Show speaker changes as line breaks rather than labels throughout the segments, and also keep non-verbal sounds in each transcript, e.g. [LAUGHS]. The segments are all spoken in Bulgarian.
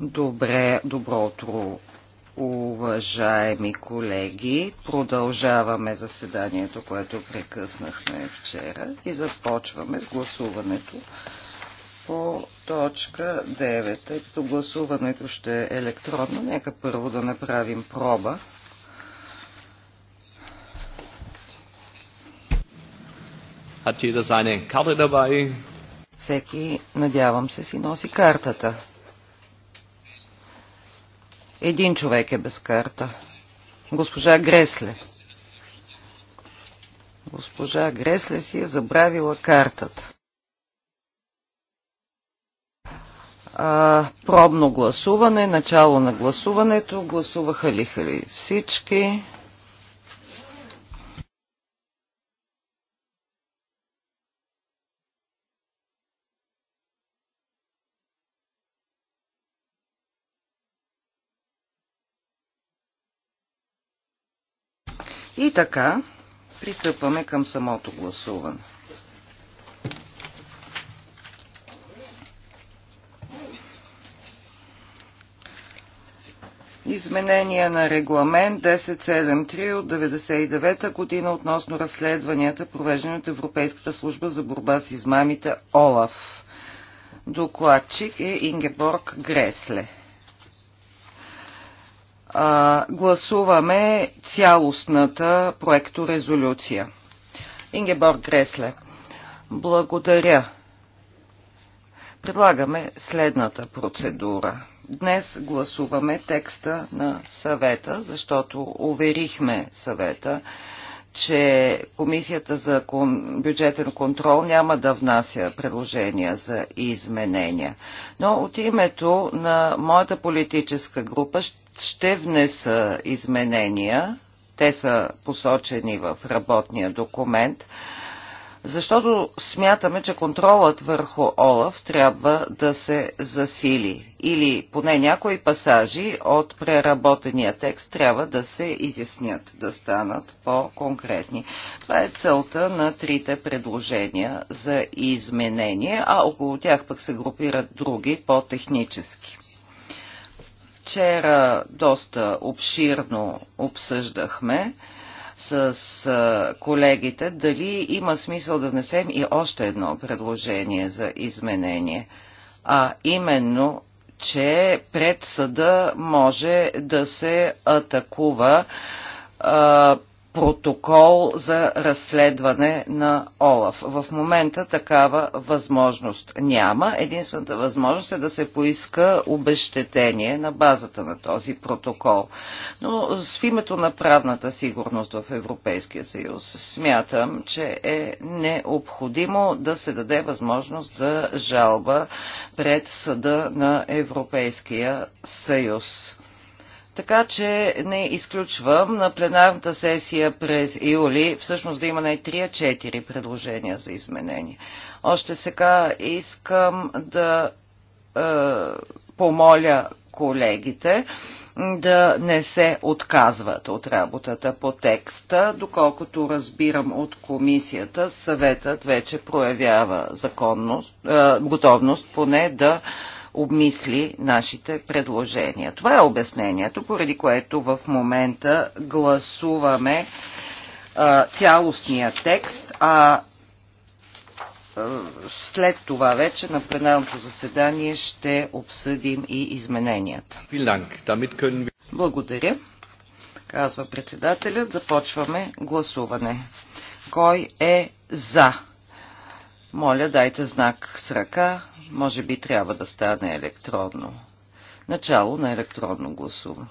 Добре, добро утро, уважаеми колеги. Продължаваме заседанието, което прекъснахме вчера и започваме с гласуването по точка 9. Тъй като гласуването ще е електронно, нека първо да направим проба.
Hat jeder seine Karte dabei?
Всеки, надявам се, си носи картата. Един човек е без карта. Госпожа Гресле. Госпожа Гресле си е забравила картата. А, пробно гласуване, начало на гласуването. Гласуваха ли всички? И така, пристъпваме към самото гласуване. изменение на регламент 1073 от 1999 година относно разследванията, провеждани от Европейската служба за борба с измамите ОЛАФ. Докладчик е Ингеборг Гресле а, гласуваме цялостната проекторезолюция. Ингеборг Гресле, благодаря. Предлагаме следната процедура. Днес гласуваме текста на съвета, защото уверихме съвета, че Комисията за бюджетен контрол няма да внася предложения за изменения. Но от името на моята политическа група ще внеса изменения. Те са посочени в работния документ. Защото смятаме, че контролът върху Олаф трябва да се засили. Или поне някои пасажи от преработения текст трябва да се изяснят, да станат по-конкретни. Това е целта на трите предложения за изменение, а около тях пък се групират други по-технически. Вчера доста обширно обсъждахме с колегите дали има смисъл да внесем и още едно предложение за изменение, а именно че пред съда може да се атакува протокол за разследване на ОЛАФ. В момента такава възможност няма. Единствената възможност е да се поиска обещетение на базата на този протокол. Но в името на правната сигурност в Европейския съюз смятам, че е необходимо да се даде възможност за жалба пред съда на Европейския съюз. Така че не изключвам на пленарната сесия през юли всъщност да има не 3, 4 предложения за изменение. Още сега искам да е, помоля колегите да не се отказват от работата по текста. Доколкото разбирам от комисията, съветът вече проявява законност, е, готовност поне да е, обмисли нашите предложения. Това е обяснението, поради което в момента гласуваме а, цялостния текст, а след това вече на пленарното заседание ще обсъдим и измененията. Благодаря, казва председателят. Започваме гласуване. Кой е за? Моля, дайте знак с ръка. Може би трябва да стане електронно. Начало на електронно гласуване.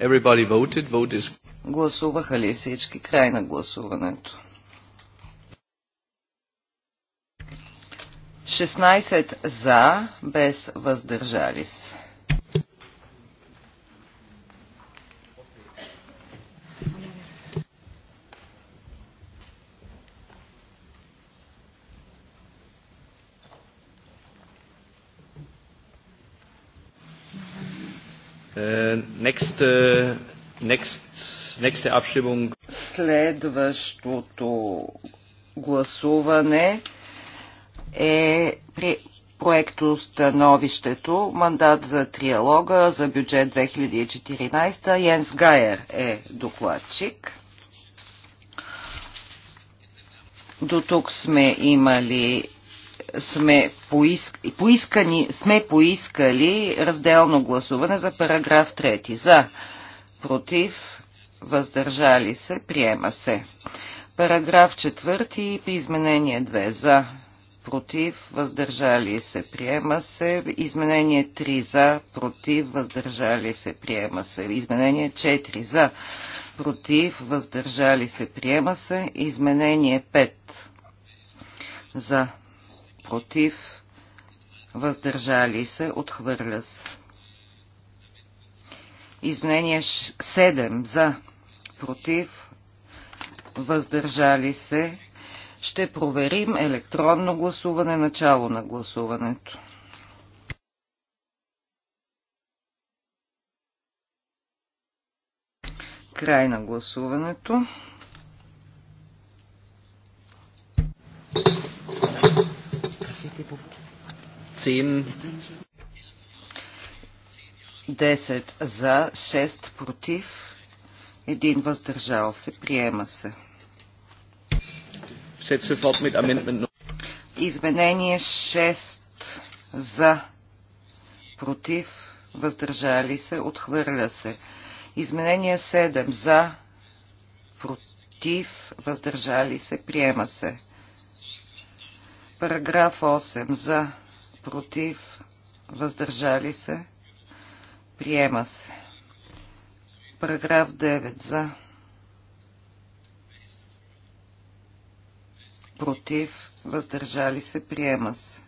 Everybody voted. Vote is... Гласуваха ли всички? Край на гласуването. 16 за, без въздържали се.
Е, е, е
Следващото гласуване е е при проекто становището мандат за триалога за бюджет 2014. Йенс Гайер е докладчик. До тук сме имали сме, поиск, поискани, сме поискали разделно гласуване за параграф 3. За, против, въздържали се, приема се. Параграф 4 при изменение 2 за, против, въздържали се, приема се. Изменение 3 за, против, въздържали се, приема се. Изменение 4 за, против, въздържали се, приема се. Изменение 5 за, против, въздържали се, отхвърля се. Изменение 7 за, против, въздържали се, ще проверим електронно гласуване, начало на гласуването. Край на гласуването. Цин. 10 за, 6 против, 1 въздържал се. Приема се. Изменение 6 за, против, въздържали се, отхвърля се. Изменение 7 за, против, въздържали се, приема се. Параграф 8 за, против, въздържали се, приема се. Параграф 9 за, против, въздържали се, приема се.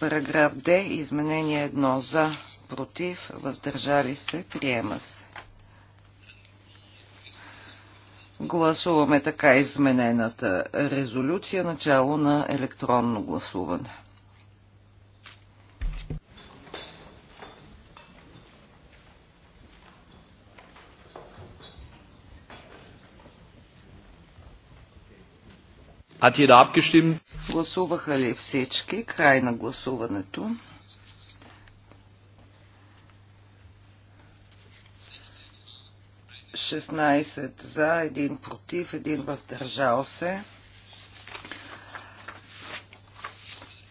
Параграф Д, изменение 1 за, против, въздържали се, приема се. Гласуваме така изменената резолюция, начало на електронно гласуване.
Hat jeder abgestimmt?
Гласуваха ли всички? Край на гласуването. 16 за, един против, един въздържал се.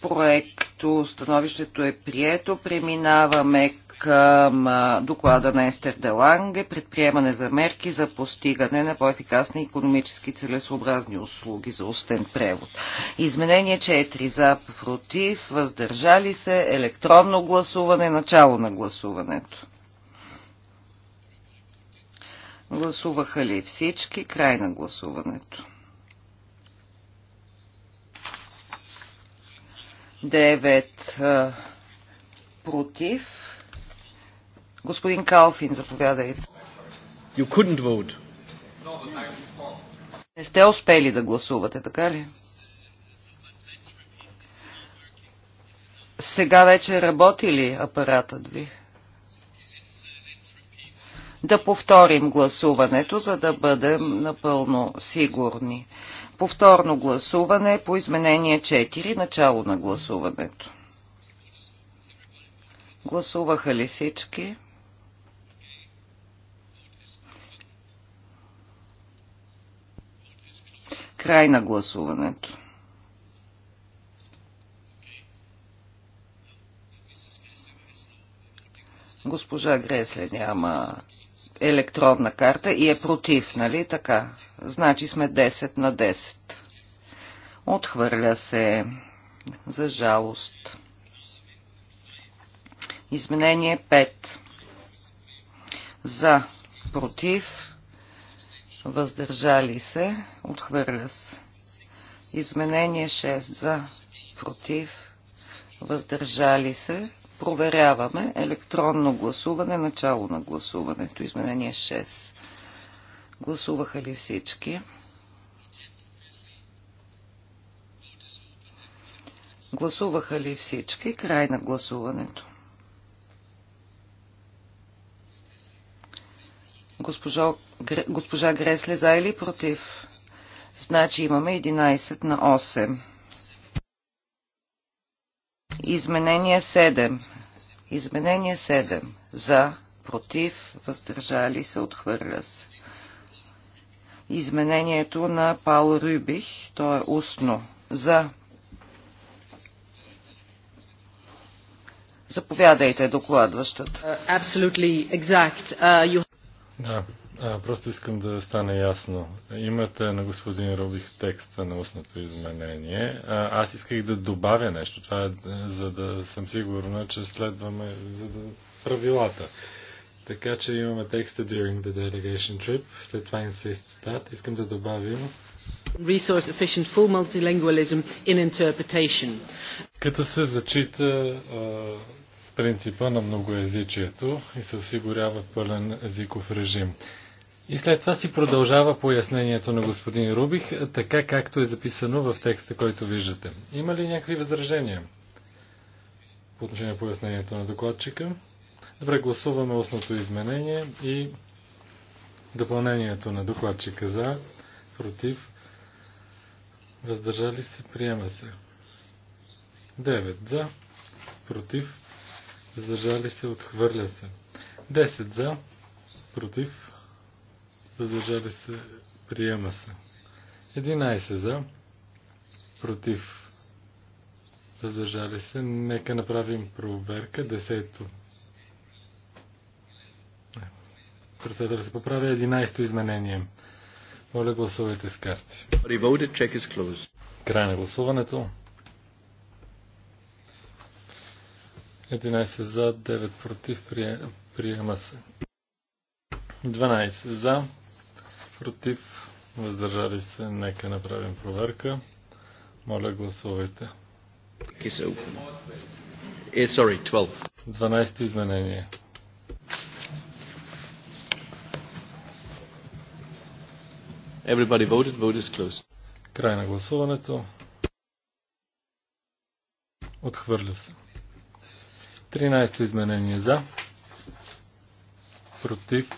Проекто, становището е прието. Преминаваме към доклада на Естер Деланге, предприемане за мерки за постигане на по-ефикасни економически целесообразни услуги за устен превод. Изменение 4 за против, въздържали се, електронно гласуване, начало на гласуването. Гласуваха ли всички? Край на гласуването. 9 против, Господин Калфин, заповядайте.
You couldn't vote.
Не сте успели да гласувате, така ли? Сега вече работи ли апаратът ви? Да повторим гласуването, за да бъдем напълно сигурни. Повторно гласуване по изменение 4, начало на гласуването. Гласуваха ли всички? Край на гласуването. Госпожа Гресле няма електронна карта и е против, нали така? Значи сме 10 на 10. Отхвърля се за жалост. Изменение 5. За, против, въздържали се, отхвърля се. Изменение 6 за, против, въздържали се. Проверяваме електронно гласуване, начало на гласуването. Изменение 6. Гласуваха ли всички? Гласуваха ли всички? Край на гласуването. Госпожо, госпожа Гресле за или против? Значи имаме 11 на 8. Изменение 7. Изменение 7. За, против, въздържали се, отхвърля се. Изменението на Паул Рюбих, то е устно. За. Заповядайте докладващата.
uh, exact. Uh, you...
Да, а, просто искам да стане ясно. Имате на господин Рубих текста на устното изменение. А, аз исках да добавя нещо, това е, е, за да съм сигурна, че следваме за да, правилата. Така че имаме текста during the delegation trip, след това insist that. Искам да добавим
resource efficient full multilingualism in interpretation.
Като се зачита а, принципа на многоязичието и се осигурява пълен езиков режим. И след това си продължава пояснението на господин Рубих, така както е записано в текста, който виждате. Има ли някакви възражения по отношение на пояснението на докладчика? Добре, гласуваме устното изменение и допълнението на докладчика за, против, въздържали се, приема се. 9 за, против, въздържали се, отхвърля се. 10 за, против, въздържали се, приема се. 11 за, против, въздържали се. Нека направим проверка. 10-то. Председател се поправя 11-то изменение. Моля гласувайте с карти. Край на гласуването. 11 за, 9 против, приема се. 12 за, против, въздържали се. Нека направим проверка. Моля, гласувайте. Eh, sorry, 12. 12 изменение. Everybody voted, vote is closed. Край на гласуването. Отхвърля се. 13-то изменение за. Против.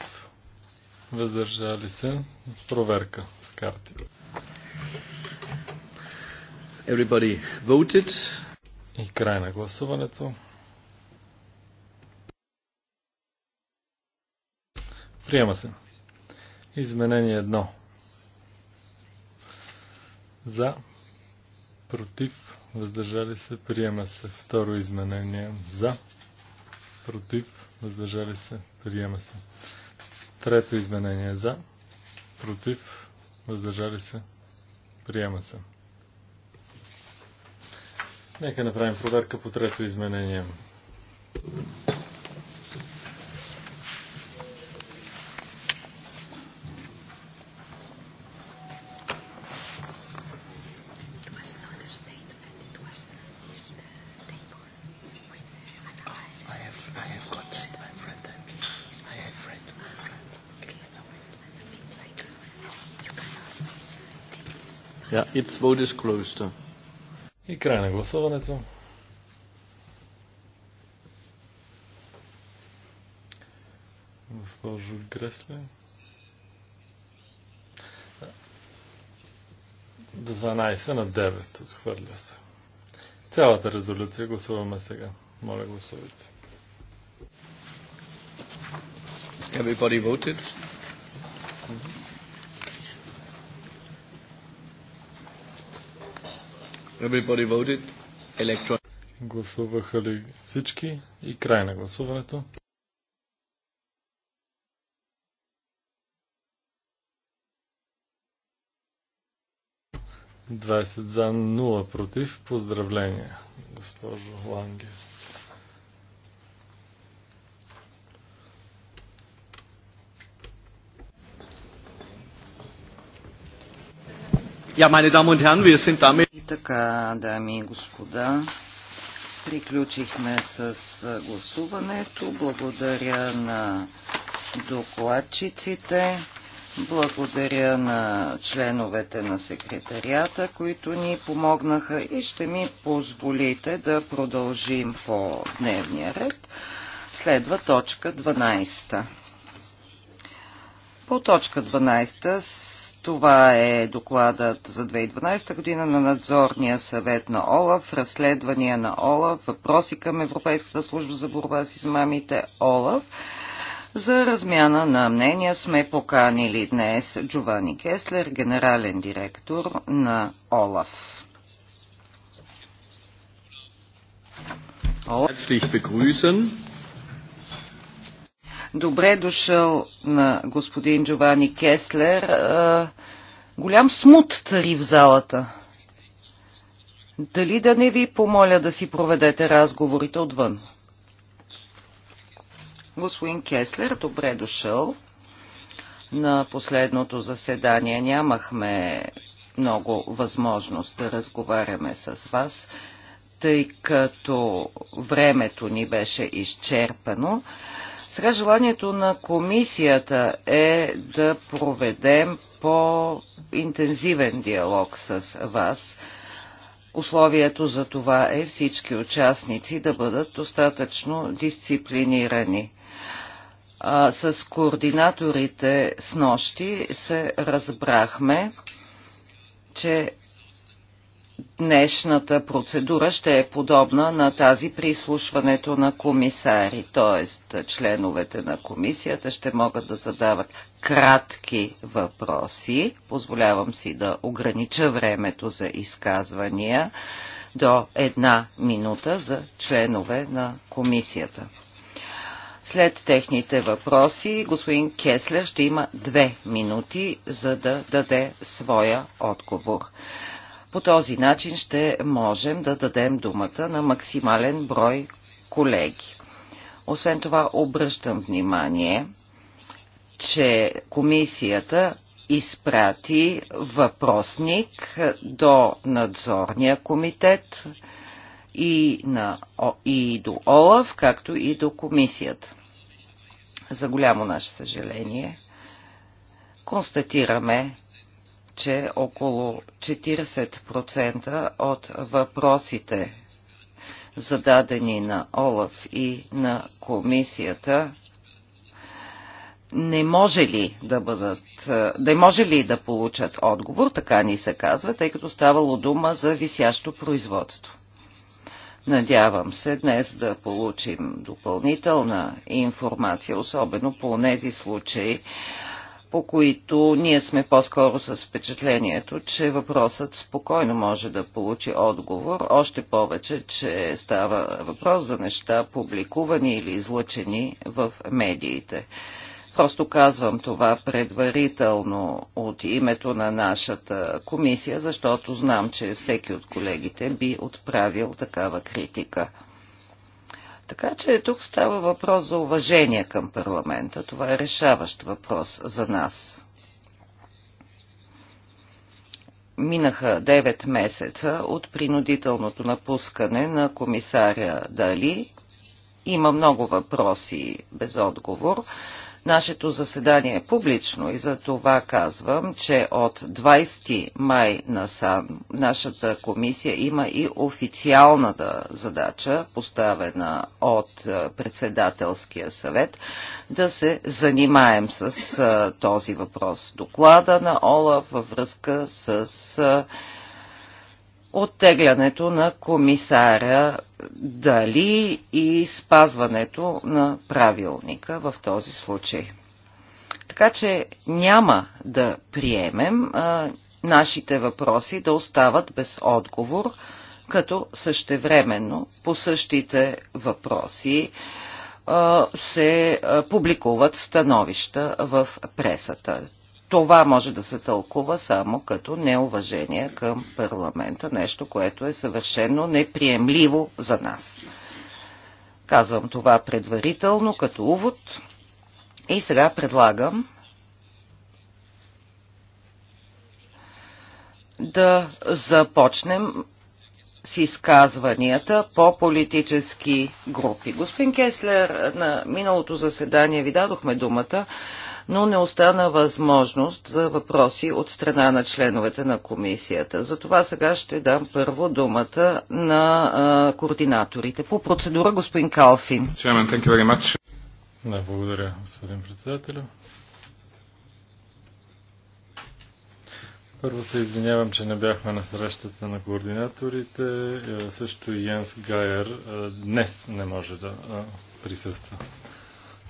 Въздържали се. Проверка с карти. Everybody voted. И край на гласуването. Приема се. Изменение 1. За против, въздържали се, приема се. Второ изменение за, против, въздържали се, приема се. Трето изменение за, против, въздържали се, приема се. Нека направим проверка по трето изменение. Its vote is closed. И край на гласуването. Госпожо Гресле. 12 на 9 отхвърля се. Цялата резолюция гласуваме сега. Моля гласувайте. Everybody voted?
Everybody voted.
Electron. Гласуваха ли всички? И край на гласуването. Двадесет за, нула против. Поздравления, госпожо Ланге.
Ja, meine Damen und Herren, wir sind damit
така, дами и господа, приключихме с гласуването. Благодаря на докладчиците. Благодаря на членовете на секретарията, които ни помогнаха и ще ми позволите да продължим по дневния ред. Следва точка 12. По точка 12 това е докладът за 2012 година на надзорния съвет на ОЛАФ, разследвания на ОЛАФ, въпроси към Европейската служба за борба с измамите ОЛАФ. За размяна на мнения сме поканили днес Джовани Кеслер, генерален директор на ОЛАФ.
Herzlich begrüßen
добре дошъл на господин Джовани Кеслер. Голям смут цари в залата. Дали да не ви помоля да си проведете разговорите отвън? Господин Кеслер, добре дошъл. На последното заседание нямахме много възможност да разговаряме с вас, тъй като времето ни беше изчерпано. Сега желанието на комисията е да проведем по-интензивен диалог с вас. Условието за това е всички участници да бъдат достатъчно дисциплинирани. А, с координаторите с нощи се разбрахме, че днешната процедура ще е подобна на тази при изслушването на комисари, т.е. членовете на комисията ще могат да задават кратки въпроси. Позволявам си да огранича времето за изказвания до една минута за членове на комисията. След техните въпроси господин Кеслер ще има две минути, за да даде своя отговор. По този начин ще можем да дадем думата на максимален брой колеги. Освен това обръщам внимание, че комисията изпрати въпросник до надзорния комитет и, на, и до ОЛАВ, както и до комисията. За голямо наше съжаление, констатираме, че около 40% от въпросите, зададени на Олаф и на комисията, не може ли да бъдат, е, не може ли да получат отговор, така ни се казва, тъй като ставало дума за висящо производство. Надявам се днес да получим допълнителна информация, особено по тези случаи, по които ние сме по-скоро с впечатлението, че въпросът спокойно може да получи отговор, още повече, че става въпрос за неща публикувани или излъчени в медиите. Просто казвам това предварително от името на нашата комисия, защото знам, че всеки от колегите би отправил такава критика. Така че тук става въпрос за уважение към парламента. Това е решаващ въпрос за нас. Минаха 9 месеца от принудителното напускане на комисаря Дали. Има много въпроси без отговор. Нашето заседание е публично и за това казвам, че от 20 май на сан нашата комисия има и официалната задача, поставена от е, председателския съвет, да се занимаем с е, този въпрос. Доклада на ОЛА във връзка с е, оттеглянето на комисара Дали и спазването на правилника в този случай. Така че няма да приемем а, нашите въпроси да остават без отговор, като същевременно по същите въпроси а, се а, публикуват становища в пресата това може да се тълкува само като неуважение към парламента, нещо, което е съвършено неприемливо за нас. Казвам това предварително като увод и сега предлагам да започнем с изказванията по политически групи. Господин Кеслер, на миналото заседание ви дадохме думата, но не остана възможност за въпроси от страна на членовете на комисията. Затова сега ще дам първо думата на координаторите. По процедура господин Калфин.
Да, благодаря, господин председател. Първо се извинявам, че не бяхме на срещата на координаторите. Е, също и Йенс Гайер е, днес не може да е, присъства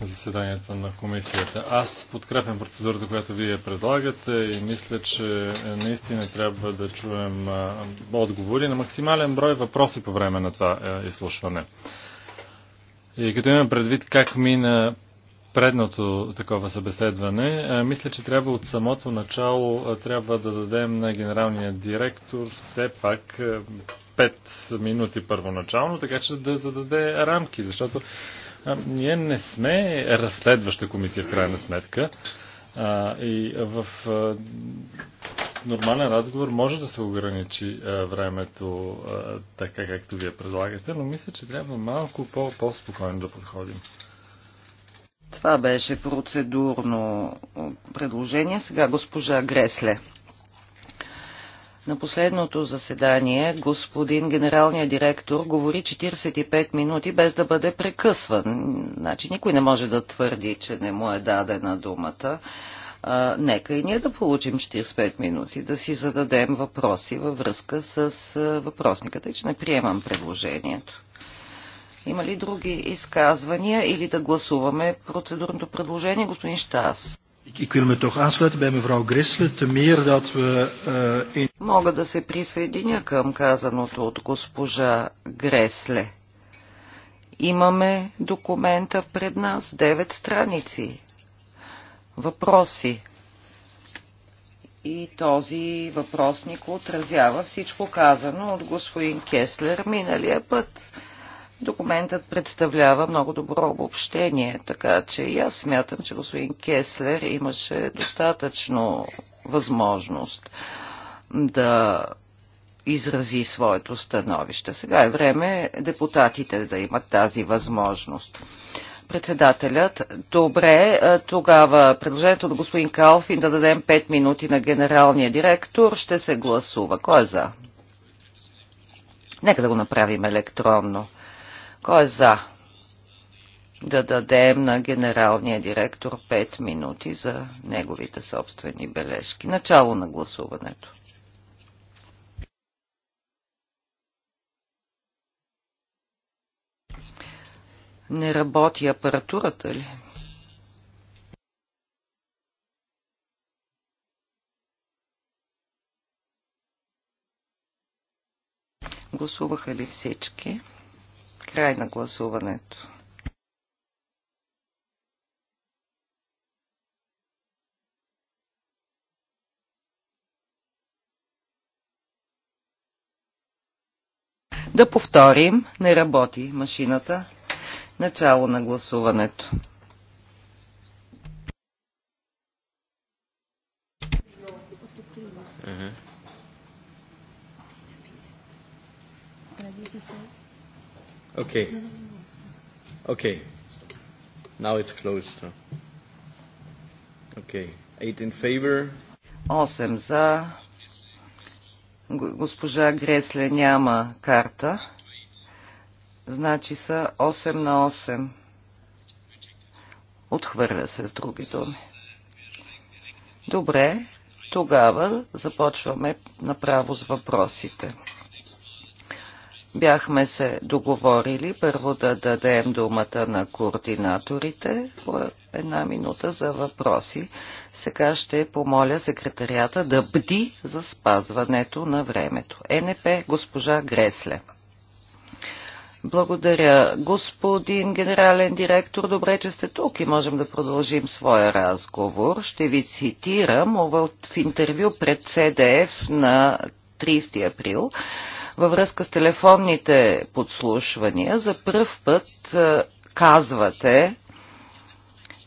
заседанието на комисията. Аз подкрепям процедурата, която вие предлагате и мисля, че наистина трябва да чуем отговори на максимален брой въпроси по време на това изслушване. И като имам предвид как мина предното такова събеседване, мисля, че трябва от самото начало трябва да дадем на генералния директор все пак 5 минути първоначално, така че да зададе рамки, защото а, ние не сме разследваща комисия в крайна сметка. А, и в а, нормален разговор може да се ограничи а, времето а, така, както вие предлагате, но мисля, че трябва малко по-спокойно -по да подходим.
Това беше процедурно предложение. Сега госпожа Гресле. На последното заседание господин генералният директор говори 45 минути без да бъде прекъсван. Значи никой не може да твърди, че не му е дадена думата. А, нека и ние да получим 45 минути, да си зададем въпроси във връзка с въпросника, и че не приемам предложението. Има ли други изказвания или да гласуваме процедурното предложение, господин Штас?
Ik, ik wil me toch aansluiten bij mevrouw Gressle, te meer dat we... Uh, in...
Мога да се присъединя към казаното от госпожа Гресле. Имаме документа пред нас, 9 страници. Въпроси, и този въпросник отразява всичко казано от господин Кеслер миналия път. Документът представлява много добро обобщение, така че и аз смятам, че господин Кеслер имаше достатъчно възможност да изрази своето становище. Сега е време депутатите да имат тази възможност. Председателят, добре, тогава предложението на господин Калфин да дадем 5 минути на генералния директор ще се гласува. Кой е за? Нека да го направим електронно. Кой е за да дадем на генералния директор 5 минути за неговите собствени бележки? Начало на гласуването. Не работи апаратурата ли? Гласуваха ли всички? Край на гласуването. Да повторим, не работи машината. Начало на гласуването.
Okay.
Okay. Now it's closed. Okay. Eight in favor. Осем
за. Госпожа Гресле няма карта. Значи са 8 на 8. Отхвърля се с други думи. Добре, тогава започваме направо с въпросите. Бяхме се договорили първо да дадем думата на координаторите по една минута за въпроси. Сега ще помоля секретарията да бди за спазването на времето. Е, НП госпожа Гресле. Благодаря. Господин генерален директор, добре, че сте тук и можем да продължим своя разговор. Ще ви цитирам в интервю пред CDF на 30 април във връзка с телефонните подслушвания. За първ път е, казвате,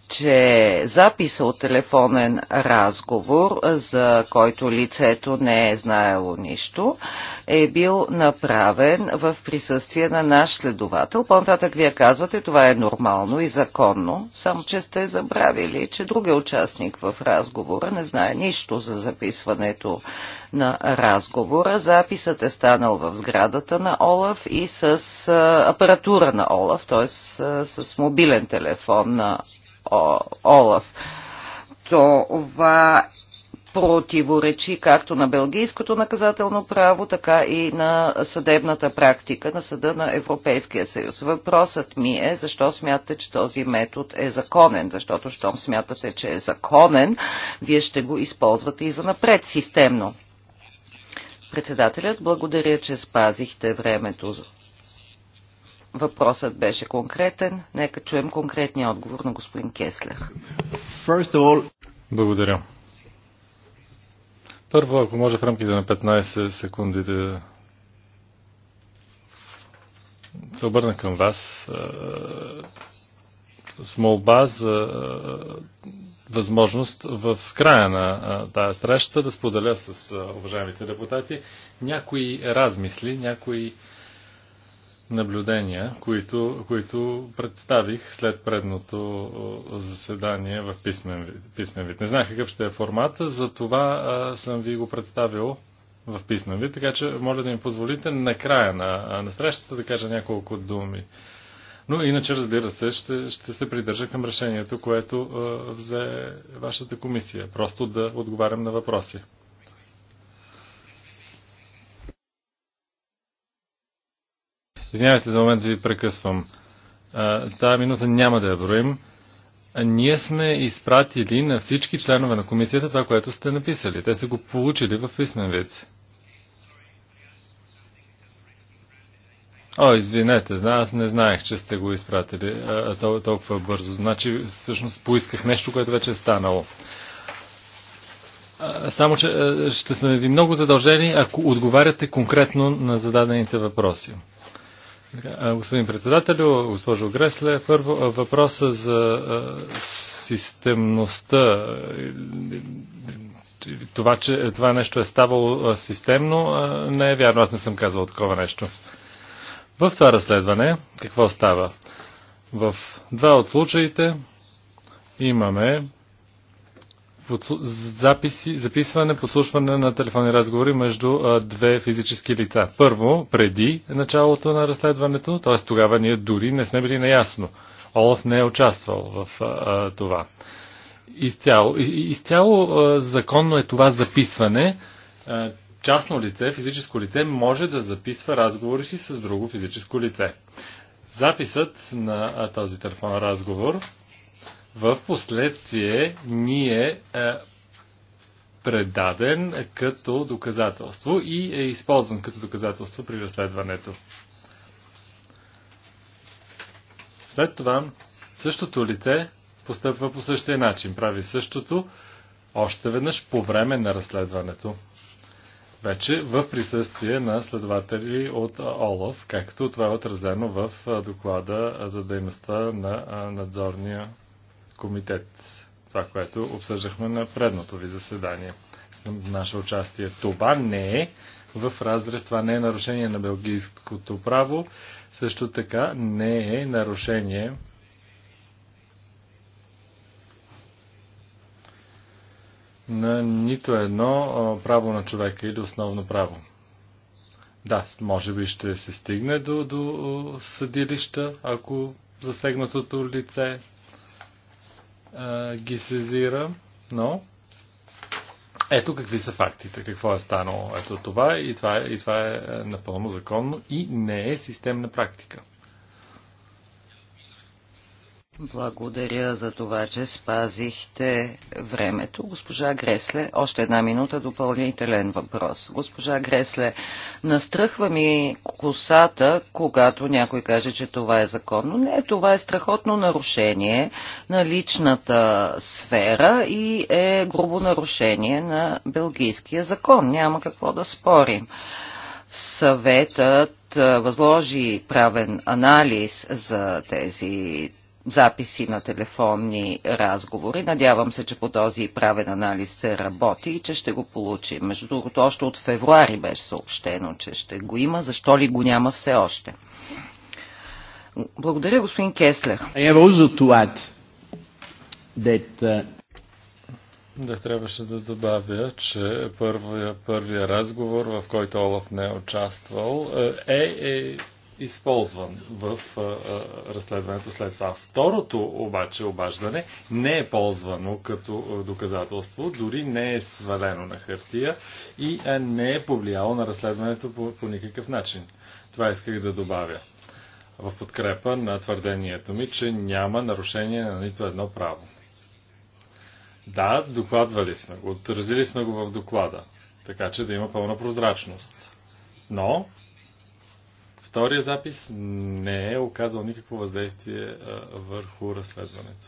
че записа от телефонен разговор, за който лицето не е знаело нищо, е бил направен в присъствие на наш следовател. По-нататък вие казвате, това е нормално и законно, само че сте забравили, че другия е участник в разговора не знае нищо за записването на разговора. Записът е станал в сградата на Олаф и с апаратура на Олаф, т.е. с мобилен телефон на Олаф. Това противоречи както на белгийското наказателно право, така и на съдебната практика на Съда на Европейския съюз. Въпросът ми е защо смятате, че този метод е законен, защото щом смятате, че е законен, вие ще го използвате и за напред системно. Председателят, благодаря, че спазихте времето Въпросът беше конкретен. Нека чуем конкретния отговор на господин Кеслер.
All... Благодаря. Първо, ако може в рамките на 15 секунди да се обърна към вас с молба за възможност в края на тази среща да споделя с уважаемите депутати някои размисли, някои наблюдения, които, които представих след предното заседание в писмен вид. Писмен вид. Не знаех какъв ще е формата, за това а, съм ви го представил в писмен вид, така че моля да ми позволите накрая на, на срещата да кажа няколко думи. Но иначе, разбира се, ще, ще се придържа към решението, което а, взе вашата комисия. Просто да отговарям на въпроси. Извинявайте за момент да ви прекъсвам. Тая минута няма да я броим. Ние сме изпратили на всички членове на комисията това, което сте написали. Те са го получили в писмен вид. О, извинете, аз не знаех, че сте го изпратили толкова бързо. Значи, всъщност, поисках нещо, което вече е станало. само, че ще сме ви много задължени, ако отговаряте конкретно на зададените въпроси. Господин председател, госпожо Гресле, първо въпроса за системността. Това, че това нещо е ставало системно, не е вярно. Аз не съм казал такова нещо. В това разследване какво става? В два от случаите имаме записи, записване, послушване на телефонни разговори между а, две физически лица. Първо, преди началото на разследването, т.е. тогава ние дори не сме били наясно. Олаф не е участвал в а, а, това. Изцяло, изцяло а, законно е това записване. А, частно лице, физическо лице, може да записва разговори си с друго физическо лице. Записът на а, този телефон разговор в последствие ние е предаден като доказателство и е използван като доказателство при разследването. След това същото лице постъпва по същия начин, прави същото още веднъж по време на разследването. Вече в присъствие на следователи от Олов, както това е отразено в е, доклада е, за дейността на е, надзорния комитет. Това, което обсъждахме на предното ви заседание. Наше участие. Това не е в разрез, това не е нарушение на белгийското право, също така не е нарушение на нито едно право на човека или основно право. Да, може би ще се стигне до, до съдилища, ако засегнатото лице ги сезира, но ето какви са фактите, какво е станало. Ето това и това е, и това е, е напълно законно и не е системна практика.
Благодаря за това, че спазихте времето. Госпожа Гресле, още една минута, допълнителен въпрос. Госпожа Гресле, настръхва ми косата, когато някой каже, че това е законно. Не, това е страхотно нарушение на личната сфера и е грубо нарушение на белгийския закон. Няма какво да спорим. Съветът възложи правен анализ за тези записи на телефонни разговори. Надявам се, че по този правен анализ се работи и че ще го получи. Между другото, още от февруари беше съобщено, че ще го има. Защо ли го няма все още? Благодаря, господин Кеслер.
Uh,
да, трябваше да добавя, че първия, първия разговор, в който Олаф не е участвал, е, е използван в разследването след това. Второто обаче обаждане не е ползвано като доказателство, дори не е свалено на хартия и не е повлияло на разследването по, по никакъв начин. Това исках да добавя в подкрепа на твърдението ми, че няма нарушение на нито едно право. Да, докладвали сме го, отразили сме го в доклада, така че да има пълна прозрачност. Но Втория запис не е оказал никакво въздействие върху разследването.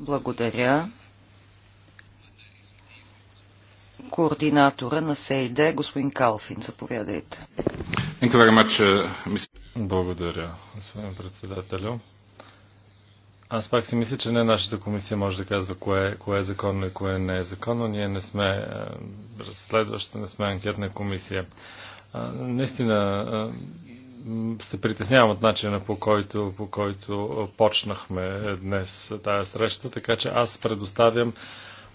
Благодаря.
Координатора на СЕИДЕ, господин Калфин, заповядайте.
Uh, Благодаря, господин председателю. Аз пак си мисля, че не нашата комисия може да казва кое, кое е законно и кое не е законно. Ние не сме е, разследваща, не сме анкетна комисия. Наистина се притеснявам от начина по който, по който почнахме днес тази среща, така че аз предоставям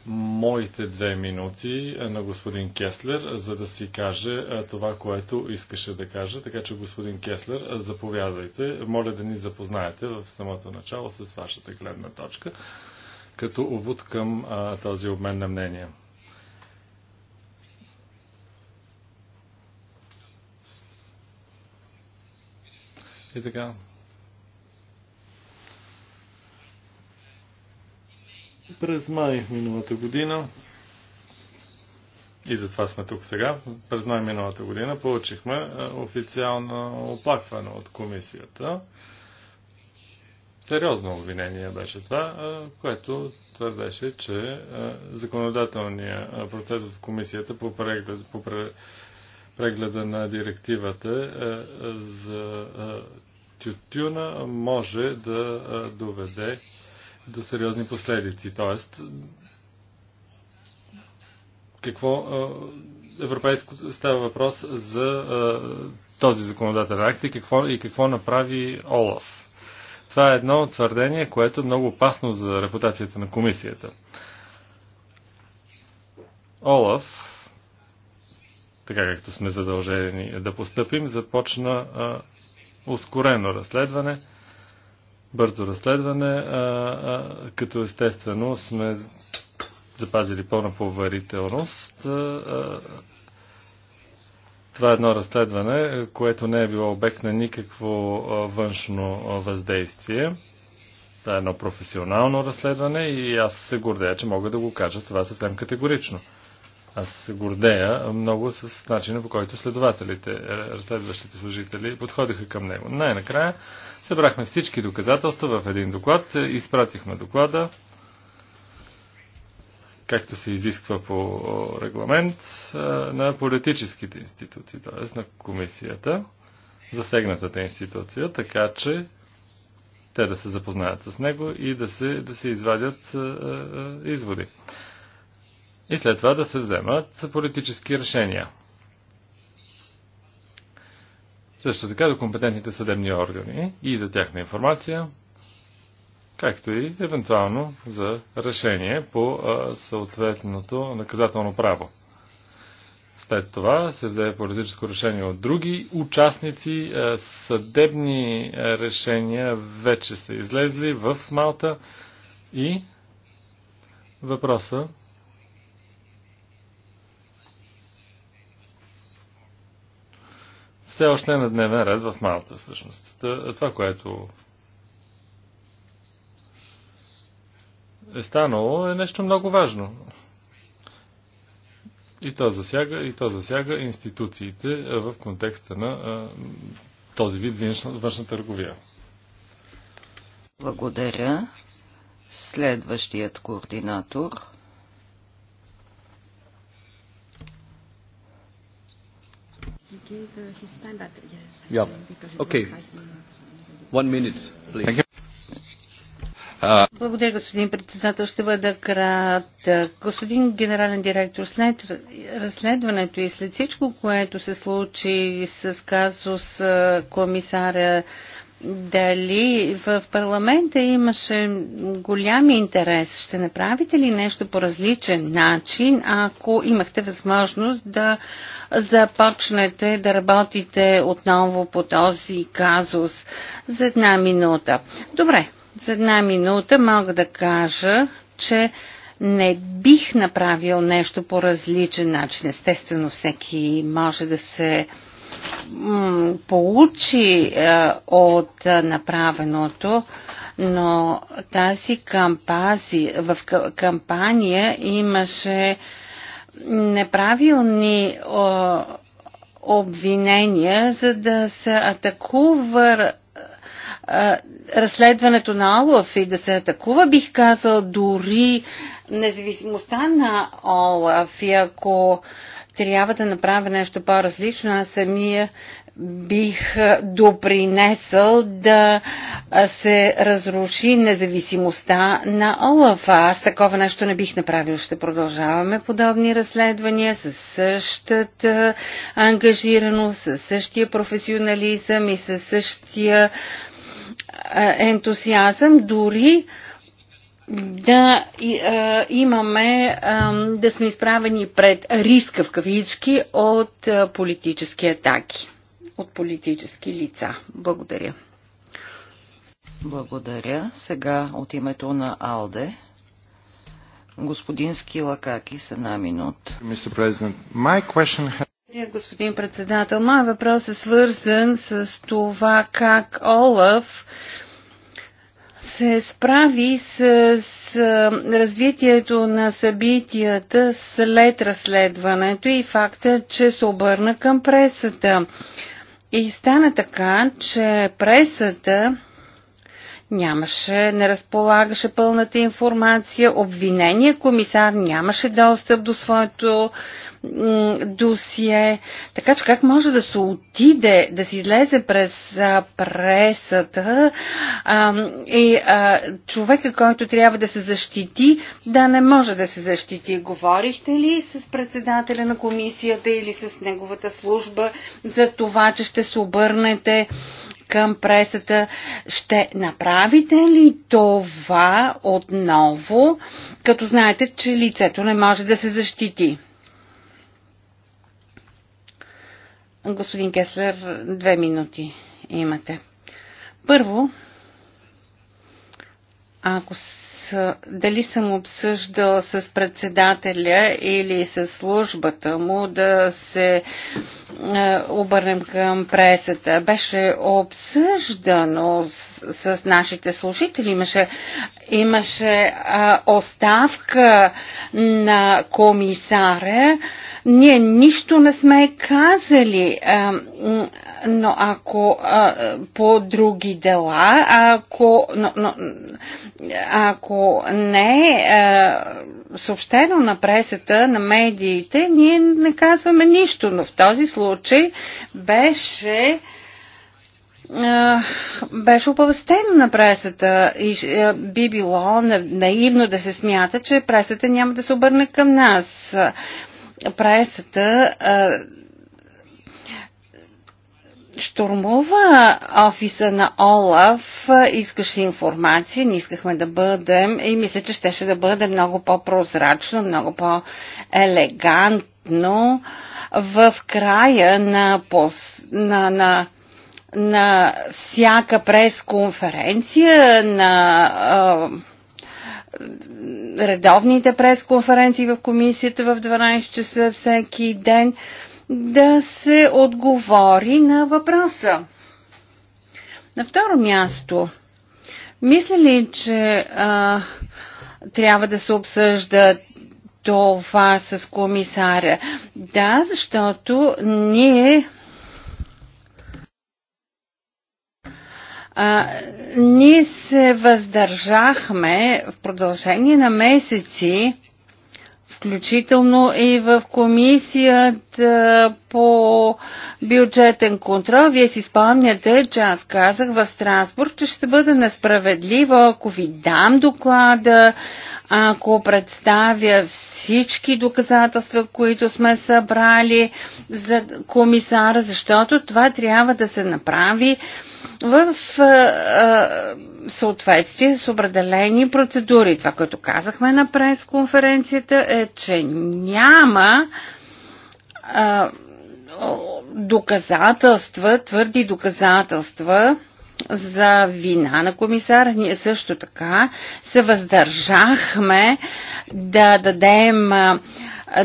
моите две минути е, на господин Кеслер, за да си каже е, това, което искаше да каже. Така че, господин Кеслер, заповядайте. Моля да ни запознаете в самото начало с вашата гледна точка, като увод към а, този обмен на мнения. И така. През май миналата година и затова сме тук сега. През май миналата година получихме е, официално оплакване от комисията. Сериозно обвинение беше това, е, което твърдеше, че е, законодателният процес в комисията по, преглед, по, прегледа на директивата е, е, за е, тютюна може да доведе до сериозни последици. Тоест, какво европейско става въпрос за този законодателен акт и какво, и какво направи Олаф. Това е едно твърдение, което е много опасно за репутацията на комисията. Олаф така както сме задължени да поступим, започна а, ускорено разследване, бързо разследване, а, а, като естествено сме запазили пълна поверителност. Това е едно разследване, което не е било обект на никакво външно въздействие. Това е едно професионално разследване и аз се гордея, че мога да го кажа това съвсем категорично. Аз гордея много с начина по който следователите, разследващите служители подходиха към него. Най-накрая събрахме всички доказателства в един доклад, изпратихме доклада, както се изисква по регламент, на политическите институции, т.е. на комисията, засегнатата институция, така че те да се запознаят с него и да се, да се извадят изводи и след това да се вземат политически решения. Също така до компетентните съдебни органи и за тяхна информация, както и евентуално за решение по съответното наказателно право. След това се взе политическо решение от други участници. Съдебни решения вече са излезли в Малта и въпроса все още е на дневен ред в Малта, всъщност. Това, което е станало, е нещо много важно. И то засяга, и то засяга институциите в контекста на а, този вид външна, външна търговия.
Благодаря. Следващият координатор
He gave uh,
One minute, please. Uh, Благодаря,
господин председател. Ще бъда кратък. Господин генерален директор, след разследването и след всичко, което се случи с казус комисаря дали в парламента имаше голям интерес. Ще направите ли нещо по различен начин, ако имахте възможност да започнете да работите отново по този казус за една минута? Добре, за една минута мога да кажа, че не бих направил нещо по различен начин. Естествено, всеки може да се получи е, от направеното, но тази кампази, в кампания имаше неправилни обвинения, за да се атакува е, разследването на Олаф и да се атакува, бих казал, дори независимостта на Олаф. И ако трябва да направя нещо по-различно. Аз самия бих допринесъл да се разруши независимостта на Олаф. Аз такова нещо не бих направил. Ще продължаваме подобни разследвания с същата ангажираност, с същия професионализъм и със същия ентусиазъм, дори да а, имаме, а, да сме изправени пред риска в кавички от а, политически атаки, от политически лица. Благодаря.
Благодаря. Сега от името на АЛДЕ господин Скилакакис, една минута.
Господин председател, моят въпрос е свързан с това как Олаф се справи с, с развитието на събитията след разследването и факта, че се обърна към пресата. И стана така, че пресата нямаше, не разполагаше пълната информация, обвинение комисар нямаше достъп до своето досие. Така че как може да се отиде, да се излезе през а, пресата а, и а, човека, който трябва да се защити, да не може да се защити. Говорихте ли с председателя на комисията или с неговата служба за това, че ще се обърнете към пресата. Ще направите ли това отново, като знаете, че лицето не може да се защити? Господин Кеслер, две минути имате. Първо, ако с, дали съм обсъждал с председателя или с службата му да се е, обърнем към пресата. Беше обсъждано с, с нашите служители. Имаше имаше а, оставка на комисаря, ние нищо не сме казали, а, но ако а, по други дела, ако, но, но, ако не е съобщено на пресата, на медиите, ние не казваме нищо, но в този случай беше беше оповестено на пресата и е, би било наивно да се смята, че пресата няма да се обърне към нас. Пресата штурмува офиса на Олаф, искаше информация, не искахме да бъдем и мисля, че щеше да бъде много по-прозрачно, много по-елегантно в края на, пос... на, на на всяка пресконференция, на а, редовните пресконференции в комисията в 12 часа всеки ден, да се отговори на въпроса. На второ място, мисля ли, че а, трябва да се обсъжда това с комисаря. Да, защото ние А, ние се въздържахме в продължение на месеци, включително и в комисията по бюджетен контрол. Вие си спомняте, че аз казах в Страсбург, че ще бъде несправедливо, ако ви дам доклада, ако представя всички доказателства, които сме събрали за комисара, защото това трябва да се направи в съответствие с определени процедури. Това, което казахме на пресконференцията е, че няма доказателства, твърди доказателства за вина на комисара. Ние също така се въздържахме да дадем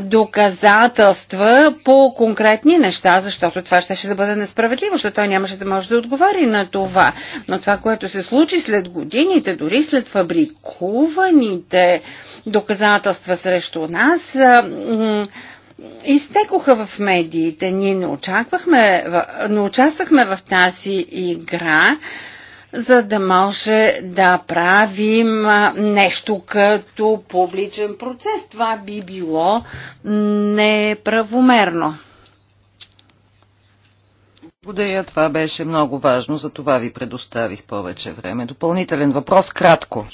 доказателства по конкретни неща, защото това ще, ще да бъде несправедливо, защото той нямаше да може да отговори на това. Но това, което се случи след годините, дори след фабрикуваните доказателства срещу нас, изтекоха в медиите. Ние не очаквахме, не участвахме в тази игра за да може да правим нещо като публичен процес. Това би било неправомерно.
Благодаря, това беше много важно, за това ви предоставих повече време. Допълнителен въпрос, кратко.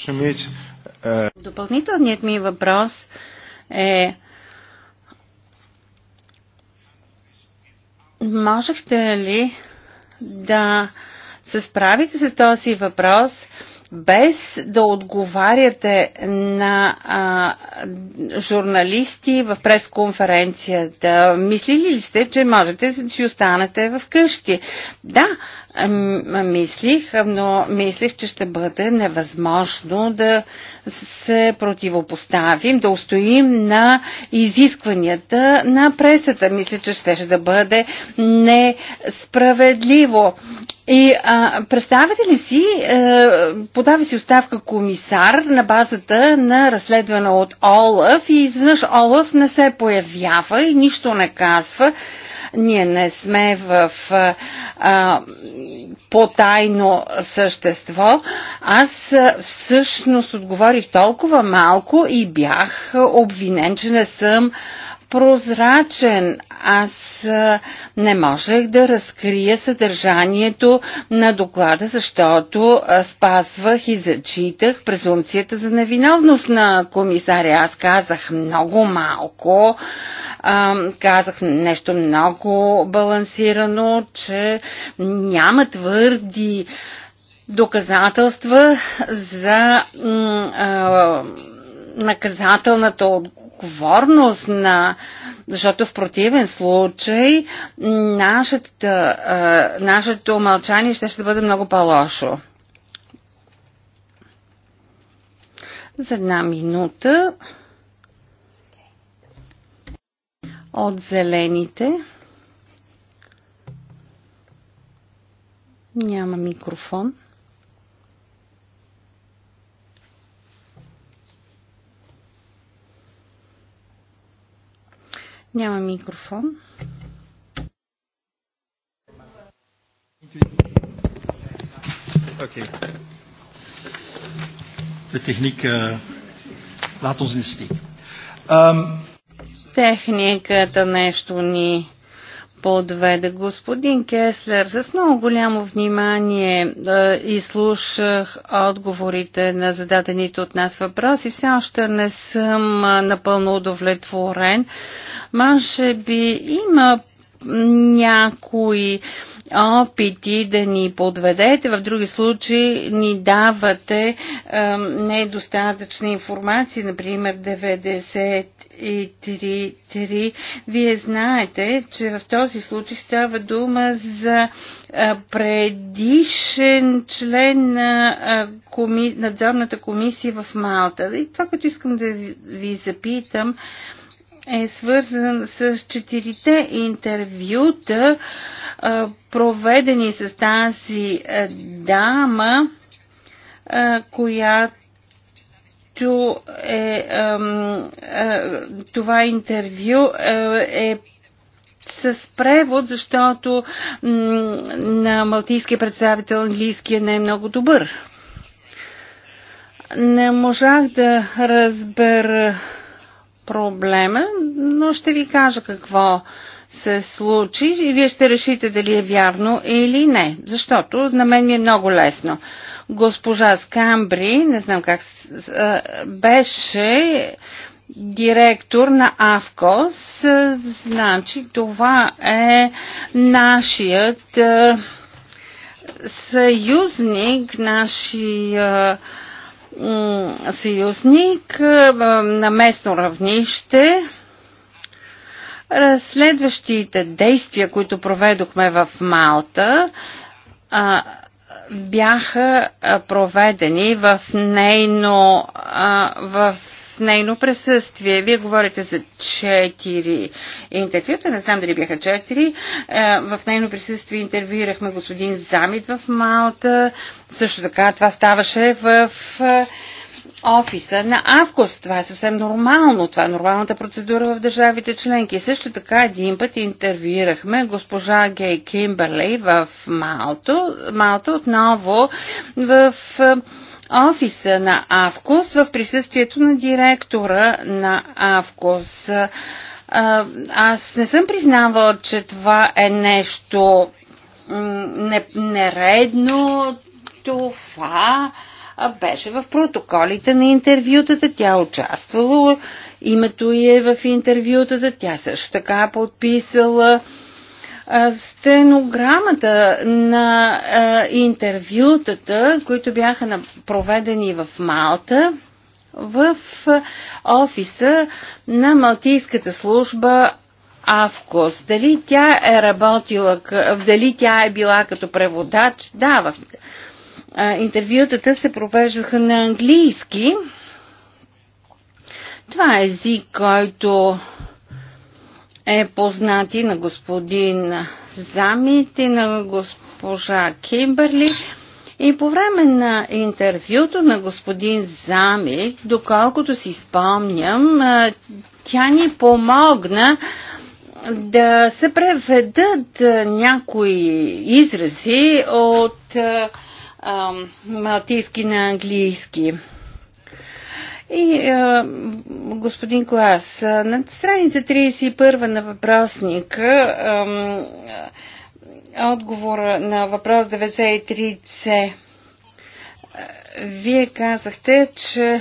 Допълнителният ми въпрос е можехте ли да се справите с този въпрос без да отговаряте на а, журналисти в пресконференцията. Мислили ли сте, че можете да си останете в къщи? Да, мислих, но мислих, че ще бъде невъзможно да се противопоставим, да устоим на изискванията на пресата. Мисля, че ще, ще да бъде несправедливо. И а, представете ли си, е, подава си оставка комисар на базата на разследване от Олаф и изведнъж Олаф не се появява и нищо не казва. Ние не сме в е, а, потайно същество. Аз е, всъщност отговорих толкова малко и бях обвинен, че не съм прозрачен. Аз не можех да разкрия съдържанието на доклада, защото спазвах и зачитах презумцията за невиновност на комисаря. Аз казах много малко, казах нещо много балансирано, че няма твърди доказателства за наказателната отговорност на... Защото в противен случай нашата, а, нашето мълчание ще, ще бъде много по-лошо. За една минута от зелените. Няма микрофон. Няма микрофон.
Okay.
De techniek uh,
laat ons in steek. Um...
Техниката нещо ни подведе. Господин Кеслер, с много голямо внимание е, изслушах отговорите на зададените от нас въпроси. Все още не съм е, напълно удовлетворен може би има някои опити да ни подведете, в други случаи ни давате е, недостатъчна информация, например 90 и Вие знаете, че в този случай става дума за предишен член на коми... надзорната комисия в Малта. И това, като искам да ви запитам, е, е свързан с четирите интервюта, проведени с тази дама, която е, това интервю е с превод, защото на малтийския представител английския не е много добър. Не можах да разбера проблема, но ще ви кажа какво се случи и вие ще решите дали е вярно или не, защото на мен ми е много лесно. Госпожа Скамбри, не знам как, беше директор на АВКОС, значи това е нашият съюзник, нашия съюзник на местно равнище. Следващите действия, които проведохме в Малта, бяха проведени в нейно в нейно присъствие. Вие говорите за четири интервюта, не знам дали бяха четири. Е, в нейно присъствие интервюирахме господин Замит в Малта. Също така това ставаше в е, офиса на август. Това е съвсем нормално. Това е нормалната процедура в държавите членки. Също така един път интервюирахме госпожа Гей Кимберлей в Малто. Малто отново в е, офиса на Авкос в присъствието на директора на Авкос. Аз не съм признавала, че това е нещо нередно. Това беше в протоколите на интервютата. Тя е участвала, името й е в интервютата. Тя също така е подписала стенограмата на интервютата, които бяха проведени в Малта, в офиса на Малтийската служба Авкос. Дали тя е работила, дали тя е била като преводач? Да, в интервютата се провеждаха на английски. Това е език, който е познати на господин Замит и на госпожа Кимберли. И по време на интервюто на господин Замит, доколкото си спомням, тя ни помогна да се преведат някои изрази от а, малтийски на английски. И а, господин Клас, на страница 31 на въпросника а, отговора на въпрос 93C вие казахте, че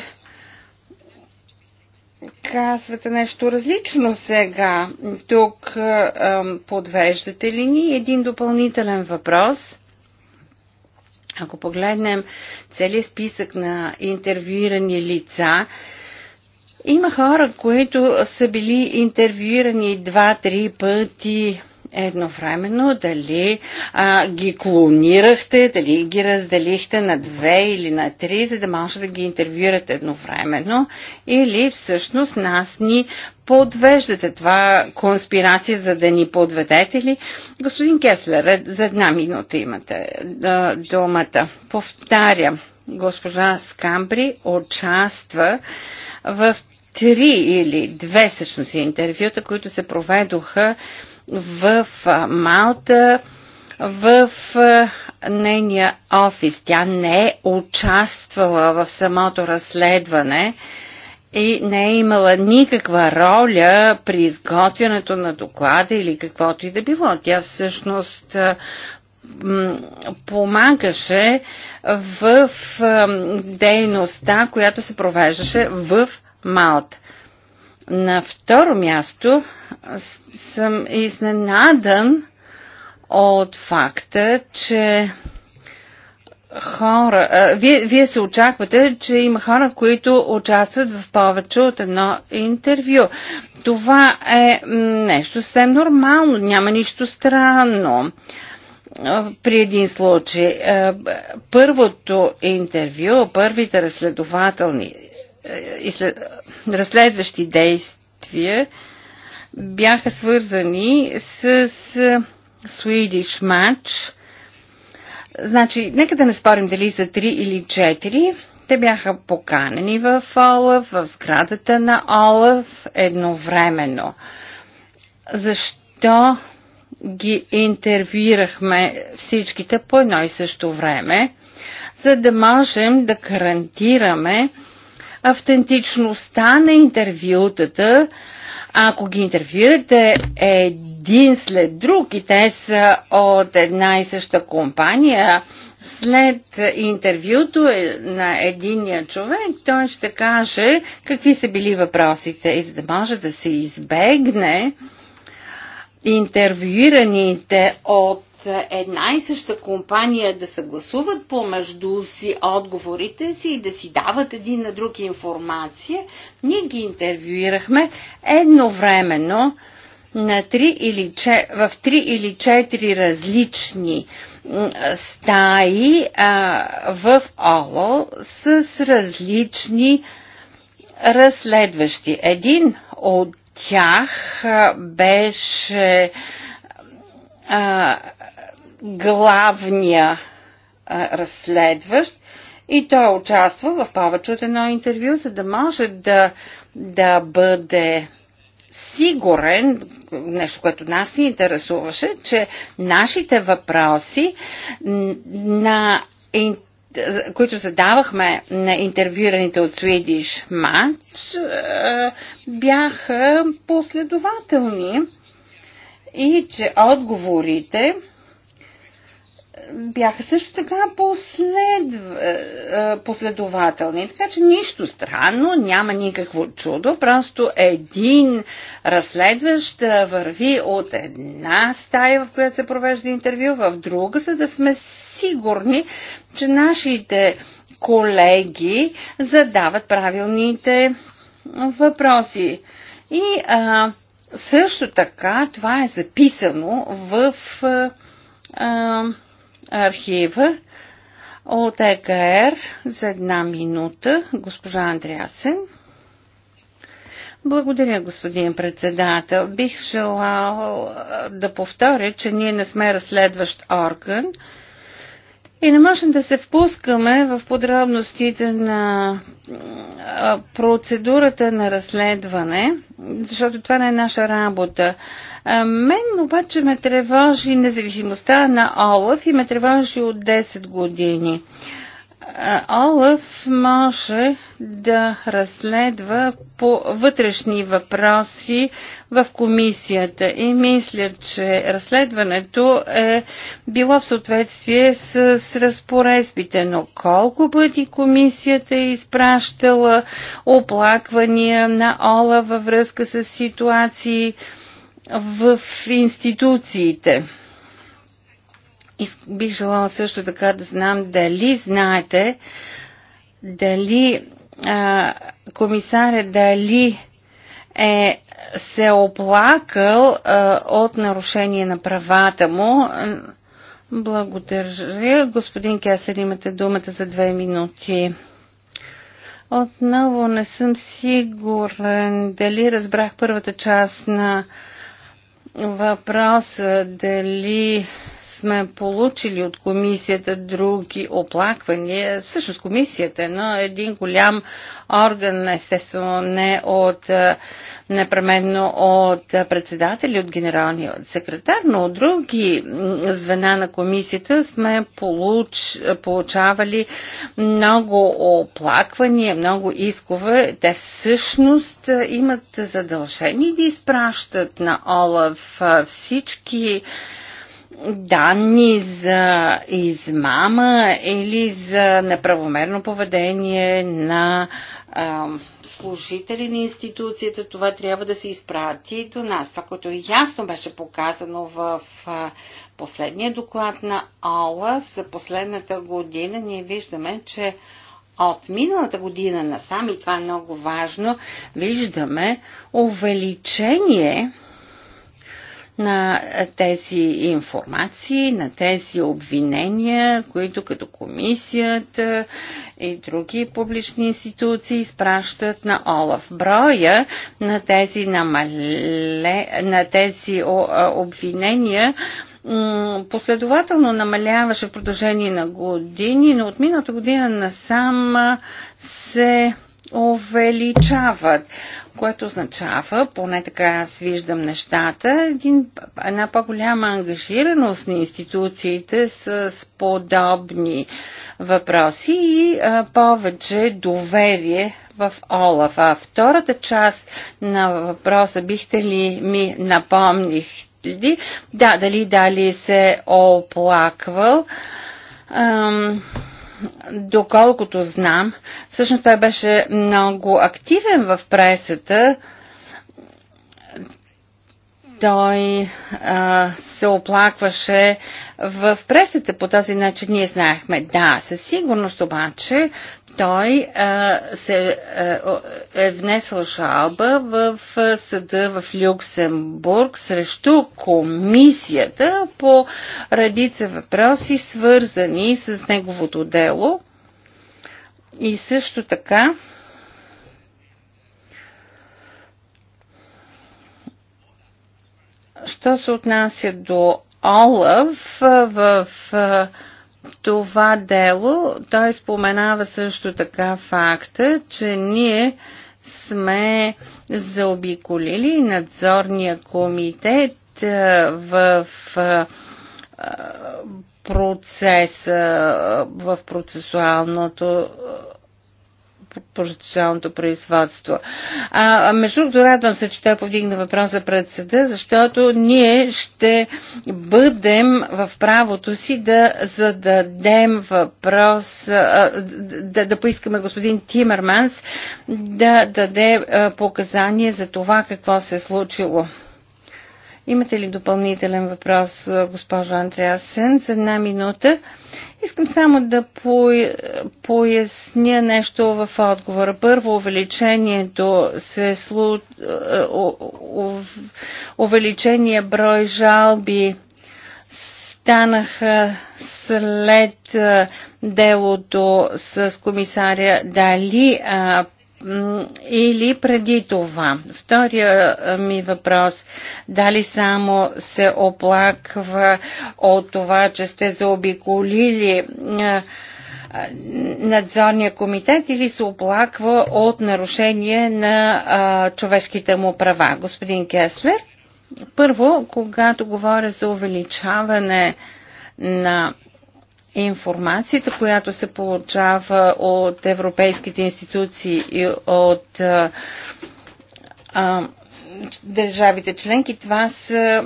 казвате нещо различно сега. Тук а, подвеждате ли ни един допълнителен въпрос? Ако погледнем целият списък на интервюирани лица, има хора, които са били интервюирани два-три пъти едновременно, дали а, ги клонирахте, дали ги разделихте на две или на три, за да може да ги интервюирате едновременно, или всъщност нас ни подвеждате това конспирация, за да ни подведете ли? Господин Кеслер, за една минута имате да, думата. Повтарям, госпожа Скамбри участва в три или две всъщност интервюта, които се проведоха в Малта в нейния офис. Тя не е участвала в самото разследване и не е имала никаква роля при изготвянето на доклада или каквото и да било. Тя всъщност помагаше в дейността, която се провеждаше в Малта. На второ място съм изненадан от факта, че хора. А, вие, вие се очаквате, че има хора, които участват в повече от едно интервю. Това е нещо съвсем нормално, няма нищо странно. При един случай, първото интервю, първите разследователни разследващи действия бяха свързани с Swedish Match. Значи, нека да не спорим дали са 3 или 4. Те бяха поканени в Олаф, в сградата на Олаф едновременно. Защо ги интервюирахме всичките по едно и също време, за да можем да гарантираме, автентичността на интервютата. Ако ги интервюирате един след друг и те са от една и съща компания, след интервюто е на единия човек, той ще каже какви са били въпросите и за да може да се избегне интервюираните от една и съща компания да съгласуват помежду си отговорите си и да си дават един на друг информация, ние ги интервюирахме едновременно на 3 или 4, в три или четири различни стаи а, в ОЛО с различни разследващи. Един от тях беше главния а, разследващ и той участва в повече от едно интервю, за да може да, да бъде сигурен, нещо, което нас ни интересуваше, че нашите въпроси на които задавахме на интервюираните от Swedish Match, бяха последователни и че отговорите бяха също така е, е, последователни. Така че нищо странно, няма никакво чудо, просто един разследващ е, върви от една стая, в която се провежда интервю, в друга, за да сме сигурни, че нашите колеги задават правилните въпроси. И а, също така това е записано в а, архива от ЕКР за една минута. Госпожа Андреасен. Благодаря, господин председател. Бих желал да повторя, че ние не сме разследващ орган. И не можем да се впускаме в подробностите на процедурата на разследване, защото това не е наша работа. Мен обаче ме тревожи независимостта на Олаф и ме тревожи от 10 години. Олаф може да разследва по вътрешни въпроси в комисията и мисля, че разследването е било в съответствие с, с разпоредбите, но колко пъти комисията е изпращала оплаквания на Олаф във връзка с ситуации в институциите бих желала също така да знам дали знаете, дали а, комисаря, дали е се оплакал а, от нарушение на правата му. Благодаря. Господин Кесер, имате думата за две минути. Отново не съм сигурен дали разбрах първата част на въпроса, дали сме получили от комисията други оплаквания. Всъщност комисията е на един голям орган, естествено не от е, непременно от председатели, от генералния секретар, но от други звена на комисията сме получ, получавали много оплаквания, много искове. Те всъщност имат задължение да изпращат на Олаф всички данни за измама или за неправомерно поведение на а, служители на институцията. Това трябва да се изпрати до нас. Това, което ясно беше показано в а, последния доклад на ОЛАФ за последната година, ние виждаме, че от миналата година насам, и това е много важно, виждаме увеличение на тези информации, на тези обвинения, които като комисията и други публични институции изпращат на Олаф. Броя на тези, намале, на тези обвинения последователно намаляваше в продължение на години, но от миналата година насам се увеличават което означава, поне така аз виждам нещата, един, една по-голяма ангажираност на институциите с, с подобни въпроси и а, повече доверие в Олаф. А втората част на въпроса бихте ли ми напомнили, Да, дали дали се оплаквал? Ам, доколкото знам, всъщност той беше много активен в пресата. Той а, се оплакваше в пресата по този начин ние знаехме. Да, със сигурност обаче той а, се, а, е внесъл жалба в съда в Люксембург срещу комисията по редица въпроси, свързани с неговото дело. И също така Що се отнася до Олаф в това дело той споменава също така факта, че ние сме заобиколили надзорния комитет в процеса, в процесуалното процесуалното производство. А, между другото, радвам се, че той повдигна въпроса пред съда, защото ние ще бъдем в правото си да зададем въпрос, а, да, да поискаме господин Тимерманс да даде а, показания за това какво се е случило. Имате ли допълнителен въпрос, госпожо Андреасен, за една минута? Искам само да поясня нещо в отговора. Първо, увеличението се слу... увеличение брой жалби станаха след делото с комисаря Дали, а или преди това? Втория ми въпрос. Дали само се оплаква от това, че сте заобиколили надзорния комитет или се оплаква от нарушение на човешките му права? Господин Кеслер, първо, когато говоря за увеличаване на информацията, която се получава от европейските институции и от а, а, държавите членки, това са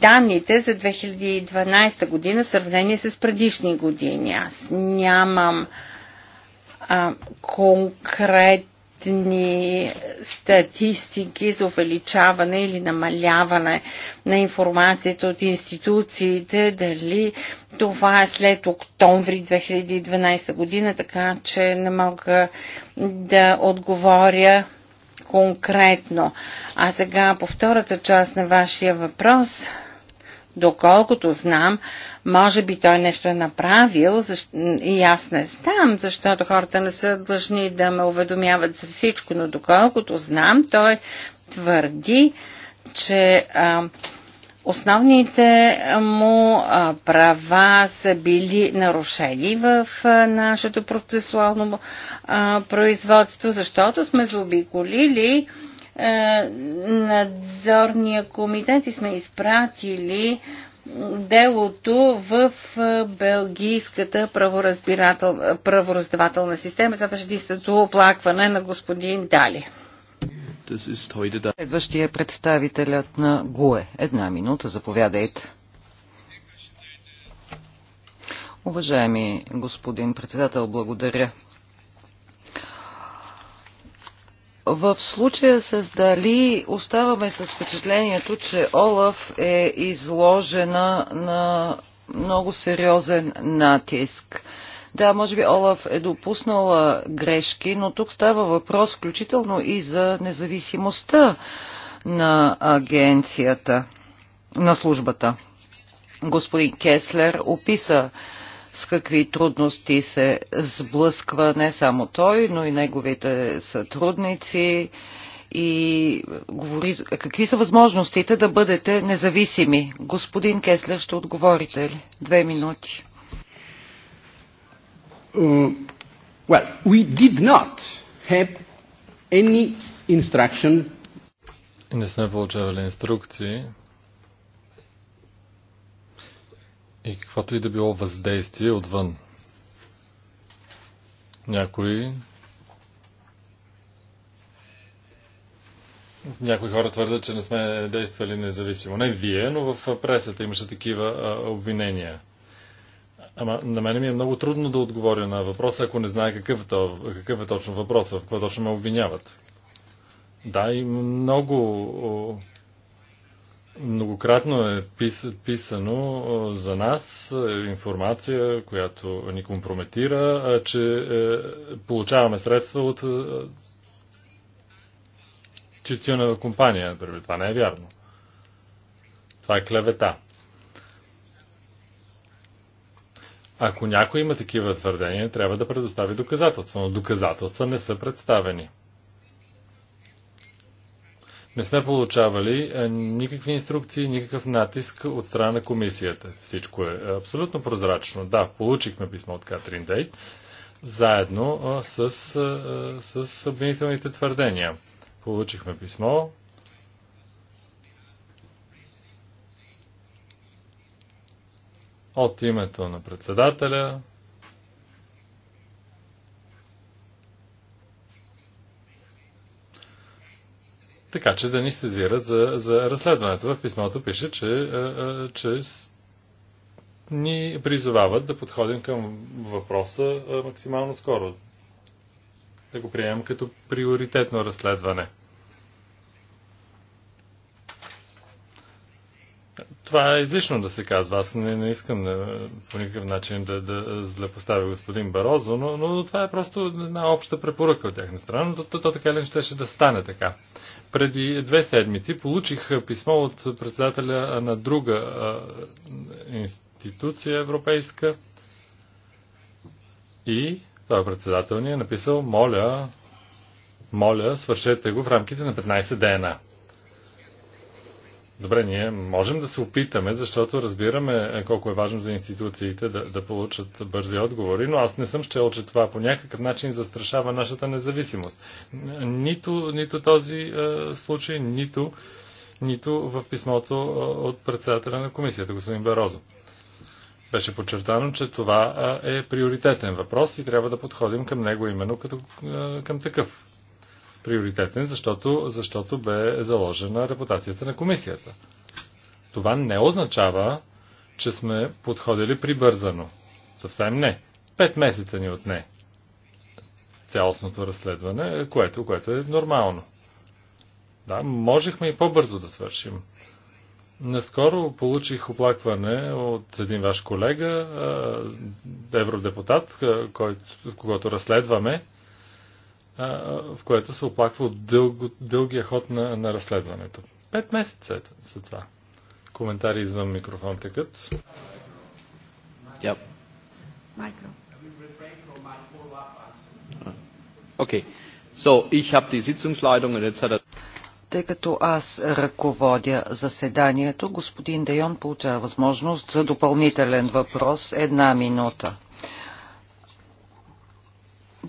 данните за 2012 година в сравнение с предишни години. Аз нямам а, конкретно конкретни статистики за увеличаване или намаляване на информацията от институциите, дали това е след октомври 2012 година, така че не мога да отговоря конкретно. А сега по втората част на вашия въпрос Доколкото знам, може би той нещо е направил и аз не знам, защото хората не са длъжни да ме уведомяват за всичко, но доколкото знам, той твърди, че а, основните му а, права са били нарушени в а, нашето процесуално а, производство, защото сме заобиколили а, е, надзорния комитет и сме изпратили делото в е, Белгийската правораздавателна система. Това беше единственото оплакване на господин Дали.
Следващия е представителят на ГУЕ. Една минута, заповядайте. Уважаеми господин председател, благодаря. В случая с Дали оставаме с впечатлението, че Олаф е изложена на много сериозен натиск. Да, може би Олаф е допуснала грешки, но тук става въпрос включително и за независимостта на агенцията, на службата. Господин Кеслер описа с какви трудности се сблъсква не само той, но и неговите сътрудници и говори какви са възможностите да бъдете независими. Господин Кеслер, ще отговорите ли? Две минути.
Uh, well, we did not have
any instruction.
Не сме получавали инструкции и каквото и да било въздействие отвън. Някои Някои хора твърдят, че не сме действали независимо. Не вие, но в пресата имаше такива а, обвинения. Ама на мен ми е много трудно да отговоря на въпроса, ако не знае какъв, е то, какъв е точно въпросът, в какво точно ме обвиняват. Да, и много Многократно е пис, писано за нас информация, която ни компрометира, че е, получаваме средства от тютюнева компания. Например. Това не е вярно. Това е клевета. Ако някой има такива твърдения, трябва да предостави доказателства, но доказателства не са представени. Не сме получавали е, никакви инструкции, никакъв натиск от страна на комисията. Всичко е, е абсолютно прозрачно. Да, получихме писмо от Катрин Дейт заедно с, с обвинителните твърдения. Получихме писмо, от името на председателя, така че да ни сезира за, за разследването. В писмото пише, че, е, е, че ни призовават да подходим към въпроса е, максимално скоро. Да го приемем като приоритетно разследване. Това е излишно да се казва. Аз не, не искам да, по никакъв начин да, да злепоставя господин Барозо, но, но това е просто една обща препоръка от тяхна страна, но то, то, то така ли щеше да стане така. Преди две седмици получих писмо от председателя на друга институция европейска и това председател ни е написал, моля, моля, свършете го в рамките на 15 дена. Добре, ние можем да се опитаме, защото разбираме е, колко е важно за институциите да, да получат бързи отговори, но аз не съм щел, че това по някакъв начин застрашава нашата независимост. Нито, нито този е, случай, нито, нито в писмото е, от председателя на комисията, господин Барозо. Беше подчертано, че това е, е приоритетен въпрос и трябва да подходим към него именно като към такъв приоритетен, защото, защото бе заложена репутацията на комисията. Това не означава, че сме подходили прибързано. Съвсем не. Пет месеца ни отне цялостното разследване, което, което е нормално. Да, можехме и по-бързо да свършим. Наскоро получих оплакване от един ваш колега, евродепутат, който, когато разследваме, в което се оплаква от дълго, дългия ход на, на разследването. Пет месеца е това. Коментари извън микрофон тъкът. Yep. Micro. Okay. So, ich habe die
Sitzungsleitung und er-
тъй като аз ръководя заседанието, господин Дейон получава възможност за допълнителен въпрос една минута.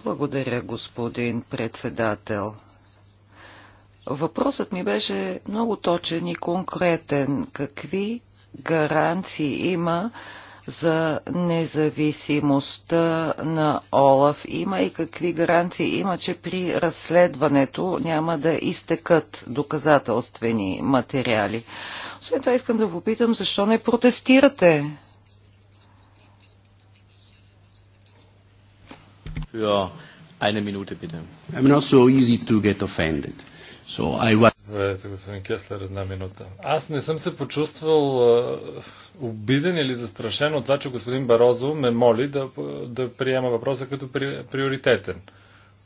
Благодаря, господин председател. Въпросът ми беше много точен и конкретен. Какви гаранции има за независимостта на Олаф? Има и какви гаранции има, че при разследването няма да изтекат доказателствени материали? Освен това искам да попитам, защо не протестирате?
Für eine Minute bitte.
I'm not
so easy to get
offended. So I was... Здравейте, господин Кеслер, една минута. Аз не съм се почувствал а, обиден или застрашен от това, че господин Барозо ме моли да, да приема въпроса като при, приоритетен.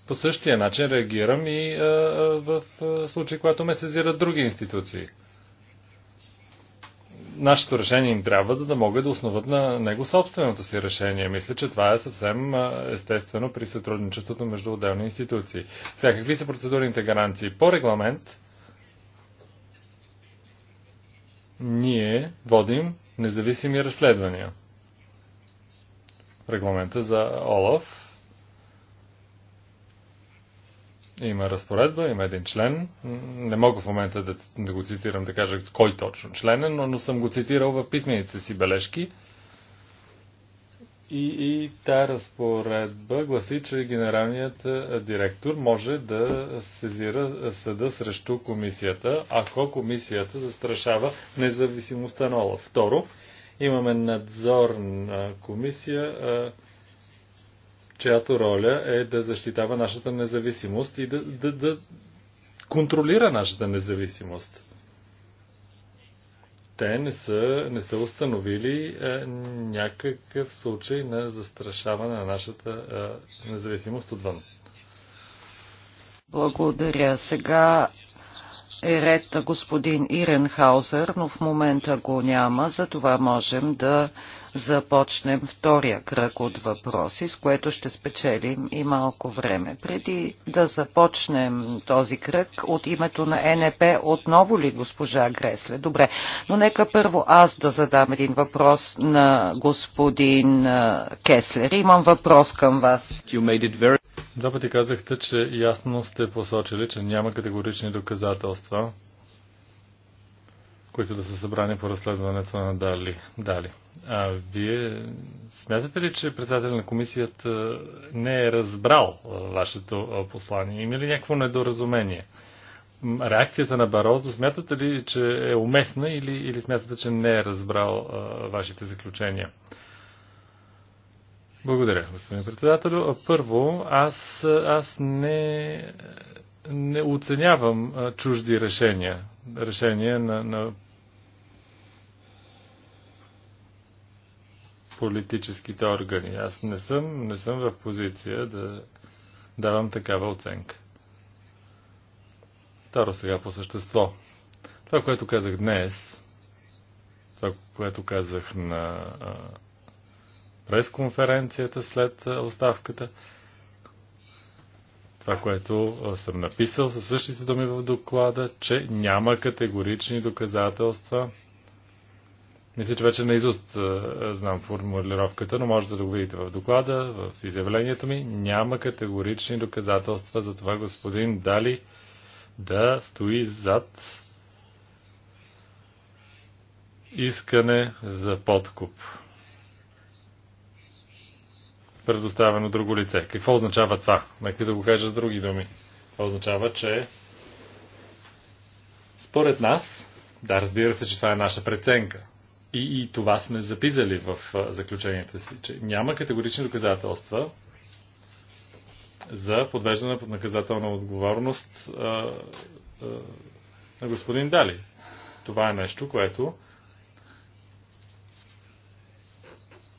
По същия начин реагирам и а, в а, случай, когато ме сезират други институции нашето решение им трябва, за да могат да основат на него собственото си решение. Мисля, че това е съвсем естествено при сътрудничеството между отделни институции. Сега, какви са процедурните гаранции? По регламент ние водим независими разследвания. Регламента за ОЛАФ Има разпоредба, има един член. Не мога в момента да, да го цитирам, да кажа кой точно член е, но, но съм го цитирал в писмените си бележки. И, и та разпоредба гласи, че генералният е, директор може да сезира е, съда срещу комисията, ако комисията застрашава независимостта на Ола. Второ, имаме надзорна комисия, е, чиято роля е да защитава нашата независимост и да, да, да контролира нашата независимост. Те не са, не са установили е, някакъв случай на застрашаване на нашата е, независимост отвън.
Благодаря. Сега е ред на господин Иренхаузер, но в момента го няма, затова можем да започнем втория кръг от въпроси, с което ще спечелим и малко време. Преди да започнем този кръг, от името на НП отново ли госпожа Гресле? Добре, но нека първо аз да задам един въпрос на господин Кеслер. Имам въпрос към
вас. Два пъти казахте, че ясно сте посочили, че няма категорични доказателства, които да са събрани по разследването на Дали. Дали. А вие смятате ли, че председател на комисията не е разбрал вашето послание? Има ли някакво недоразумение? Реакцията на Барото смятате ли, че е уместна или, или смятате, че не е разбрал а, вашите заключения? Благодаря, господин председател. Първо, аз, аз не, не оценявам чужди решения. Решения на, на политическите органи. Аз не съм, не съм в позиция да давам такава оценка. Второ сега по същество. Това, което казах днес, това, което казах на пресконференцията след оставката. Това, което съм написал със същите думи в доклада, че няма категорични доказателства. Мисля, че вече наизуст знам формулировката, но можете да го видите в доклада, в изявлението ми. Няма категорични доказателства за това господин Дали да стои зад искане за подкуп предоставено друго лице. Какво означава това? Нека да го кажа с други думи. Това означава, че според нас, да, разбира се, че това е наша преценка. И, и това сме записали в заключенията си, че няма категорични доказателства за подвеждане под наказателна отговорност а, а, на господин Дали. Това е нещо, което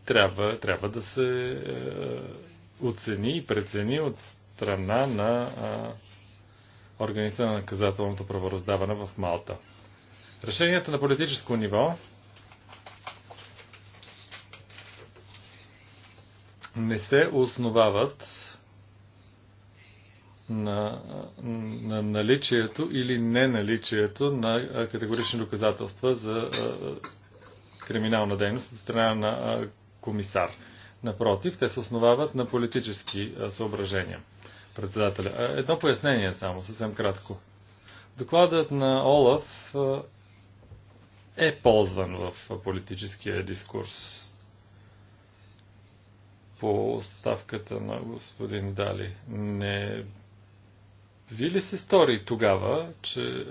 трябва, трябва да се е, оцени и прецени от страна на органите на наказателното правораздаване в Малта. Решенията на политическо ниво не се основават на, на наличието или неналичието на категорични доказателства за криминална дейност от страна на комисар. Напротив, те се основават на политически съображения. Председателя. Едно пояснение само, съвсем кратко. Докладът на Олаф е ползван в политическия дискурс по оставката на господин Дали. Не ви ли се стори тогава, че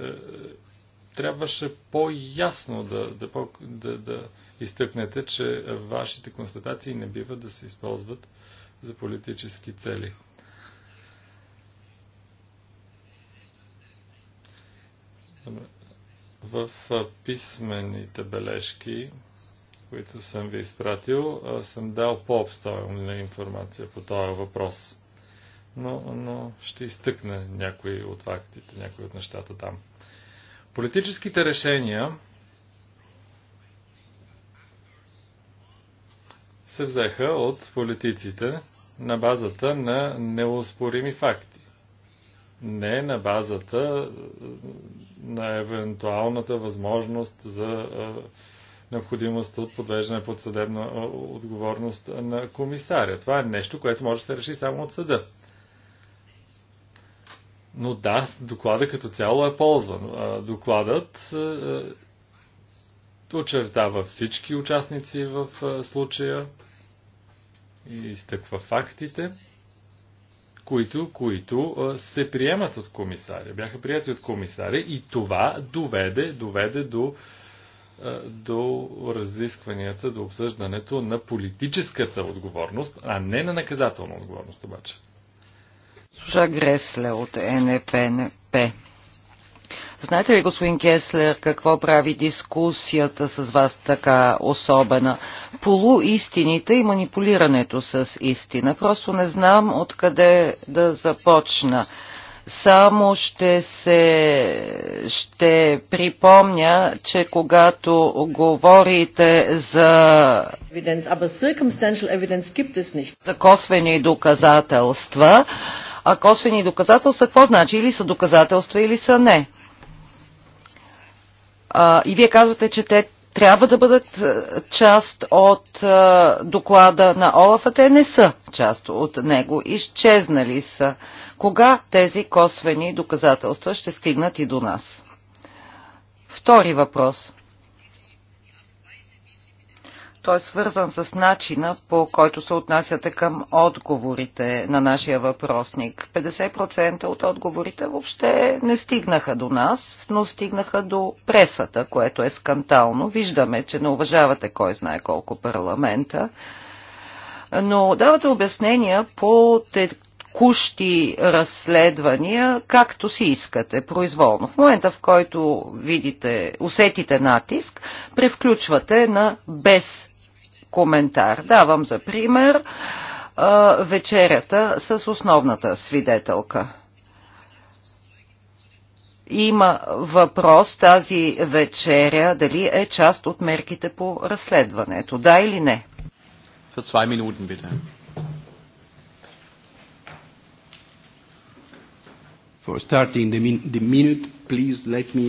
трябваше по-ясно да, да, да, да изтъкнете, че вашите констатации не бива да се използват за политически цели. В писмените бележки, които съм ви изпратил, съм дал по обстойна информация по този въпрос. Но, но ще изтъкна някои от фактите, някои от нещата там. Политическите решения се взеха от политиците на базата на неоспорими факти. Не на базата е, на евентуалната възможност за е, необходимост от подвеждане под съдебна е, отговорност на комисаря. Това е нещо, което може да се реши само от съда. Но да, доклада като цяло е ползван. Докладът е, е, очертава всички участници в е, случая и изтъква фактите, които, които се приемат от комисаря, бяха прияти от комисаря и това доведе, доведе до, до разискванията, до обсъждането на политическата отговорност, а не на наказателна отговорност обаче.
Служа Гресле от НПНП. Знаете ли, господин Кеслер, какво прави дискусията с вас така особена? Полуистините и манипулирането с истина. Просто не знам откъде да започна. Само ще се ще припомня, че когато говорите за за косвени доказателства, а косвени доказателства, какво значи? Или са доказателства, или са не. А, и вие казвате, че те трябва да бъдат е, част от а, е, доклада на Олафа. Те не са част от него. Изчезнали са. Кога тези косвени доказателства ще стигнат и до нас? Втори въпрос. Той е свързан с начина, по който се отнасяте към отговорите на нашия въпросник. 50% от отговорите въобще не стигнаха до нас, но стигнаха до пресата, което е скандално. Виждаме, че не уважавате кой знае колко парламента, но давате обяснения по текущи разследвания, както си искате, произволно. В момента, в който видите, усетите натиск, превключвате на без коментар. Давам за пример вечерята с основната свидетелка. Има въпрос тази вечеря дали е част от мерките по разследването. Да или не?
Für zwei Minuten, bitte. For starting the, min the minute, please let me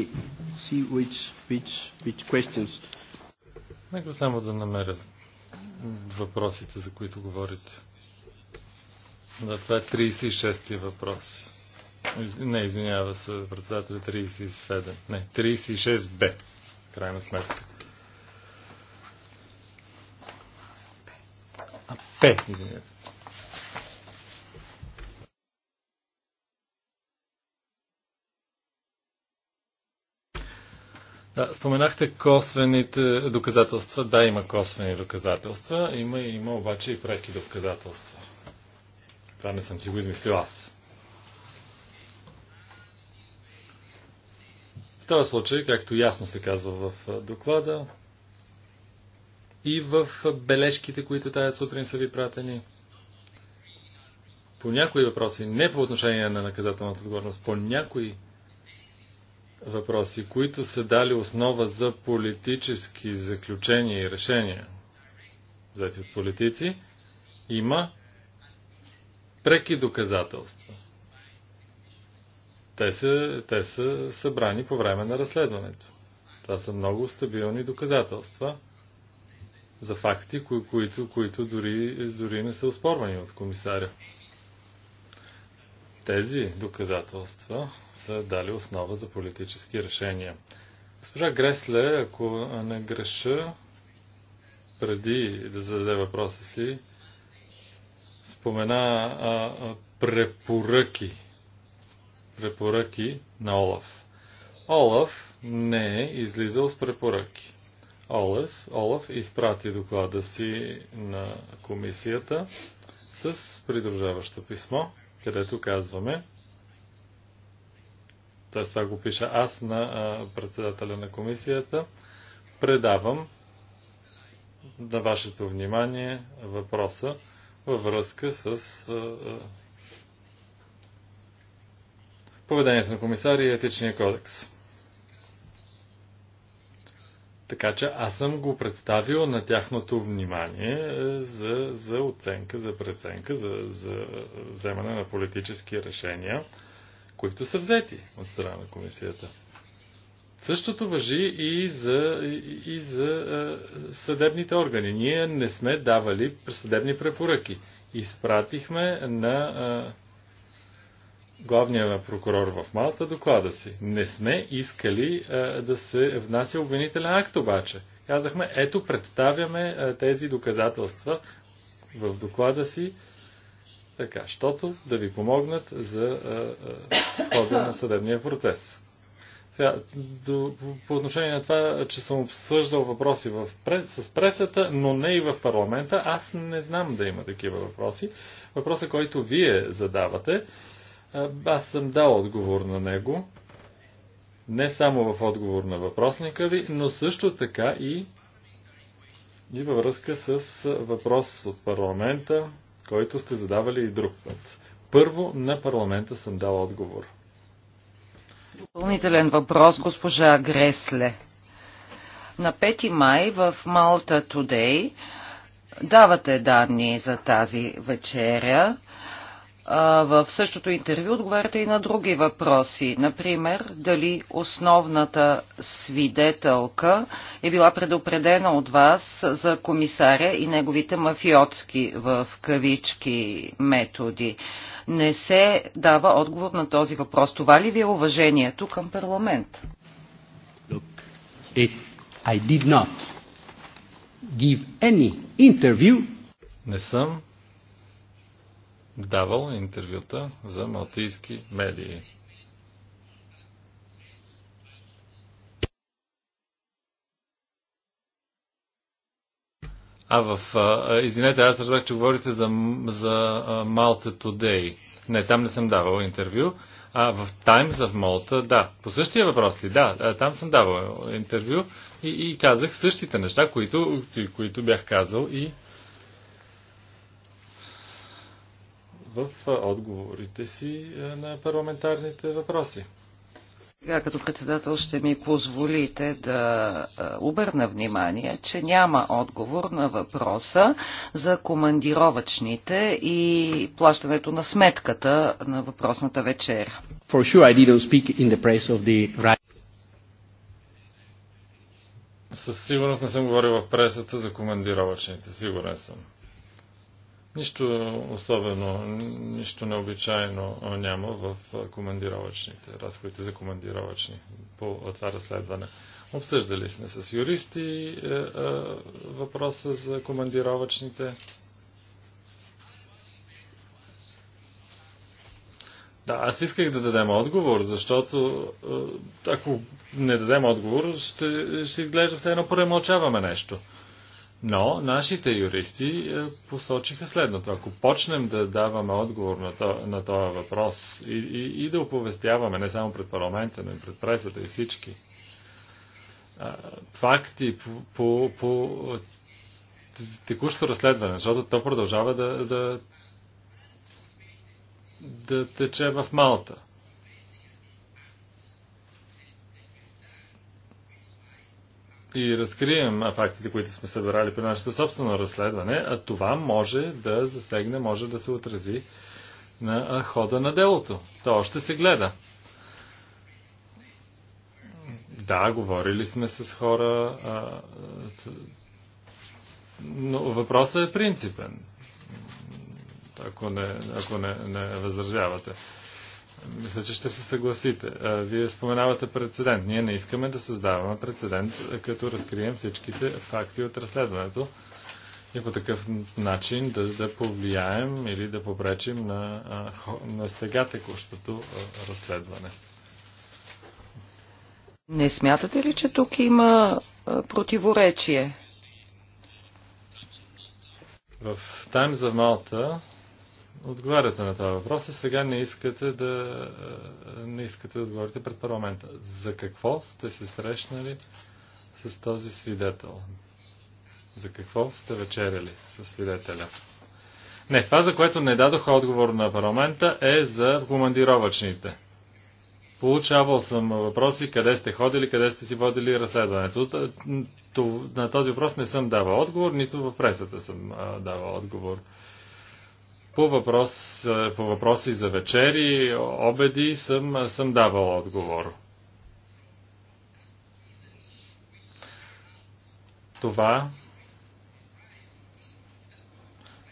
see which, which, which questions.
Нека само да намерят въпросите, за които говорите. Да, това е 36-ти въпрос. Не, извинява се, председателя 37. Не, 36Б. Крайна сметка. А, П, извинявайте. Да, споменахте косвените доказателства. Да, има косвени доказателства. Има, има обаче и преки доказателства. Това не съм си го измислил аз. В този случай, както ясно се казва в доклада и в бележките, които тая сутрин са ви пратени, по някои въпроси, не по отношение на наказателната отговорност, по някои въпроси, които са дали основа за политически заключения и решения, взети от политици, има преки доказателства. Те са, те са събрани по време на разследването. Това са много стабилни доказателства за факти, кои, които, които дори, дори не са оспорвани от комисаря. Тези доказателства са дали основа за политически решения. Госпожа Гресле, ако не греша, преди да зададе въпроса си, спомена а, а, препоръки. Препоръки на Олаф. Олаф не е излизал с препоръки. Олаф, Олаф изпрати доклада си на комисията с придружаващо писмо – където казваме, т.е. това го пиша аз на председателя на комисията, предавам на вашето внимание въпроса във връзка с поведението на комисария и етичния кодекс. Така че аз съм го представил на тяхното внимание е, за, за оценка, за преценка, за, за вземане на политически решения, които са взети от страна на комисията. Същото въжи и за, и за е, съдебните органи. Ние не сме давали съдебни препоръки. Изпратихме на. Е, главния прокурор в Малта доклада си. Не сме искали а, да се внася обвинителен акт обаче. Казахме, ето представяме а, тези доказателства в доклада си, така, щото да ви помогнат за а, а, хода на съдебния процес. Сега, до, по отношение на това, че съм обсъждал въпроси в прес, с пресата, но не и в парламента, аз не знам да има такива въпроси. Въпросът, който вие задавате, аз съм дал отговор на него, не само в отговор на въпросника ви, но също така и, и във връзка с въпрос от парламента, който сте задавали и друг път. Първо на парламента съм дал отговор.
Допълнителен въпрос, госпожа Гресле. На 5 май в Малта Тудей давате данни за тази вечеря в същото интервю отговаряте и на други въпроси. Например, дали основната свидетелка е била предупредена от вас за комисаря и неговите мафиотски в кавички методи. Не се дава отговор на този въпрос. Това ли ви е уважението към парламент?
Look, it, I did not
give any interview. Не съм давал интервюта за малтийски медии. А в... А, извинете, аз разбрах, че говорите за, за Малта Today. Не, там не съм давал интервю. А в Times of Malta, да. По същия въпрос ли? Да, там съм давал интервю и, и казах същите неща, които, които бях казал и в отговорите си на парламентарните въпроси.
Сега като председател ще ми позволите да обърна внимание, че няма отговор на въпроса за командировачните и плащането на сметката на въпросната вечер.
Sure
Със сигурност не съм говорил в пресата за командировачните, сигурен съм. Нищо особено, нищо необичайно няма в командировъчните, разходите за командировъчни по това разследване. Обсъждали сме с юристи е, е, въпроса за командировъчните. Да, аз исках да дадем отговор, защото е, ако не дадем отговор, ще, ще изглежда все едно премълчаваме нещо. Но нашите юристи е, посочиха следното. Ако почнем да даваме отговор на, то, на този въпрос и, и, и да оповестяваме не само пред парламента, но и пред пресата и всички е, факти по, по, по текущо разследване, защото то продължава да, да, да тече в Малта. и разкрием фактите, които сме събирали при нашето собствено разследване, а това може да засегне, може да се отрази на хода на делото. То още се гледа. Да, говорили сме с хора, но въпросът е принципен, ако не, ако не, не възразявате. Мисля, че ще се съгласите. Вие споменавате прецедент. Ние не искаме да създаваме прецедент, като разкрием всичките факти от разследването и по такъв начин да, да повлияем или да попречим на, на сега текущото разследване.
Не смятате ли, че тук има противоречие?
В Times за Малта
отговаряте на това въпрос
и сега не искате да, е, не искате да отговорите пред парламента. За какво сте се срещнали с този свидетел? За какво сте вечеряли с свидетеля? Не, това, за което не дадох отговор на парламента, е за командировачните. Получавал съм въпроси къде сте ходили, къде сте си водили разследването. На този въпрос не съм давал отговор, нито в пресата съм давал отговор. По, въпрос, е, по въпроси за вечери, обеди съм, съм давал отговор. Това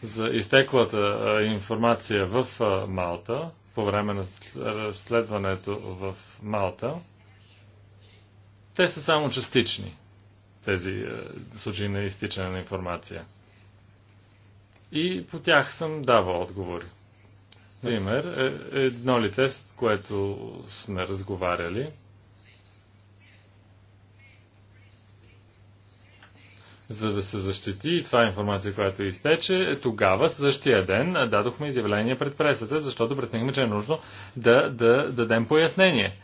за изтеклата е, информация в е, Малта, по време на разследването в Малта, те са само частични, тези случаи на изтичане на информация. И по тях съм давал отговори. Пример, е, едно лице, с което сме разговаряли, за да се защити, и това е информация, която изтече, е тогава, същия ден, дадохме изявление пред пресата, защото преценихме, че е нужно да, да, да дадем пояснение.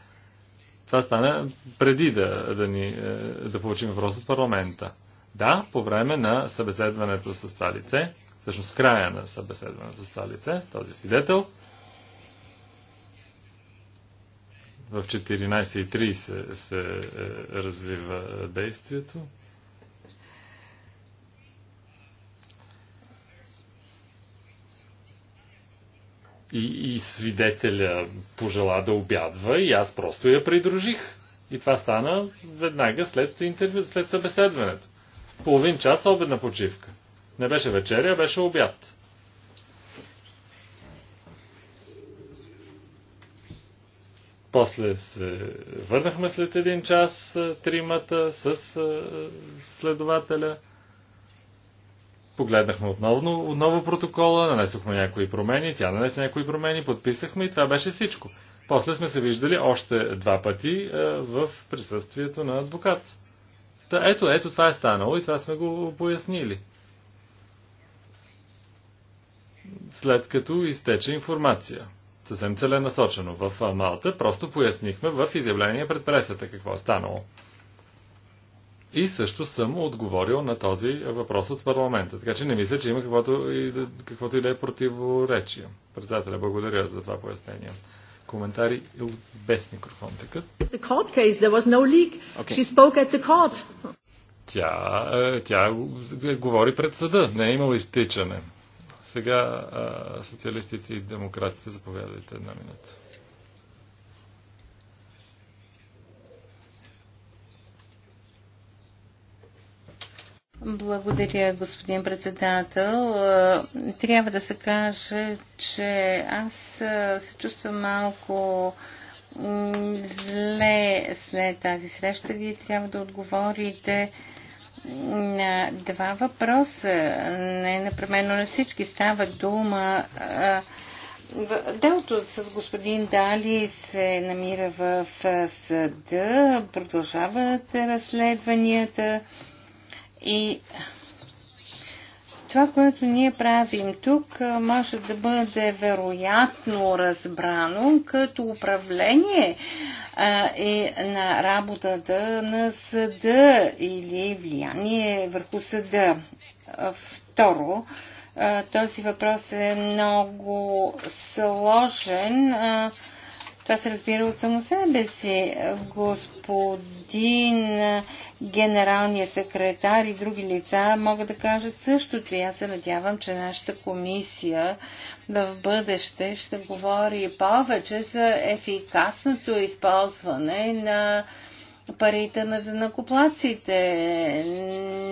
Това стана преди да, да, ни, е, да получим въпрос от парламента. Да, по време на събеседването с това лице, всъщност края на събеседването с това лице, с този свидетел. В 14.30 се, се е, развива действието. И, и свидетеля пожела да обядва и аз просто я придружих. И това стана веднага след, интервю, след събеседването. Половин час обедна почивка. Не беше вечеря, беше обяд. После се върнахме след един час тримата с следователя. Погледнахме отново, отново протокола, нанесохме някои промени, тя нанесе някои промени, подписахме и това беше всичко. После сме се виждали още два пъти в присъствието на адвокат. Та ето, ето това е станало и това сме го пояснили след като изтече информация. Съвсем целенасочено в Малта, просто пояснихме в изявление пред пресата какво е станало. И също съм отговорил на този въпрос от парламента. Така че не мисля, че има каквото и да, каквото и да е противоречие. Председателя, благодаря за това пояснение. Коментари без микрофон така. Тя, е, тя говори пред съда. Не е имало изтичане. Сега социалистите и демократите, заповядайте една минута.
Благодаря, господин председател. Трябва да се каже, че аз се чувствам малко зле след тази среща. Вие трябва да отговорите на два въпроса, не непременно на всички. Става дума. Делото с господин Дали се намира в съда, продължават разследванията и това, което ние правим тук, може да бъде вероятно разбрано като управление и на работата на съда или влияние върху съда. Второ, този въпрос е много сложен. А, това се разбира от само себе си. Господин генералния секретар и други лица могат да кажат същото. И аз се надявам, че нашата комисия в бъдеще ще говори повече за ефикасното използване на парите на накоплаците.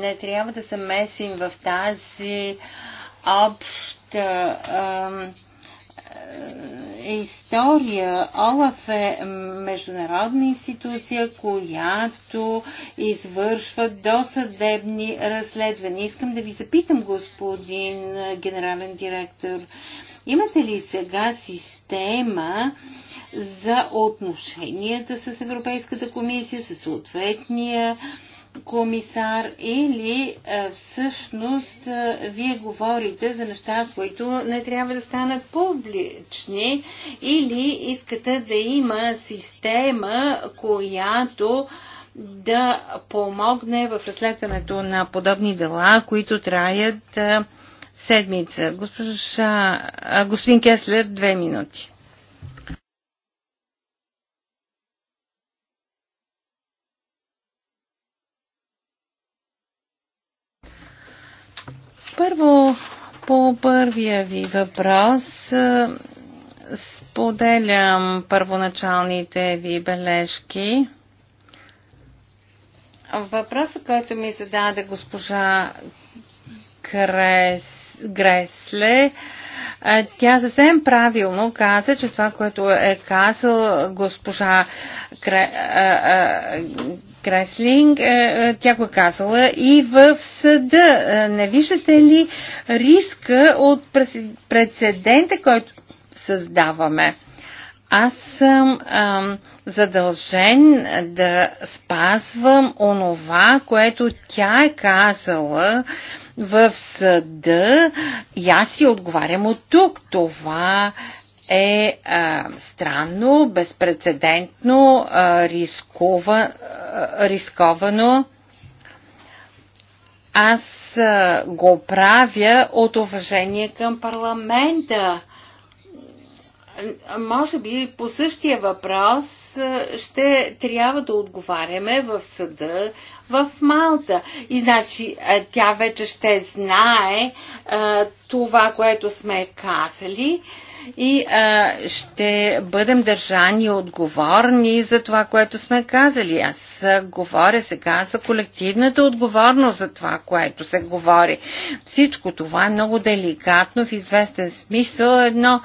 Не трябва да се месим в тази обща е, история. Олаф е международна институция, която извършва досъдебни разследвания. Искам да ви запитам, господин генерален директор, имате ли сега система за отношенията с Европейската комисия, с съответния комисар, или е, всъщност е, вие говорите за неща, които не трябва да станат публични, или искате да има система, която да помогне в разследването на подобни дела, които траят е, седмица. Госпожа, господин Кеслер, две минути. Първо, по първия ви въпрос, е, споделям първоначалните ви бележки. Въпросът, който ми зададе госпожа Грес, Гресле, тя съвсем правилно каза, че това, което е казал госпожа Креслинг, е, е, тя го е казала и в съда. Не виждате ли риска от прецедента, който създаваме? Аз съм ам, задължен да спазвам онова, което тя е казала. Ам, в съда и аз си отговарям от тук. Това е а, странно, безпредседентно, а, рискова, а, рисковано. Аз а, го правя от уважение към парламента. Може би по същия въпрос ще трябва да отговаряме в съда в Малта. И значи тя вече ще знае а, това, което сме казали и а, ще бъдем държани отговорни за това, което сме казали. Аз говоря сега за колективната отговорност за това, което се говори. Всичко това е много деликатно, в известен смисъл едно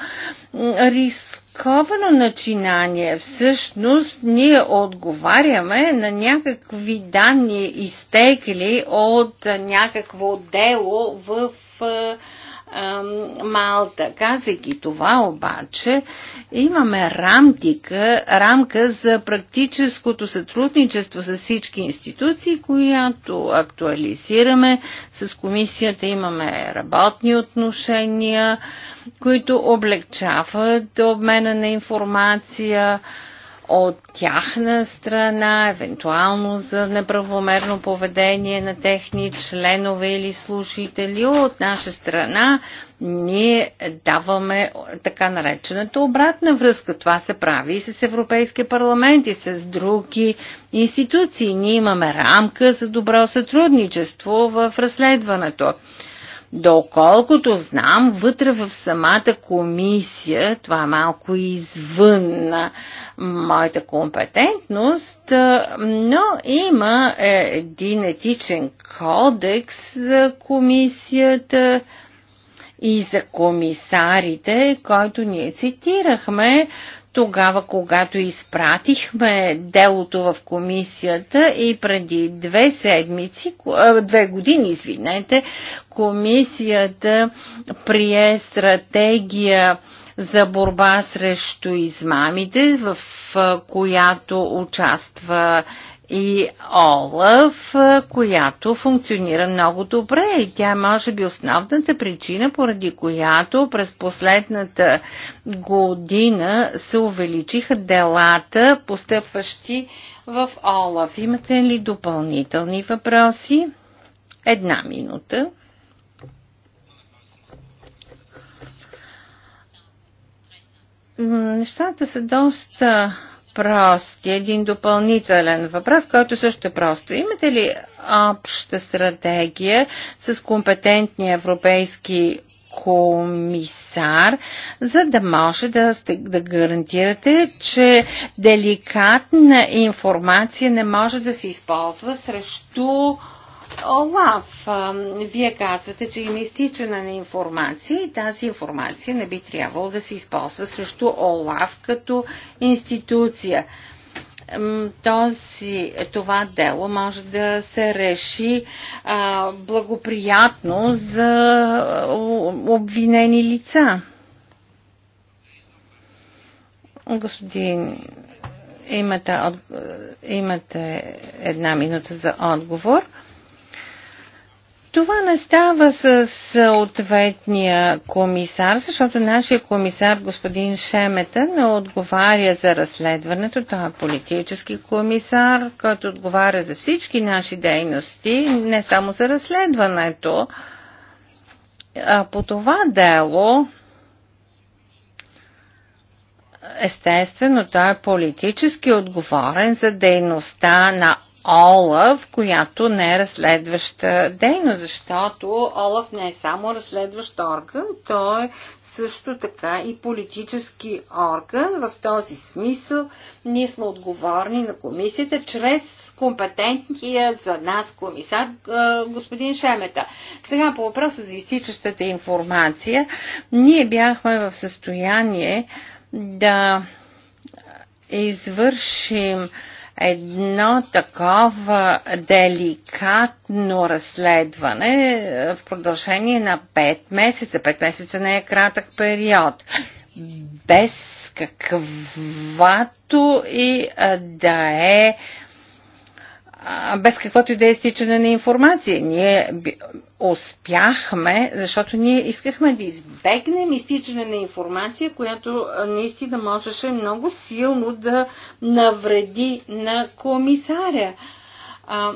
рисковано начинание. Всъщност ние отговаряме на някакви данни изтекли от някакво дело в Малта. Казвайки това обаче, имаме рамтика, рамка за практическото сътрудничество с всички институции, която актуализираме. С комисията имаме работни отношения, които облегчават обмена на информация, от тяхна страна, евентуално за неправомерно поведение на техни членове или служители. От наша страна ние даваме така наречената обратна връзка. Това се прави и с Европейския парламент, и с други институции. Ние имаме рамка за добро сътрудничество в разследването. Доколкото знам, вътре в самата комисия, това е малко извън моята компетентност, но има е, един етичен кодекс за комисията и за комисарите, който ние цитирахме тогава, когато изпратихме делото в комисията и преди две седмици, две години, извинете, комисията прие стратегия за борба срещу измамите, в която участва и Олаф, която функционира много добре и тя може би основната причина, поради която през последната година се увеличиха делата, постъпващи в Олаф. Имате ли допълнителни въпроси? Една минута. Нещата са доста прости, един допълнителен въпрос, който също е просто. Имате ли обща стратегия с компетентни европейски комисар, за да може да, да гарантирате, че деликатна информация не може да се използва срещу Олаф, вие казвате, че има изтичане на информация и тази информация не би трябвало да се използва срещу Олаф като институция. Този, това дело може да се реши а, благоприятно за обвинени лица. Господин имате, имате една минута за отговор. Това не става с съответния комисар, защото нашия комисар, господин Шемета, не отговаря за разследването. Той е политически комисар, който отговаря за всички наши дейности, не само за разследването. А по това дело, естествено, той е политически отговорен за дейността на Олъв, която не е разследваща дейност, защото Олъв не е само разследващ орган, той е също така и политически орган. В този смисъл ние сме отговорни на комисията чрез компетентния за нас комисар господин Шемета. Сега по въпроса за изтичащата информация, ние бяхме в състояние да извършим едно такова деликатно разследване е, в продължение на 5 месеца. 5 месеца не е кратък период. Без каквато и да е без каквото и да е изтичане на информация. Ние успяхме, защото ние искахме да избегнем изтичане на информация, която наистина можеше много силно да навреди на комисаря. А,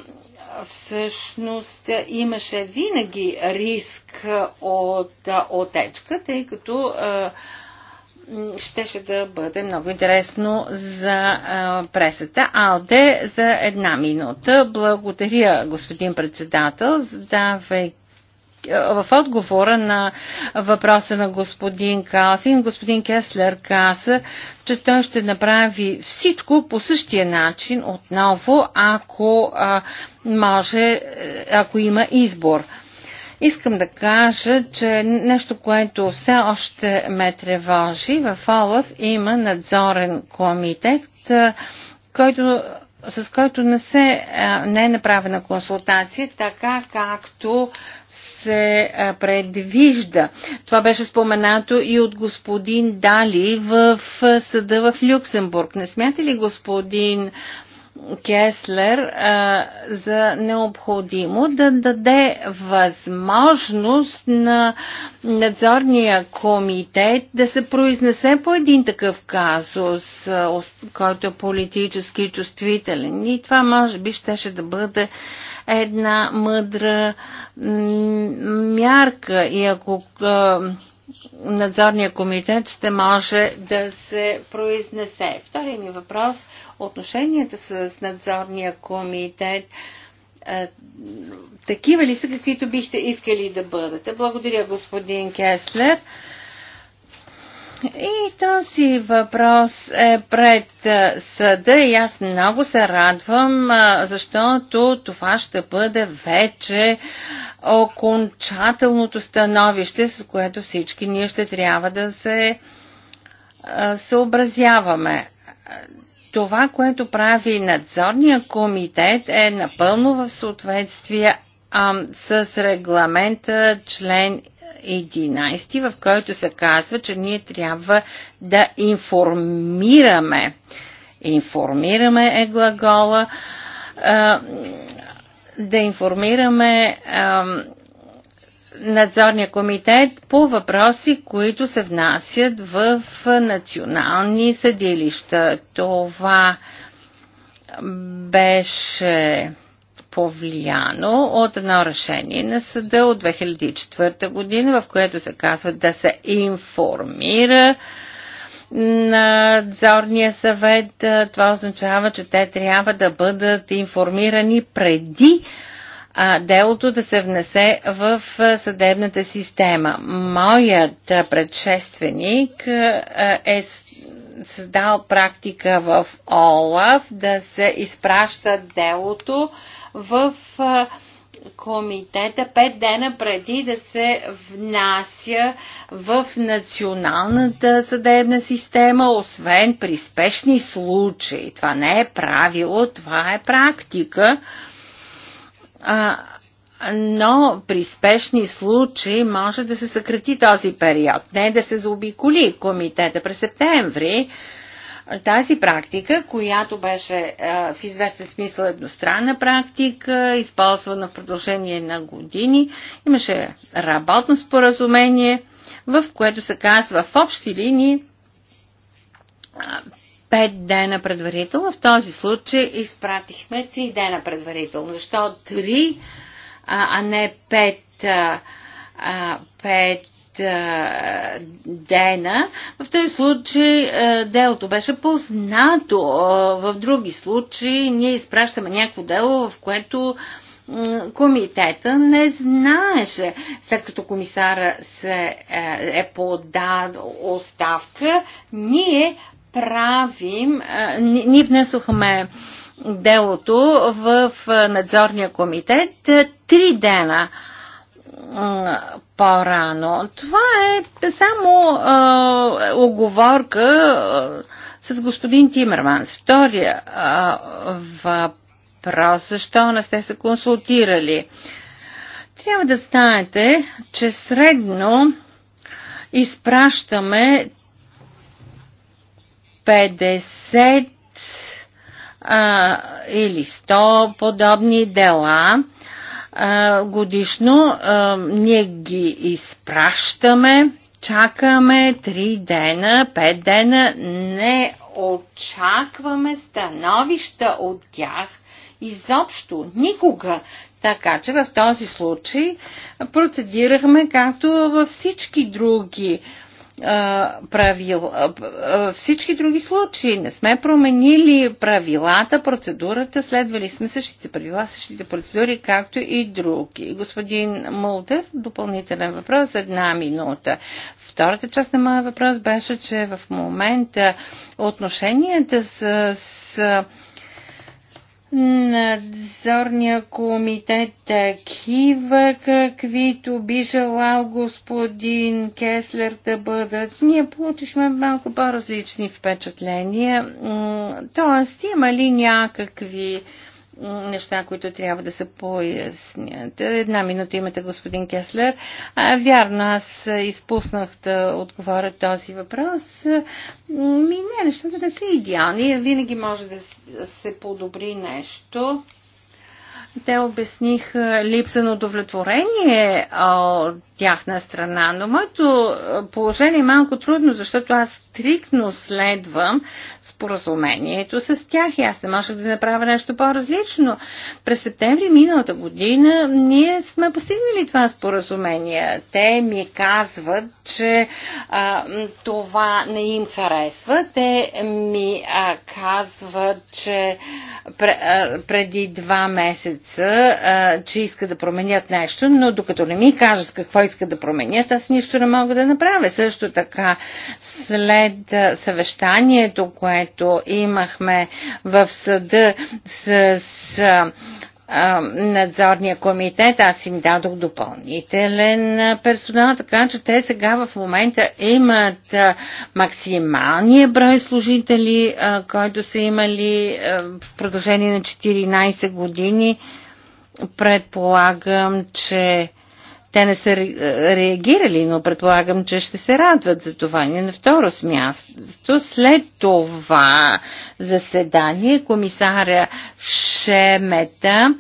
всъщност имаше винаги риск от отечка, тъй като а, щеше да бъде много интересно за пресата. Алде за една минута. Благодаря, господин председател, задавайки в отговора на въпроса на господин Калфин, господин Кеслер каза, че той ще направи всичко по същия начин отново, ако а, може, ако има избор. Искам да кажа, че нещо, което все още ме тревожи, в ОЛАФ има надзорен комитет, който, с който не, се, не е направена консултация, така както се предвижда. Това беше споменато и от господин Дали в съда в Люксембург. Не смята ли господин Кеслер а, за необходимо да даде възможност на надзорния комитет да се произнесе по един такъв казус, който е политически чувствителен. И това може би щеше да бъде една мъдра мярка. И ако надзорния комитет ще може да се произнесе. Втория ми въпрос – отношенията с надзорния комитет е, такива ли са, каквито бихте искали да бъдете? Благодаря, господин Кеслер. И този въпрос е пред съда и аз много се радвам, защото това ще бъде вече окончателното становище, с което всички ние ще трябва да се съобразяваме. Това, което прави надзорния комитет е напълно в съответствие а, с регламента член 11, в който се казва, че ние трябва да информираме. Информираме е глагола. Да информираме надзорния комитет по въпроси, които се внасят в национални съдилища. Това беше повлияно от едно решение на съда от 2004 година, в което се казва да се информира на Дзорния съвет. Е, това означава, че те трябва да бъдат информирани преди а, делото да се внесе в е, съдебната система. Моят е, предшественик е създал практика в ОЛАФ да се изпраща делото в комитета пет дена преди да се внася в националната съдебна система, освен при спешни случаи. Това не е правило, това е практика. но при спешни случаи може да се съкрати този период, не да се заобиколи комитета. През септември тази практика, която беше в известен смисъл едностранна практика, използвана в продължение на години, имаше работно споразумение, в което се казва в общи линии пет дена предварително. В този случай изпратихме три дена предварително. Защо три, а не пет, пет дена. В този случай делото беше познато. В други случаи ние изпращаме някакво дело, в което комитета не знаеше. След като комисара се е, е подал оставка, ние правим, ние внесохме делото в надзорния комитет три дена по-рано. Това е само а, оговорка а, с господин Тимерманс. Втория а, въпрос, защо не сте се консултирали? Трябва да знаете, че средно изпращаме 50 а, или 100 подобни дела а, годишно. А, ние ги изпращаме, чакаме 3 дена, 5 дена, не очакваме становища от тях изобщо, никога. Така че в този случай процедирахме както във всички други правил. Всички други случаи не сме променили правилата, процедурата, следвали сме същите правила, същите процедури, както и други. Господин Мулдер, допълнителен въпрос за една минута. Втората част на моя въпрос беше, че в момента отношенията с, с надзорния комитет такива, каквито би желал господин Кеслер да бъдат. Ние получихме малко по-различни впечатления. Тоест, има ли някакви неща, които трябва да се пояснят. Една минута имате, господин Кеслер. А, вярно, аз изпуснах да отговоря този въпрос. Ми не, нещата не са идеални. Винаги може да се подобри нещо те обясниха липса на удовлетворение от тяхна страна, но моето положение е малко трудно, защото аз стриктно следвам споразумението с тях и аз не може да направя нещо по-различно. През септември миналата година ние сме постигнали това споразумение. Те ми казват, че а, това не им харесва. Те ми а, казват, че преди два месеца седмица, а, че искат да променят нещо, но докато не ми кажат какво искат да променят, аз нищо не мога да направя. Също така, след съвещанието, което имахме в съда с, с надзорния комитет, аз им дадох допълнителен персонал, така че те сега в момента имат максималния брой служители, който са имали в продължение на 14 години. Предполагам, че те не са реагирали, но предполагам, че ще се радват за това. И на второ място, след това заседание, комисаря Шемета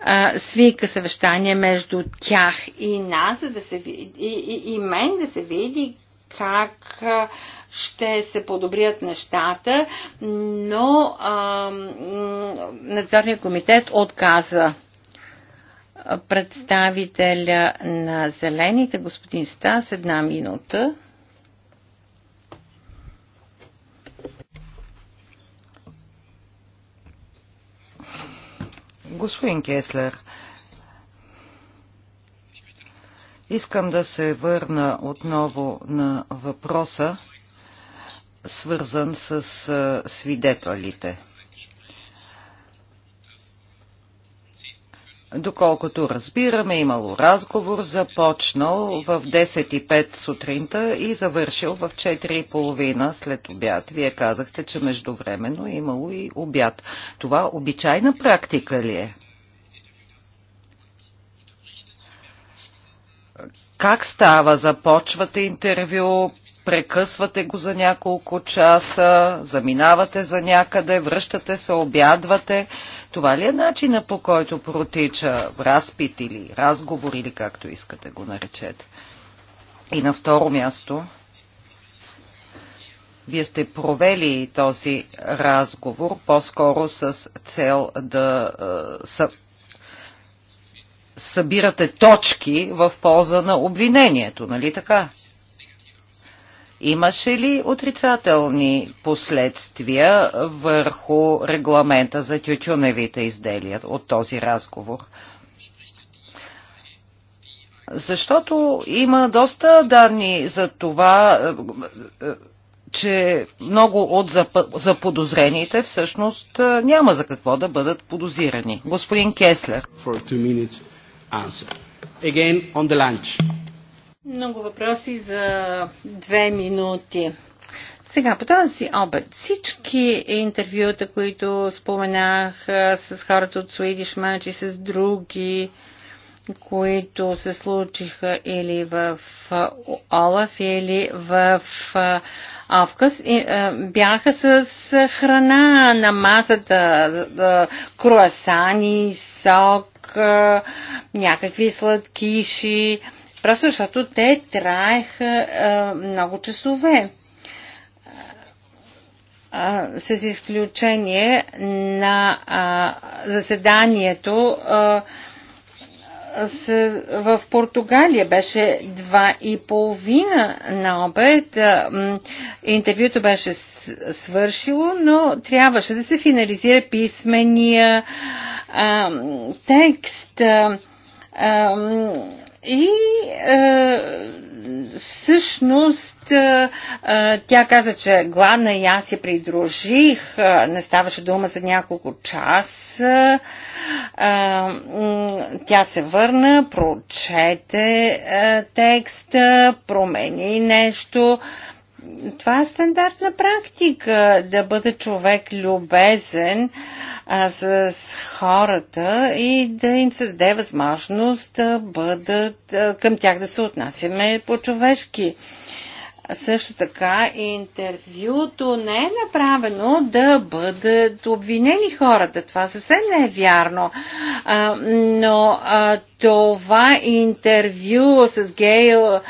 а, свика съвещание между тях и нас, за да се види, и, и, и мен да се види как ще се подобрят нещата, но а, надзорният комитет отказа представителя на Зелените, господин Стас, една минута.
Господин Кеслер, искам да се върна отново на въпроса, свързан с свидетелите. Доколкото разбираме, имало разговор, започнал в 10.05 сутринта и завършил в 4.30 след обяд. Вие казахте, че междувременно е имало и обяд. Това обичайна практика ли е? Как става? Започвате интервю, прекъсвате го за няколко часа, заминавате за някъде, връщате се, обядвате. Това ли е начина по който протича разпит или разговор или както искате го наречете? И на второ място, вие сте провели този разговор по-скоро с цел да са събирате точки в полза на обвинението, нали така? Имаше ли отрицателни последствия върху регламента за тютюневите изделия от този разговор? Защото има доста данни за това, че много от заподозрените всъщност няма за какво да бъдат подозирани. Господин Кеслер.
Again on the lunch.
Много въпроси за две минути. Сега, по този обед, всички интервюта, които споменах с хората от Swedish Match и с други, които се случиха или в Олаф, или в Авкъс, бяха с храна на масата, круасани, сок, някакви сладкиши. Просто защото те траеха а, много часове. А, с изключение на а, заседанието а, с, в Португалия беше два и половина на обед. Интервюто беше свършило, но трябваше да се финализира писмения а, текст. А, и е, всъщност е, е, тя каза, че гладна и аз се придружих. Е, не ставаше дума за няколко часа. Е, тя се върна, прочете е, текста, промени нещо. Е, това е стандартна практика да бъде човек любезен а, с хората и да им се даде възможност да бъдат а, към тях да се отнасяме по-човешки. Също така интервюто не е направено да бъдат обвинени хората. Това съвсем не е вярно. А, но а, това интервю с Гейл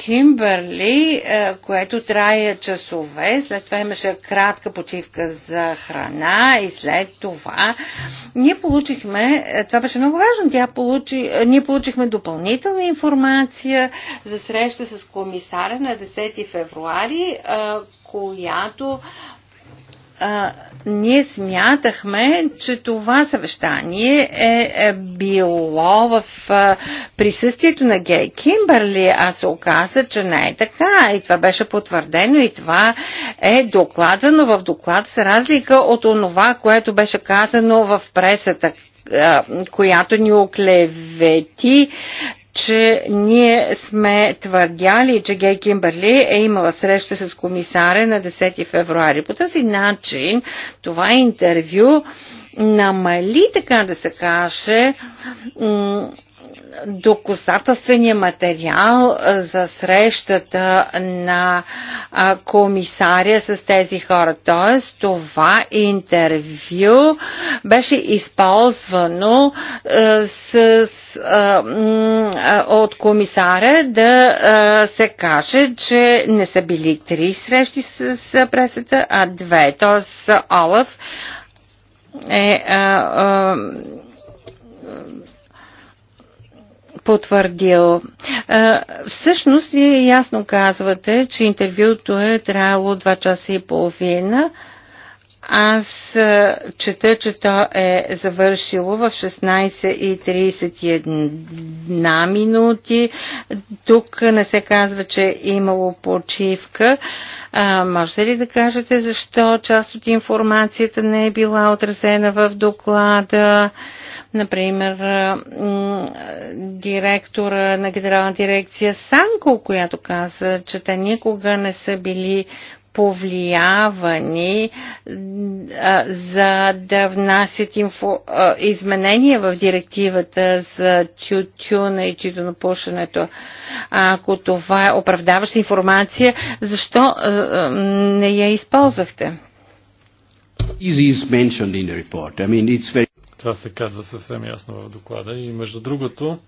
Кимберли, е, което трая часове. След това имаше кратка почивка за храна и след това ние получихме, е, това беше много важно, тя получи, е, ние получихме допълнителна информация за среща с комисара на 10 февруари, която ние смятахме, че това съвещание е, е било в присъствието на Гей Кимберли, а се оказа, че не е така. И това беше потвърдено и това е докладвано в доклад с разлика от онова, което беше казано в пресата която ни оклевети че ние сме твърдяли, че Гей Кимберли е имала среща с комисаря на 10 февруари. По този начин това интервю намали, така да се каже, доказателствения материал за срещата на комисаря с тези хора. Тоест, това интервю беше използвано с, от комисаря да се каже, че не са били три срещи с пресата, а две. Тоест, Олаф е а, а, потвърдил. Всъщност, вие ясно казвате, че интервюто е трябвало 2 часа и половина. Аз чета, че то е завършило в 16.31 минути. Тук не се казва, че е имало почивка. А, можете ли да кажете защо част от информацията не е била отразена в доклада? А, Например, директора на генерална дирекция Санко, която каза, че те никога не са били повлиявани а, за да внасят инфо, а, изменения в директивата за тютюна и тютюнопушенето. ако това е оправдаваща информация, защо а, а, не я използвахте?
I mean, very... Това се казва съвсем ясно в доклада. И между другото,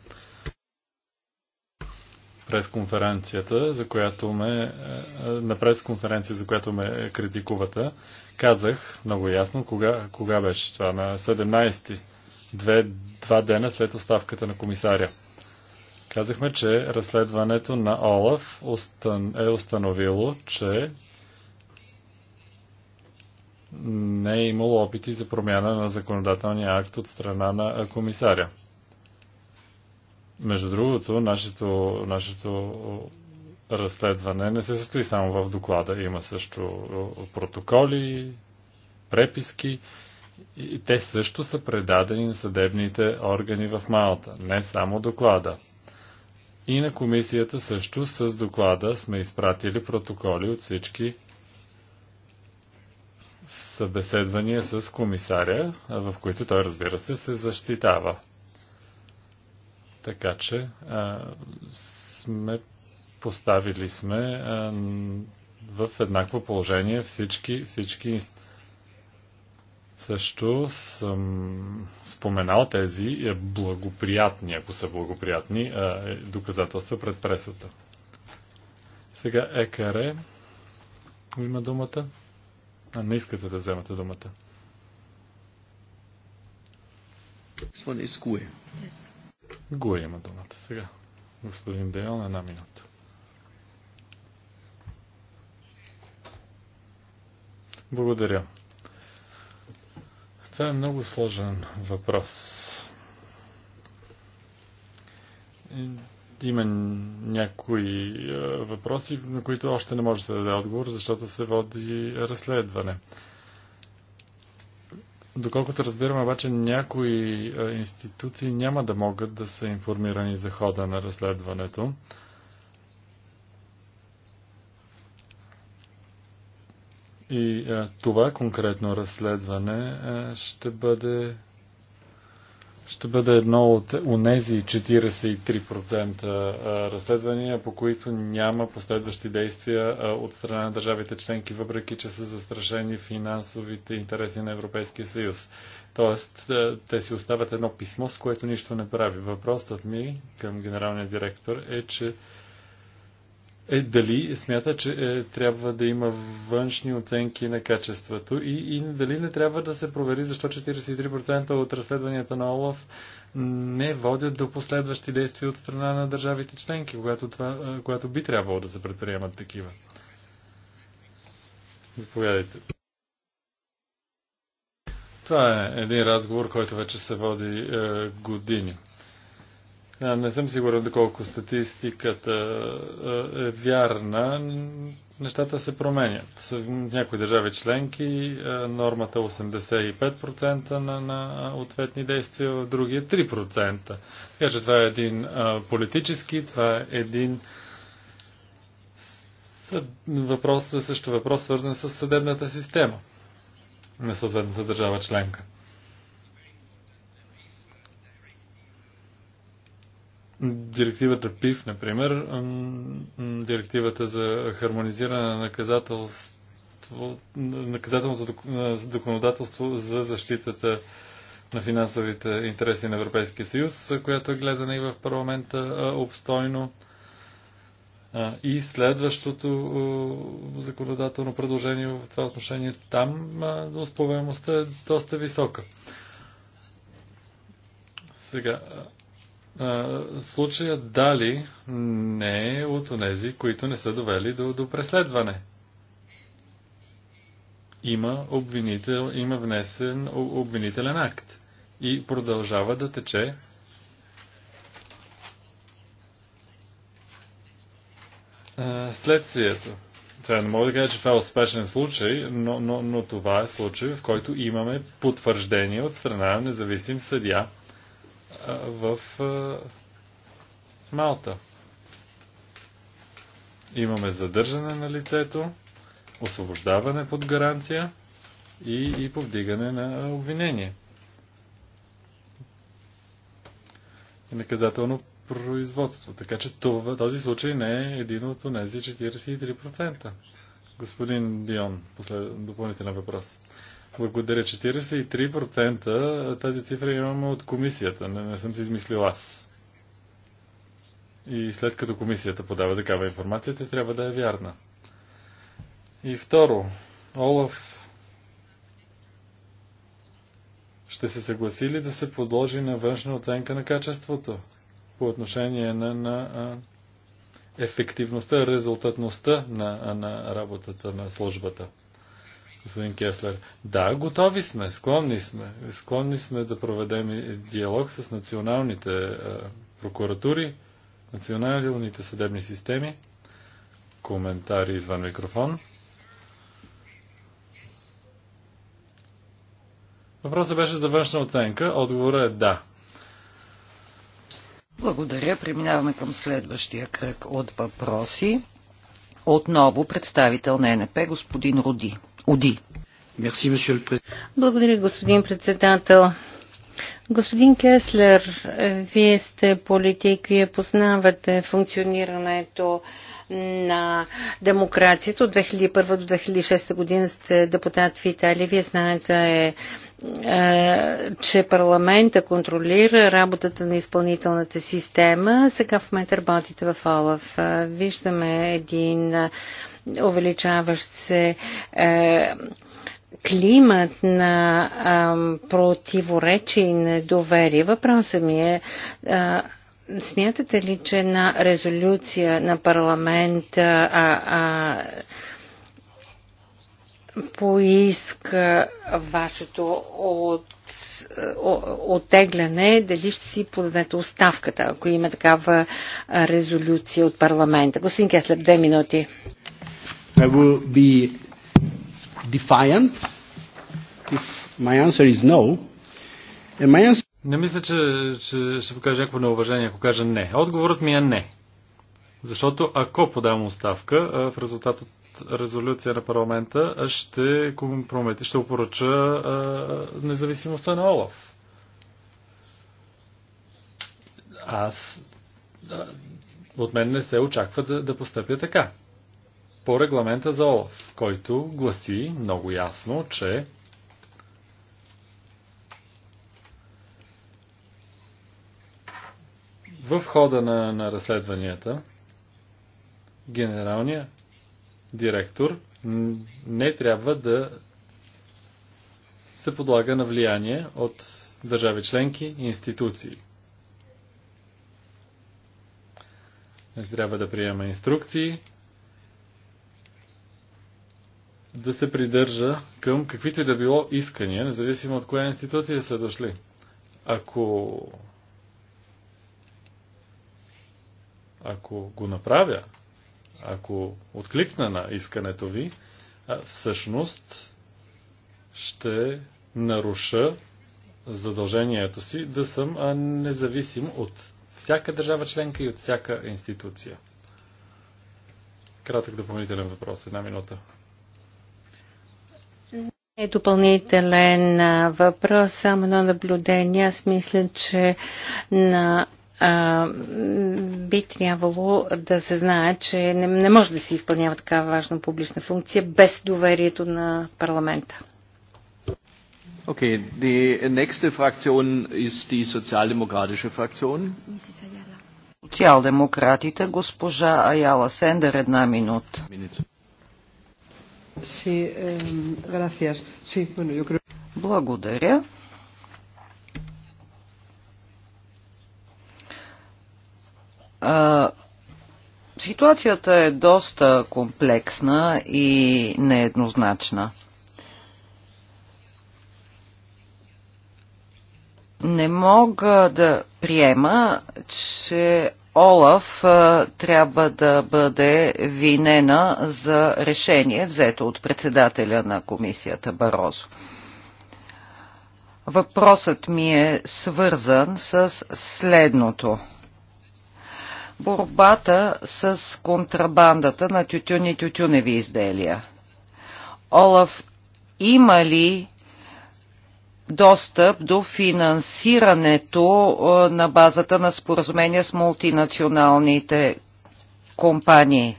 пресконференцията, за която ме, е, е, на пресконференция, за която ме критикувате, казах много ясно кога, кога беше това, на 17-ти, два дена след оставката на комисаря. Казахме, че разследването на Олаф е установило, че не е имало опити за промяна на законодателния акт от страна на комисаря. Между другото, нашето, нашето разследване не се състои само в доклада. Има също протоколи, преписки. И те също са предадени на съдебните органи в Малта, не само доклада. И на комисията също с доклада сме изпратили протоколи от всички събеседвания с комисаря, в които той, разбира се, се защитава. Така че а, сме поставили сме а, в еднакво положение всички, всички също съм споменал тези благоприятни, ако са благоприятни, доказателства пред пресата. Сега ЕКР има думата. А, не искате да вземете думата. Гуе има думата сега. Господин Деян, една минута. Благодаря. Това е много сложен въпрос има някои е, въпроси, на които още не може да се даде отговор, защото се води разследване. Доколкото разбирам, обаче някои е, институции няма да могат да са информирани за хода на разследването. И е, това конкретно разследване ще бъде ще бъде едно от унези 43% разследвания, по които няма последващи действия от страна на държавите членки, въпреки че са застрашени финансовите интереси на Европейския съюз. Тоест, те си оставят едно писмо, с което нищо не прави. Въпросът ми към генералния директор е, че е дали смята, че е, трябва да има външни оценки на качеството и, и дали не трябва да се провери защо 43% от разследванията на ОЛАФ не водят до последващи действия от страна на държавите членки, когато, това, е, когато би трябвало да се предприемат такива. Заповядайте. Това е един разговор, който вече се води е, години. Не съм сигурен доколко статистиката е вярна. Нещата се променят. В някои държави членки нормата е 85% на, на ответни действия, в други е 3%. Така че това е един политически, това е един въпрос, също въпрос, свързан с съдебната система на съответната държава членка. Директивата ПИФ, например, директивата за хармонизиране на наказателство, наказателното законодателство за защитата на финансовите интереси на Европейския съюз, която е гледана и в парламента обстойно. И следващото законодателно предложение в това отношение, там успеваемостта е доста висока. Сега, случая дали не е от онези, които не са довели до, до преследване. Има, обвинител, има внесен обвинителен акт и продължава да тече следствието. Това не мога да кажа, че това е успешен случай, но, но, но това е случай, в който имаме потвърждение от страна на независим съдия – в Малта. Имаме задържане на лицето, освобождаване под гаранция и, и повдигане на обвинение. И наказателно производство. Така че това, този случай не е един от тези 43%. Господин Дион, последен допълнителен въпрос. Благодаря. 43% тази цифра имаме от комисията. Не, не съм си измислил аз. И след като комисията подава такава информация, те трябва да е вярна. И второ, Олаф ще се съгласи ли да се подложи на външна оценка на качеството по отношение на, на а, ефективността, резултатността на, на работата на службата? господин Кеслер. Да, готови сме, склонни сме. Склонни сме да проведем диалог с националните е, прокуратури, националните съдебни системи. Коментари извън микрофон. Въпросът беше за външна оценка. Отговора е да.
Благодаря. Преминаваме към следващия кръг от въпроси. Отново представител на НП, господин Роди. Оди.
Благодаря, господин председател. Господин Кеслер, вие сте политик, вие познавате функционирането на демокрацията. От 2001 до 2006 година сте депутат в Италия. Вие знаете е, че парламента контролира работата на изпълнителната система. Сега в момента работите в ОЛАФ. Е, виждаме един увеличаващ се е, климат на противоречие и недоверие. Въпросът ми е Смятате ли, че на резолюция на парламента а, а, поиска вашето от, оттегляне, дали ще си подадете оставката, ако има такава резолюция от парламента. Господин Кеслеп, две минути.
I will be
defiant
if my answer is no.
And my answer... Не мисля, че, че ще покажа някакво неуважение, ако кажа не. Отговорът ми е не. Защото ако подам оставка, в резултат от резолюция на парламента ще компромети, ще опоръча а, независимостта на Олаф. Аз а, от мен не се очаква да, да постъпя така. По регламента за Олаф, който гласи много ясно, че в хода на, на разследванията генералния директор не трябва да се подлага на влияние от държави членки и институции. Не трябва да приема инструкции, да се придържа към каквито и да било искания, независимо от коя институция са дошли. Ако ако го направя, ако откликна на искането ви, всъщност ще наруша задължението си да съм независим от всяка държава членка и от всяка институция. Кратък допълнителен въпрос, една минута.
Е допълнителен въпрос, само на наблюдение. Аз мисля, че на а, би трябвало да се знае, че не, не може да се изпълнява такава важна публична функция без доверието на парламента.
Okay, die nächste Fraktion ist die sozialdemokratische Fraktion.
Социал-демократите, госпожа Аяла Сендер, една минута. Благодаря. А, ситуацията е доста комплексна и нееднозначна. Не мога да приема, че Олаф а, трябва да бъде винена за решение, взето от председателя на комисията Барозо. Въпросът ми е свързан с следното – борбата с контрабандата на тютюни и тютюневи изделия. Олаф има ли достъп до финансирането на базата на споразумения с мултинационалните компании?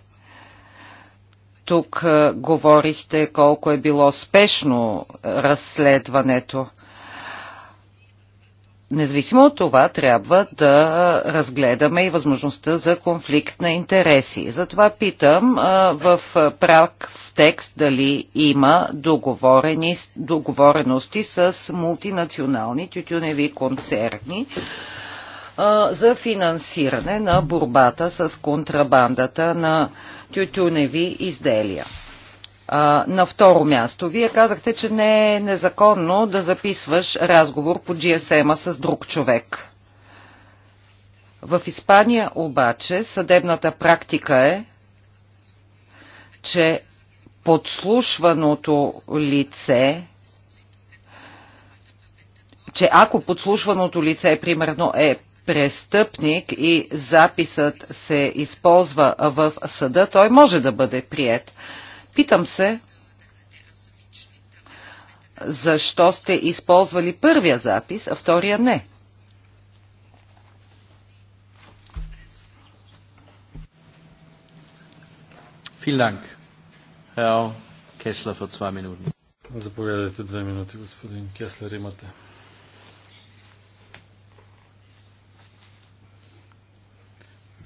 Тук говорихте колко е било спешно разследването. Независимо от това, трябва да разгледаме и възможността за конфликт на интереси. Затова питам в прак в текст дали има договорености с мултинационални тютюневи концерни за финансиране на борбата с контрабандата на тютюневи изделия на второ място, вие казахте, че не е незаконно да записваш разговор по GSM-а с друг човек. В Испания обаче съдебната практика е, че подслушваното лице че ако подслушваното лице, примерно, е престъпник и записът се използва в съда, той може да бъде прият. Питам се, защо сте използвали първия запис, а втория не?
Заповядайте две минути, господин Кеслер, имате.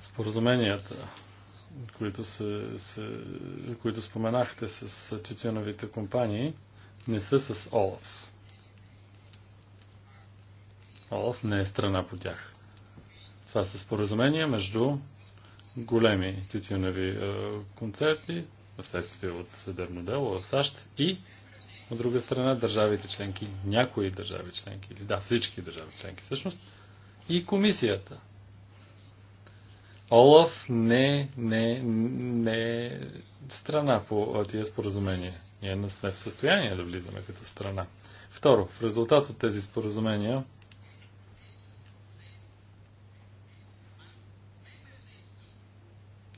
Споразуменията които, се, се, които споменахте с тютюновите компании, не са с ОЛАФ. ОЛАФ не е страна по тях. Това са споразумения между големи тютюнови е, концерти, вследствие от съдебно дело в САЩ и от друга страна държавите членки, някои държави членки, или да, всички държави членки всъщност, и комисията. Олаф не, не, не е страна по тия споразумения. Ние не сме в състояние да влизаме като страна. Второ, в резултат от тези споразумения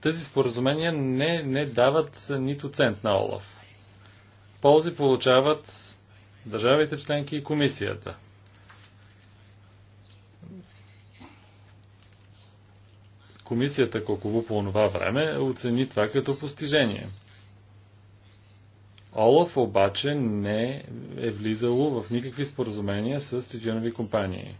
тези споразумения не, не дават нито цент на Олаф. Ползи получават държавите членки и комисията – Комисията Кокову по това време оцени това като постижение. Олаф обаче не е влизало в никакви споразумения с тютюнови компании.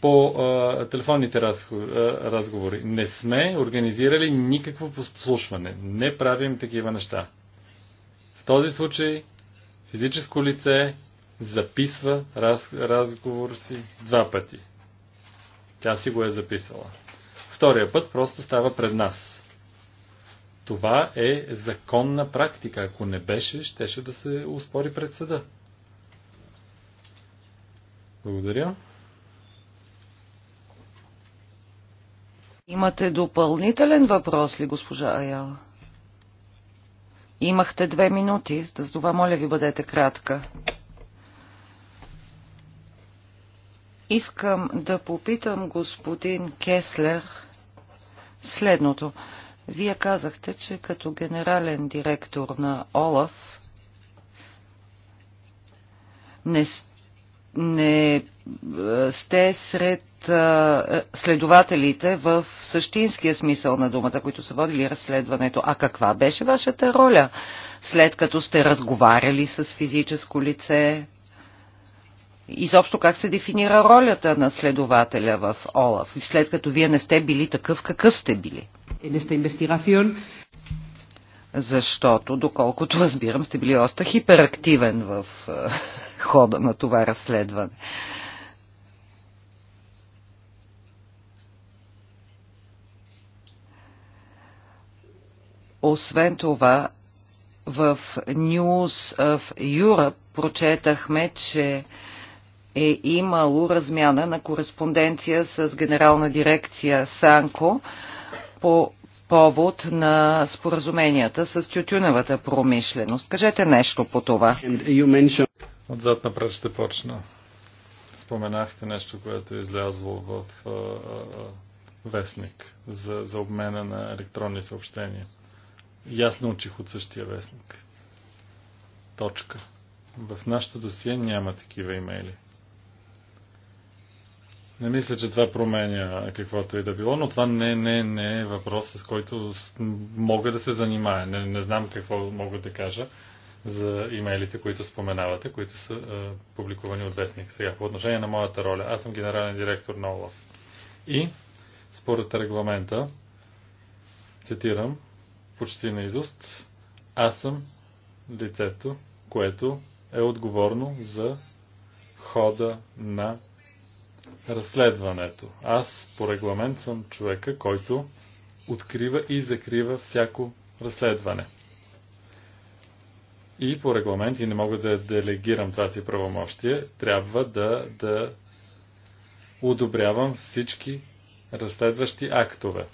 По а, телефонните разговори не сме организирали никакво послушване. Не правим такива неща. В този случай физическо лице записва раз, разговор си два пъти. Тя си го е записала. Втория път просто става пред нас. Това е законна практика. Ако не беше, щеше да се успори пред съда. Благодаря.
Имате допълнителен въпрос ли, госпожа Аяла? Имахте две минути, да с това моля ви бъдете кратка. Искам да попитам господин Кеслер следното. Вие казахте, че като генерален директор на ОЛАФ не, не сте сред следователите в същинския смисъл на думата, които са водили разследването. А каква беше вашата роля, след като сте разговаряли с физическо лице, изобщо как се дефинира ролята на следователя в ОЛАФ, след като вие не сте били такъв, какъв сте били? Защото, доколкото разбирам, сте били още хиперактивен в е, хода на това разследване. Освен това, в News of Europe прочетахме, че е имало размяна на кореспонденция с генерална дирекция Санко по повод на споразуменията с тютюневата
промишленост. Кажете нещо по това. Отзад напред ще почна. Споменахте нещо, което е излязло в а, а, вестник за, за обмена на електронни съобщения. Ясно учих от същия вестник. Точка. В нашото досие няма такива имейли. Не мисля, че това променя каквото и да било, но това не, не, не е въпрос, с който мога да се занимая. Не, не знам какво мога да кажа за имейлите, които споменавате, които са е, публикувани от Вестник. Сега, по отношение на моята роля, аз съм генерален директор на ОЛАФ. И, според регламента, цитирам, почти на изуст, аз съм лицето, което е отговорно за хода на разследването. Аз по регламент съм човека, който открива и закрива всяко разследване. И по регламент, и не мога да делегирам това си правомощие, трябва да, да одобрявам всички разследващи актове.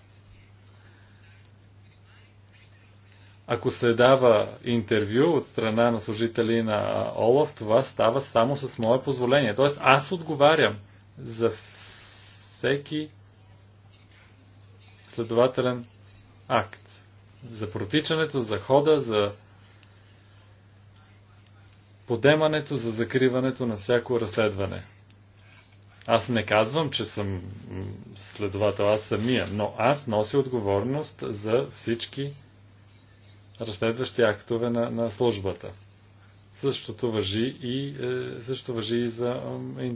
Ако се дава интервю от страна на служители на Олаф, това става само с мое позволение. Тоест аз отговарям за всеки следователен акт. За протичането, за хода, за подемането, за закриването на всяко разследване. Аз не казвам, че съм следовател аз самия, но аз нося отговорност за всички разследващи актове на, на службата. Същото въжи и, е, същото въжи и за е,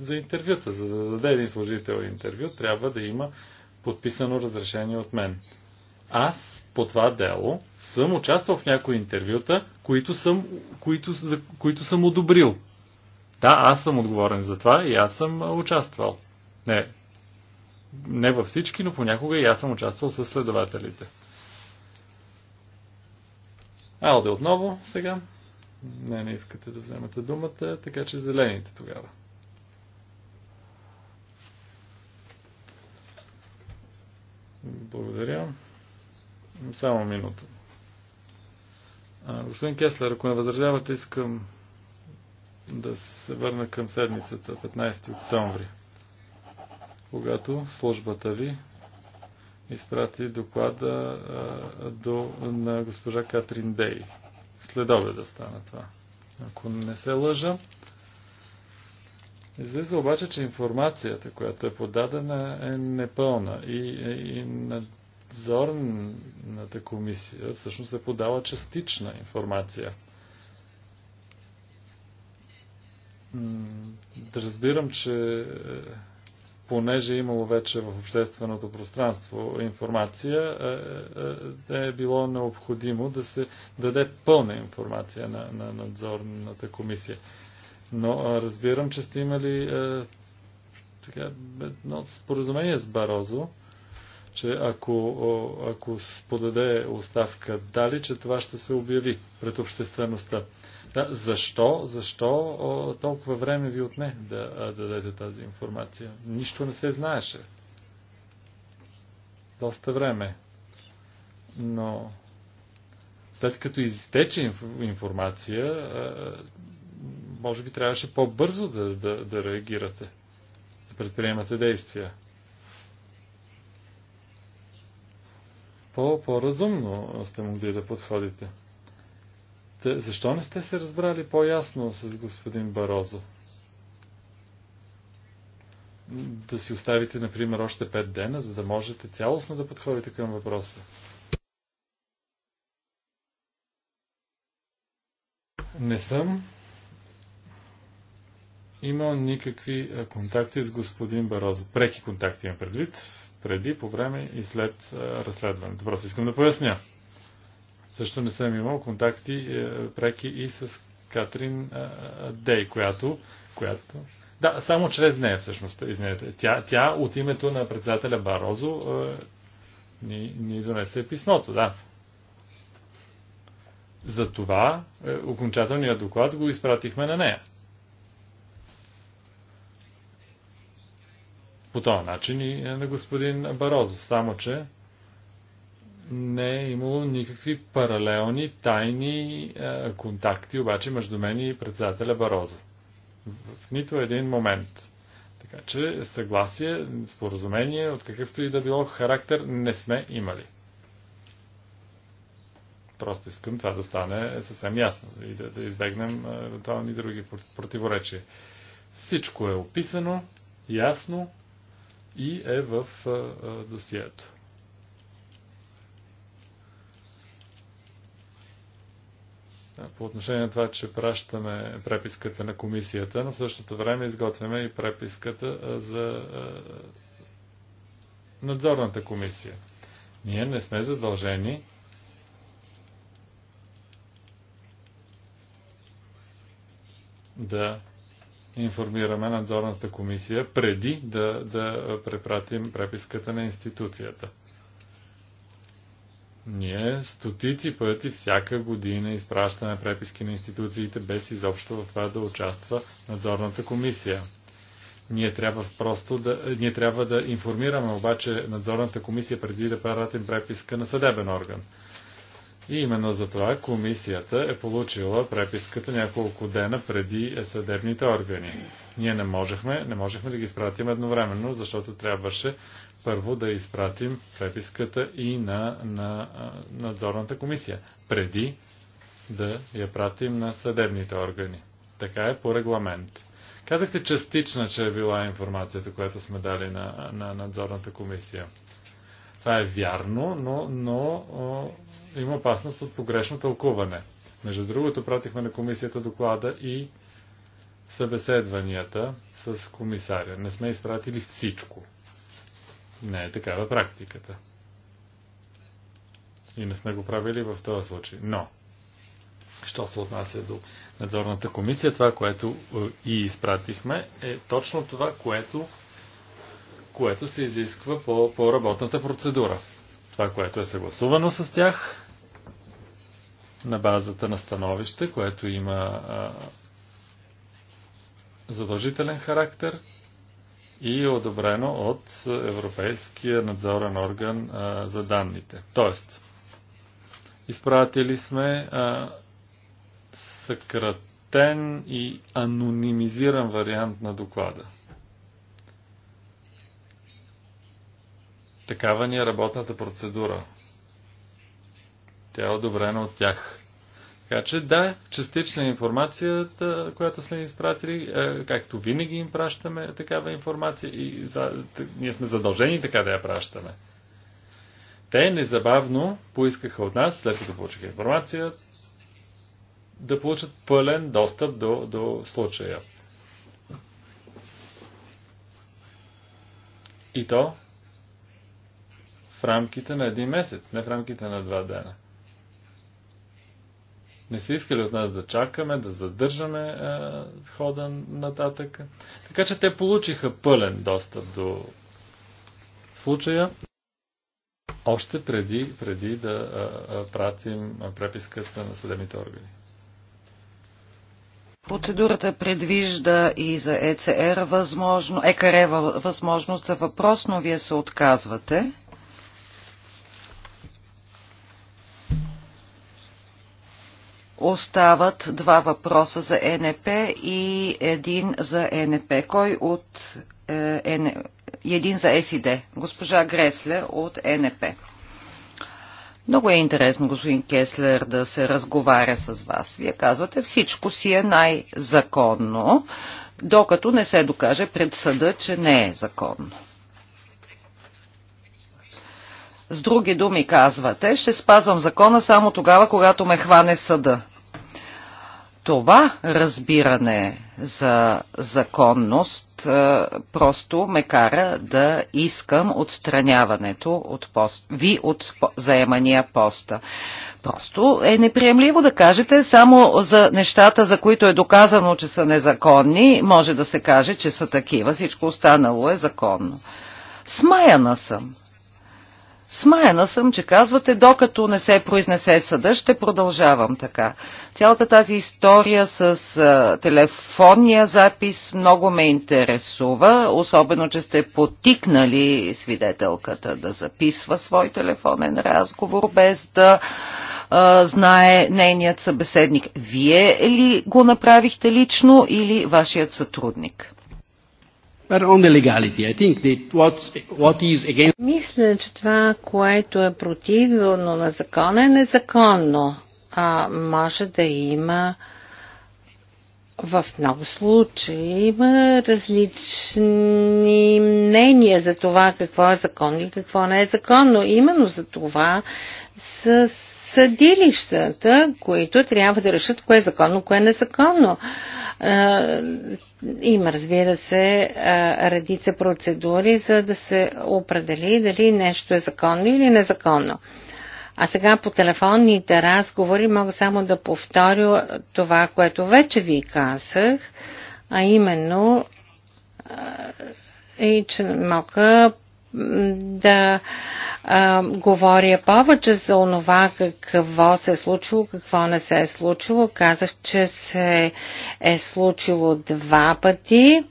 за интервюта. За да даде един служител интервю, трябва да има подписано разрешение от мен. Аз по това дело съм участвал в някои интервюта, които съм, които, за които съм одобрил. Да, аз съм отговорен за това и аз съм участвал. Не, не във всички, но понякога и аз съм участвал с следователите. Алде отново сега. Не, не искате да вземете думата, така че зелените тогава. Благодаря. Само минута. А, господин Кеслер, ако не възражавате, искам да се върна към седмицата 15 октомври, когато службата ви изпрати доклада а, до, на госпожа Катрин Дей. Следове да стана това. Ако не се лъжа, Излиза обаче, че информацията, която е подадена, е непълна и, е, и надзорната комисия всъщност е подала частична информация. Да разбирам, че е, понеже е имало вече в общественото пространство информация, е, е, е, е било необходимо да се даде пълна информация на, на надзорната комисия. Но а, разбирам, че сте имали а, така, едно споразумение с Барозо, че ако, ако подаде оставка Дали, че това ще се обяви пред обществеността. Да, защо? Защо о, толкова време ви отне да, дадете тази информация? Нищо не се знаеше. Доста време. Но след като изтече информация, може би трябваше по-бързо да, да, да реагирате, да предприемате действия. По, по-разумно сте могли да подходите. Те, защо не сте се разбрали по-ясно с господин Барозо? Да си оставите, например, още пет дена, за да можете цялостно да подходите към въпроса. Не съм имал никакви е, контакти с господин Барозо. Преки контакти имам предвид, преди, по време и след е, разследването. Просто искам да поясня. Също не съм имал контакти е, преки и с Катрин Дей, която, която... Да, само чрез нея всъщност, извинете. Тя, тя от името на председателя Барозо ни, ни донесе писмото, да. За това окончателният доклад го изпратихме на нея. по този начин и е на господин Барозов. Само, че не е имало никакви паралелни тайни е, контакти обаче между мен и председателя Барозов. В нито един момент. Така че съгласие, споразумение от какъвто и да било характер не сме имали. Просто искам това да стане съвсем ясно и да, да избегнем е, евентуални други противоречия. Всичко е описано, ясно, и е в досието. По отношение на това, че пращаме преписката на комисията, но в същото време изготвяме и преписката за надзорната комисия. Ние не сме задължени да информираме надзорната комисия преди да, да препратим преписката на институцията. Ние стотици пъти всяка година изпращаме преписки на институциите без изобщо в това да участва надзорната комисия. Ние трябва просто да, ние трябва да информираме обаче надзорната комисия преди да пратим преписка на съдебен орган. И именно за това комисията е получила преписката няколко дена преди съдебните органи. Ние не можехме, не можехме да ги изпратим едновременно, защото трябваше първо да изпратим преписката и на, на надзорната комисия, преди да я пратим на съдебните органи. Така е по регламент. Казахте частична, че е била информацията, която сме дали на, на надзорната комисия. Това е вярно, но, но има опасност от погрешно тълкуване. Между другото, пратихме на комисията доклада и събеседванията с комисаря. Не сме изпратили всичко. Не е такава практиката. И не сме го правили в този случай. Но, що се отнася до надзорната комисия, това, което е, и изпратихме, е точно това, което, което се изисква по, по работната процедура това, което е съгласувано с тях, на базата на становище, което има а, задължителен характер и е одобрено от Европейския надзорен орган а, за данните. Тоест, изпратили сме а, съкратен и анонимизиран вариант на доклада. Такава ни е работната процедура. Тя е одобрена от тях. Така че да, частична информацията, която сме изпратили, е, както винаги им пращаме такава информация и това, ние сме задължени така да я пращаме. Те незабавно поискаха от нас, след като получиха информация, да получат пълен достъп до, до случая. И то в рамките на един месец, не в рамките на два дена. Не са искали от нас да чакаме, да задържаме е, хода нататък. Така че те получиха пълен достъп до случая още преди, преди да е, е, пратим преписката на съдебните органи.
Процедурата предвижда и за ЕЦР възможно, ЕКР възможност за въпрос, но вие се отказвате. Остават два въпроса за НП и един за НП. Кой от е, е, един за СИД? Госпожа Гресле от НП. Много е интересно, господин Кеслер, да се разговаря с вас. Вие казвате, всичко си е най-законно, докато не се докаже пред съда, че не е законно. С други думи казвате, ще спазвам закона само тогава, когато ме хване съда това разбиране за законност е, просто ме кара да искам отстраняването от пост, ви от заемания поста. Просто е неприемливо да кажете само за нещата, за които е доказано, че са незаконни, може да се каже, че са такива. Всичко останало е законно. Смаяна съм. Смаяна съм, че казвате, докато не се произнесе съда, ще продължавам така. Цялата тази история с а, телефонния запис много ме интересува, особено, че сте потикнали свидетелката да записва свой телефонен разговор, без да а, знае нейният събеседник. Вие ли го направихте лично или вашият сътрудник?
But on the legality, I think that what's, what is against... Мисля, че това, което е противно на закона, е незаконно. А, може да има в много случаи има различни мнения за това какво е законно и какво не е законно. Именно за това с съдилищата, които трябва да решат кое е законно, кое е незаконно. Е, има, разбира се, е, редица процедури, за да се определи дали нещо е законно или незаконно. А сега по телефонните разговори мога само да повторя това, което вече ви казах, а именно е, и че мога да а, говоря повече за онова какво се е случило, какво не се е случило. Казах, че се е случило два пъти.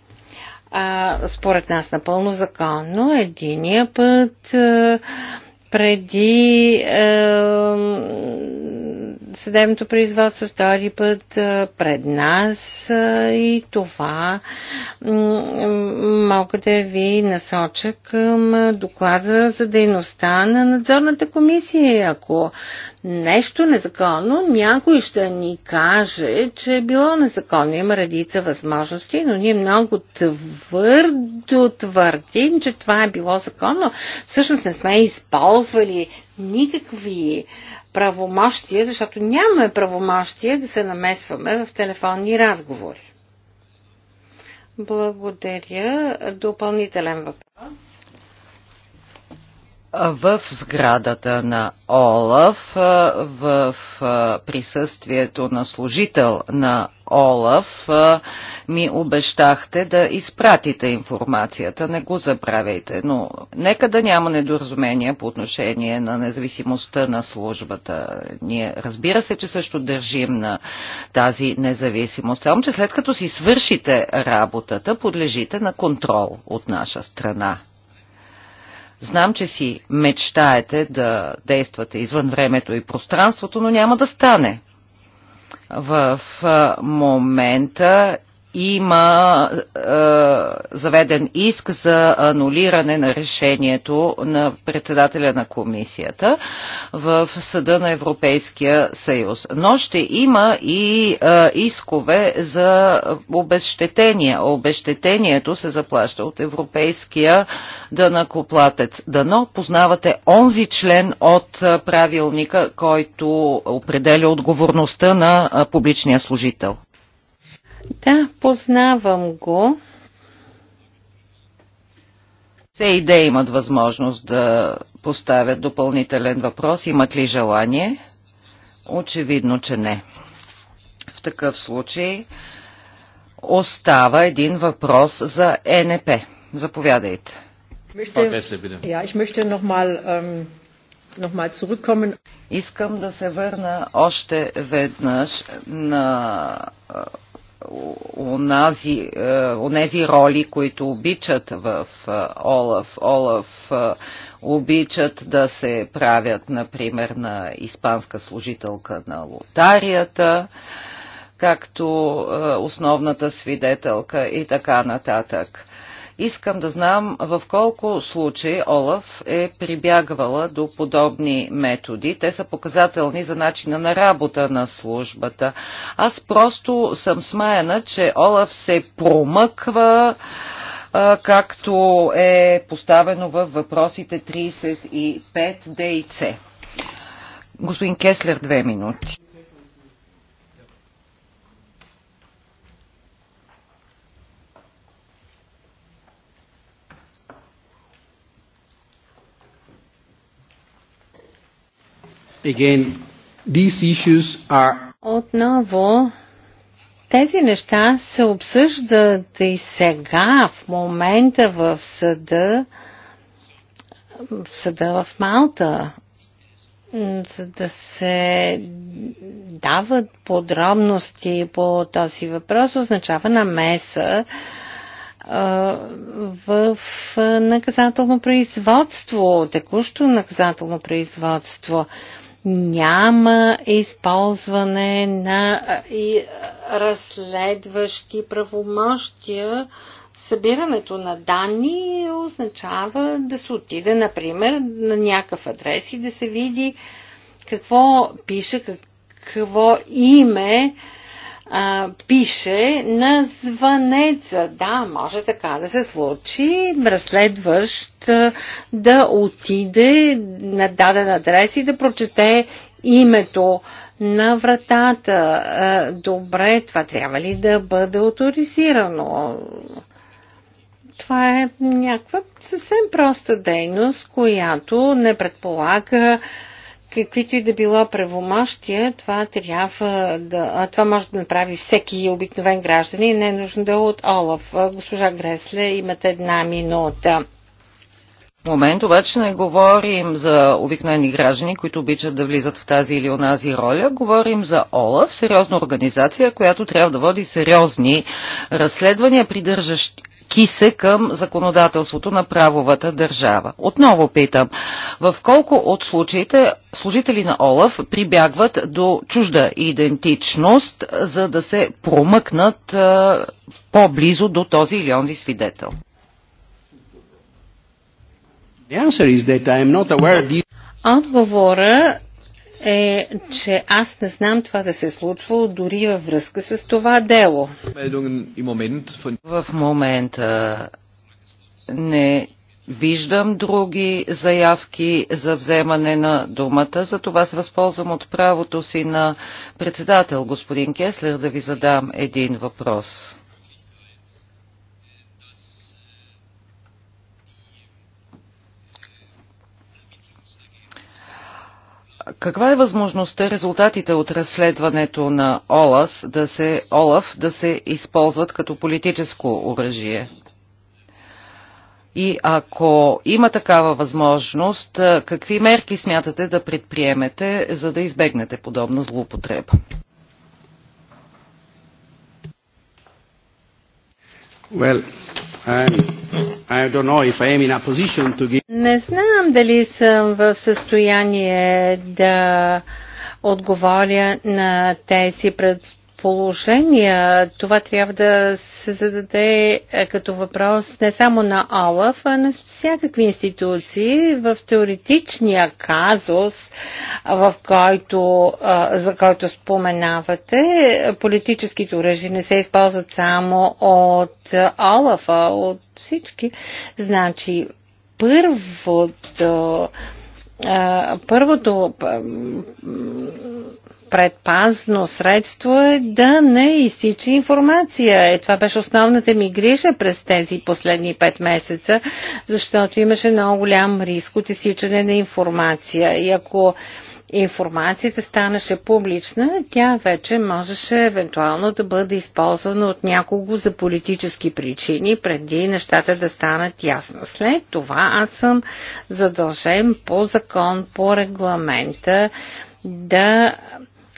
А, според нас напълно законно. Единия път а, преди а, съдебното производство, втори път пред нас и това мога да ви насоча към доклада за дейността на надзорната комисия. Ако нещо незаконно, някой ще ни каже, че е било незаконно. Има редица възможности, но ние много твърдо твърдим, че това е било законно. Всъщност не сме използвали никакви правомощие, защото нямаме правомощие да се намесваме в телефонни разговори. Благодаря. Допълнителен въпрос
в сградата на Олаф, в присъствието на служител на Олаф, ми обещахте да изпратите информацията. Не го забравяйте, но нека да няма недоразумения по отношение на независимостта на службата. Ние разбира се, че също държим на тази независимост. Само, че след като си свършите работата, подлежите на контрол от наша страна. Знам, че си мечтаете да действате извън времето и пространството, но няма да стане. В момента има е, заведен иск за анулиране на решението на председателя на комисията в Съда на Европейския съюз. Но ще има и е, искове за обещетения. Обещетението се заплаща от Европейския дънакоплатец. Дано познавате онзи член от е, правилника, който определя отговорността на е, публичния служител.
Да, познавам го.
Все и да имат възможност да поставят допълнителен въпрос. Имат ли желание? Очевидно, че не. В такъв случай остава един въпрос за ЕНП. Заповядайте. Ähm, Искам да се върна още веднъж на Онези е, роли, които обичат в е, Олаф. Олаф е, обичат да се правят, например, на испанска служителка на лотарията, както основната свидетелка и така нататък. Искам да знам в колко случаи Олаф е прибягвала до подобни методи. Те са показателни за начина на работа на службата. Аз просто съм смаяна, че Олаф се промъква както е поставено в въпросите 35 ДИЦ. Господин Кеслер, две минути.
Again, these issues are...
Отново, тези неща се обсъждат и сега, в момента в съда, в съда в Малта, за да се дават подробности по този въпрос, означава намеса в наказателно производство, текущо наказателно производство няма използване на разследващи правомощия. Събирането на данни означава да се отиде, например, на някакъв адрес и да се види какво пише, какво име а, пише на звънеца. Да, може така да се случи. Разследващ а, да отиде на даден адрес и да прочете името на вратата. А, добре, това трябва ли да бъде авторизирано? Това е някаква съвсем проста дейност, която не предполага каквито и да било правомощия, това трябва да, това може да направи всеки обикновен гражданин, не е нужно да е от Олаф. Госпожа Гресле, имате една минута. В момент обаче не
говорим за обикновени граждани, които обичат да влизат в тази или онази роля. Говорим за ОЛАФ, сериозна организация, която трябва да води сериозни разследвания, придържащи ки се към законодателството на правовата държава. Отново питам, в колко от случаите служители на ОЛАФ прибягват до чужда идентичност, за да се промъкнат по-близо до този или онзи свидетел?
Отговора е, че аз не знам това да се е случвало дори във връзка с това дело.
В
момента не виждам други заявки за вземане на думата, за това се възползвам от правото си на председател, господин Кеслер, да ви задам един въпрос. Каква е възможността резултатите от разследването на ОЛАС да се, ОЛАФ да се използват като политическо оръжие? И ако има такава възможност, какви мерки смятате да предприемете, за да избегнете подобна злоупотреба?
Well, не знам дали съм в състояние да отговоря на тези пред положения. Това трябва да се зададе е, като въпрос не само на ОЛАФ, а на всякакви институции. В теоретичния казус, в който, за който споменавате, политическите оръжия не се използват само от ОЛАФ, а от всички. Значи, първото първото предпазно средство е да не изтича информация. Е, това беше основната ми грижа през тези последни пет месеца, защото имаше много голям риск от изтичане на информация. И ако информацията станеше публична, тя вече можеше евентуално да бъде използвана от някого за политически причини, преди нещата да станат ясно. След това аз съм задължен по закон, по регламента да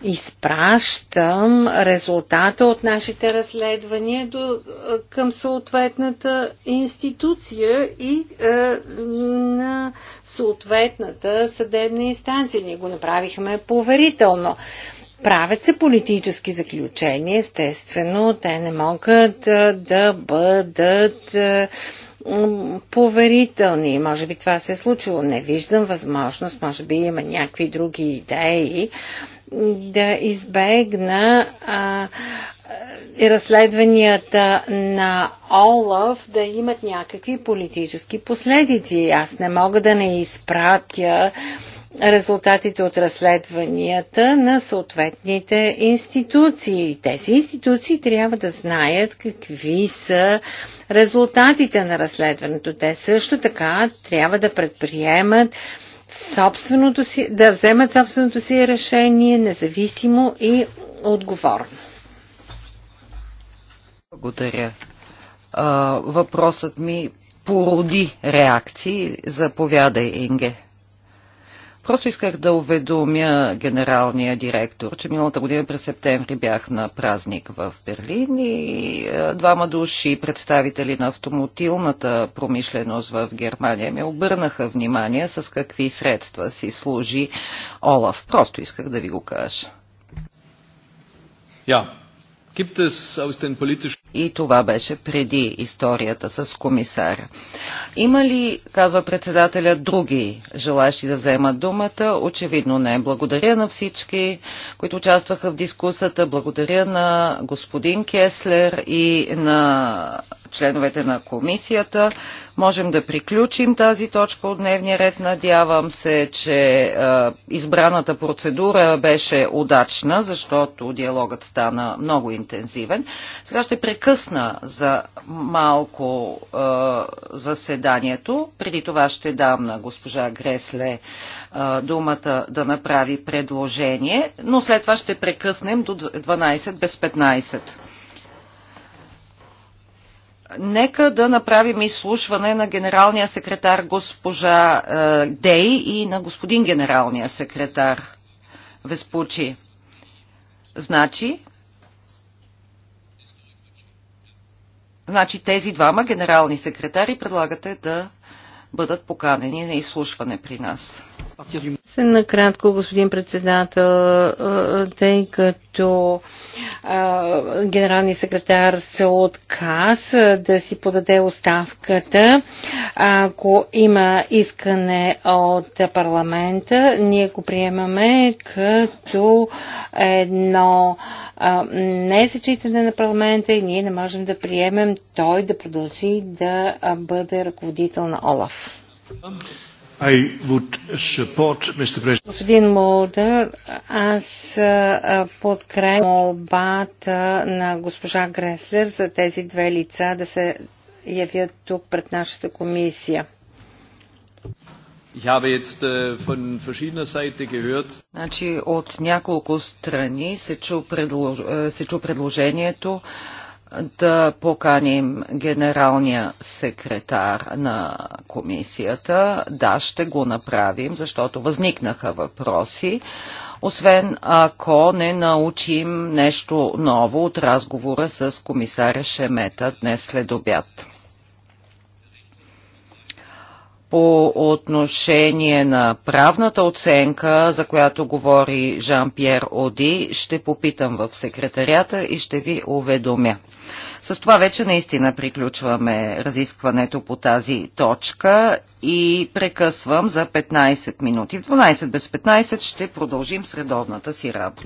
изпращам резултата от нашите разследвания до, е, към съответната институция и е, на съответната съдебна инстанция. Ние го направихме поверително. Правят се политически заключения, естествено, те не могат е, да бъдат е, поверителни. Може би това се е случило. Не виждам възможност. Може би има някакви други идеи да избегна а, и е, разследванията на Олаф да имат някакви политически последици. Аз не мога да не изпратя резултатите от разследванията на съответните институции. Тези институции трябва да знаят какви са резултатите на разследването. Те също така трябва да предприемат собственото си, да вземат собственото си решение независимо и отговорно.
Благодаря. А, въпросът ми породи реакции. Заповядай, Инге. Просто исках да уведомя генералния директор, че миналата година през септември бях на празник в Берлин и е, двама души, представители на автомотилната промишленост в Германия, ми обърнаха внимание с какви средства си служи Олаф. Просто исках да ви го кажа. Ja, и това беше преди историята с комисара. Има ли, казва председателя, други желащи да вземат думата? Очевидно не. Благодаря на всички, които участваха в дискусията. Благодаря на господин Кеслер и на членовете на комисията. Можем да приключим тази точка от дневния ред. Надявам се, че е, избраната процедура беше удачна, защото диалогът стана много интензивен. Сега ще прекъсна за малко е, заседанието. Преди това ще дам на госпожа Гресле е, думата да направи предложение, но след това ще прекъснем до 12 без 15. Нека да направим изслушване на генералния секретар госпожа е, Дей и на господин генералния секретар Веспучи. Значи, значи тези двама генерални секретари предлагате да бъдат поканени на изслушване при нас.
Съм накратко, господин председател, тъй като генералният генералния секретар се отказа да си подаде оставката, ако има искане от парламента, ние го приемаме като едно незачитане на парламента и ние не можем да приемем той да продължи да бъде ръководител на ОЛАФ.
Support,
Господин Молдър, аз подкрепям молбата на госпожа Греслер за тези две лица да се явят тук пред нашата комисия.
Äh,
значи от няколко страни се
чу, предлож... Е, се чу предложението да поканим генералния секретар на комисията. Да, ще го направим, защото възникнаха въпроси. Освен ако не научим нещо ново от разговора с комисаря Шемета днес след обяд по отношение на правната оценка, за която говори Жан-Пьер Оди, ще попитам в секретарята и ще ви уведомя. С това вече наистина приключваме разискването по тази точка и прекъсвам за 15 минути. В 12 без 15 ще продължим средовната си работа.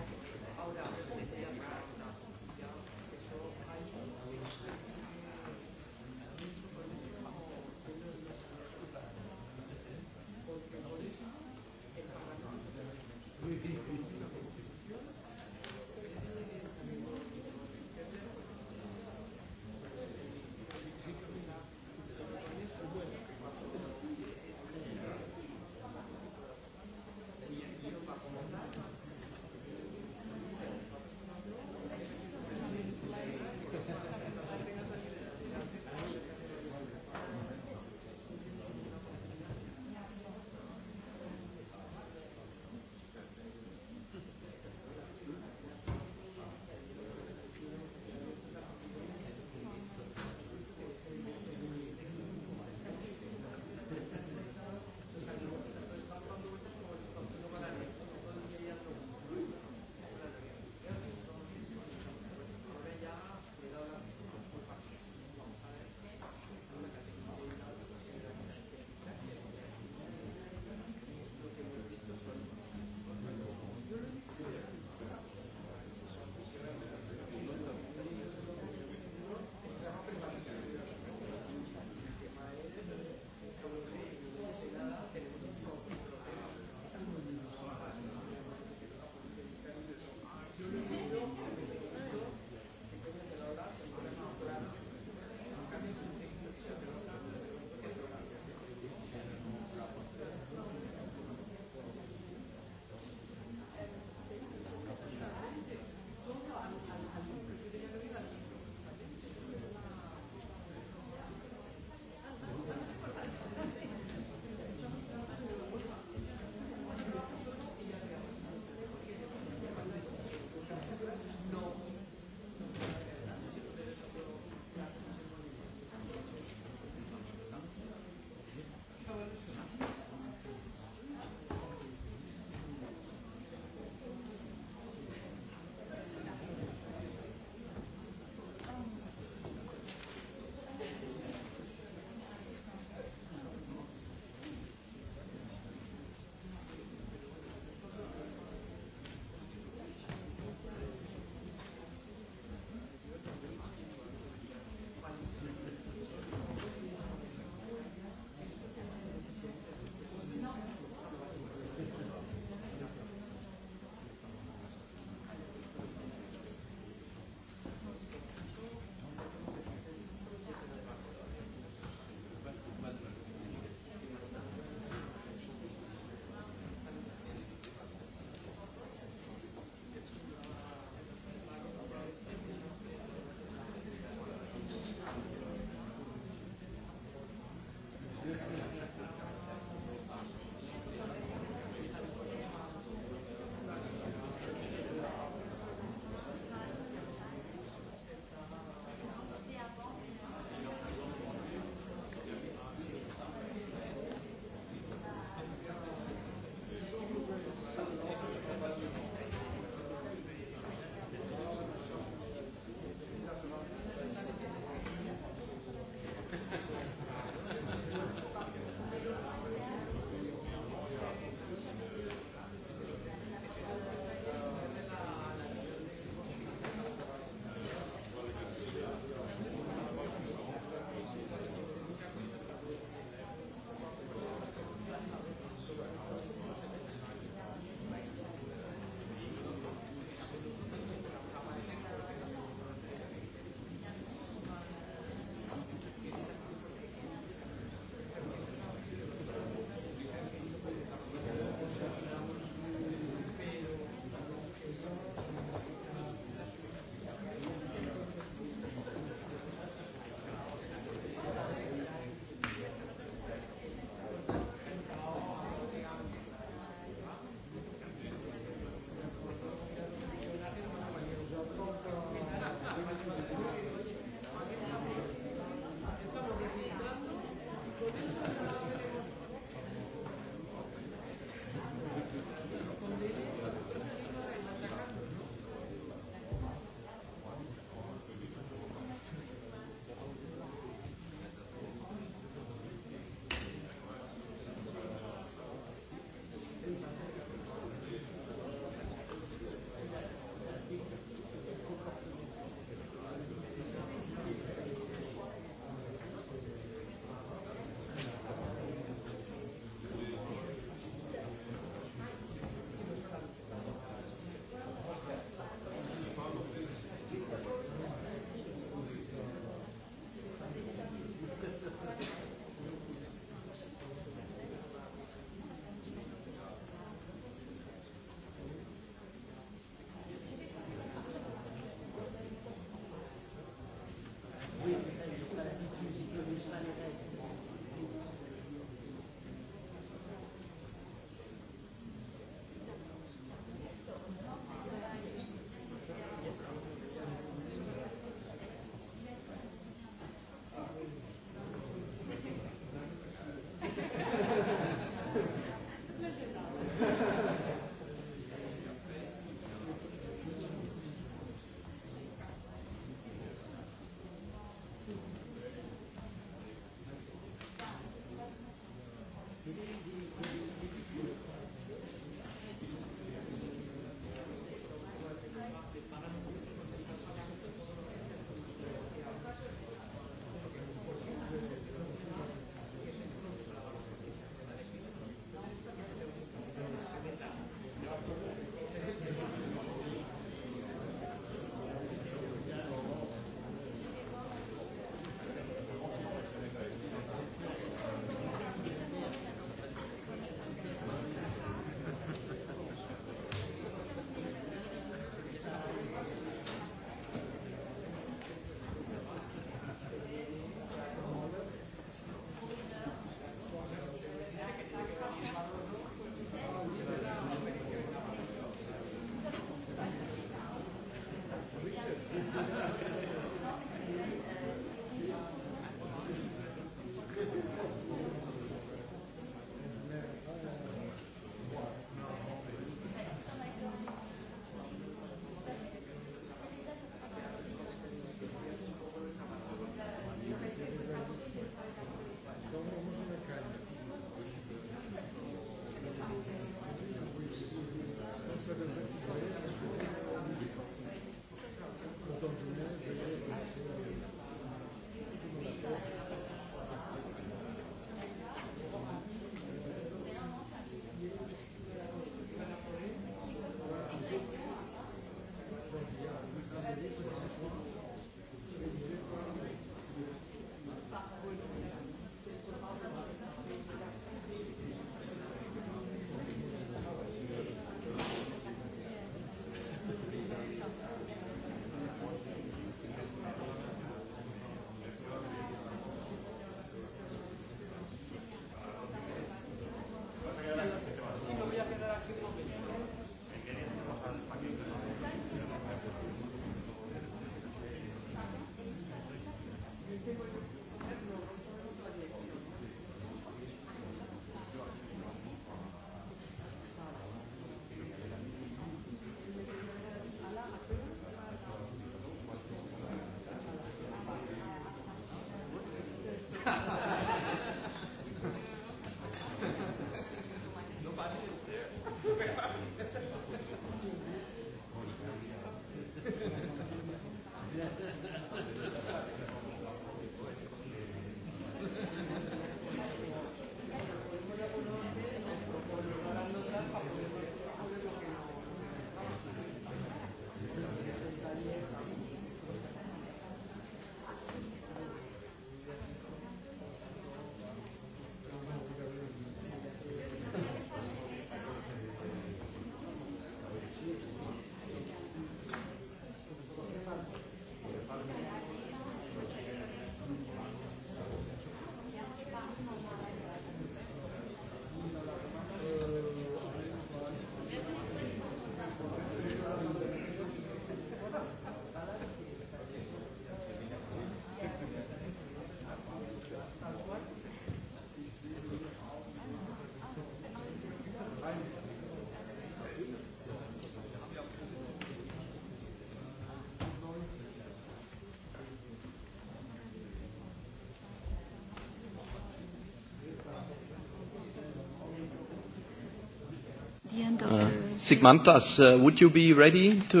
Uh, Sigmantas, uh, would you be ready to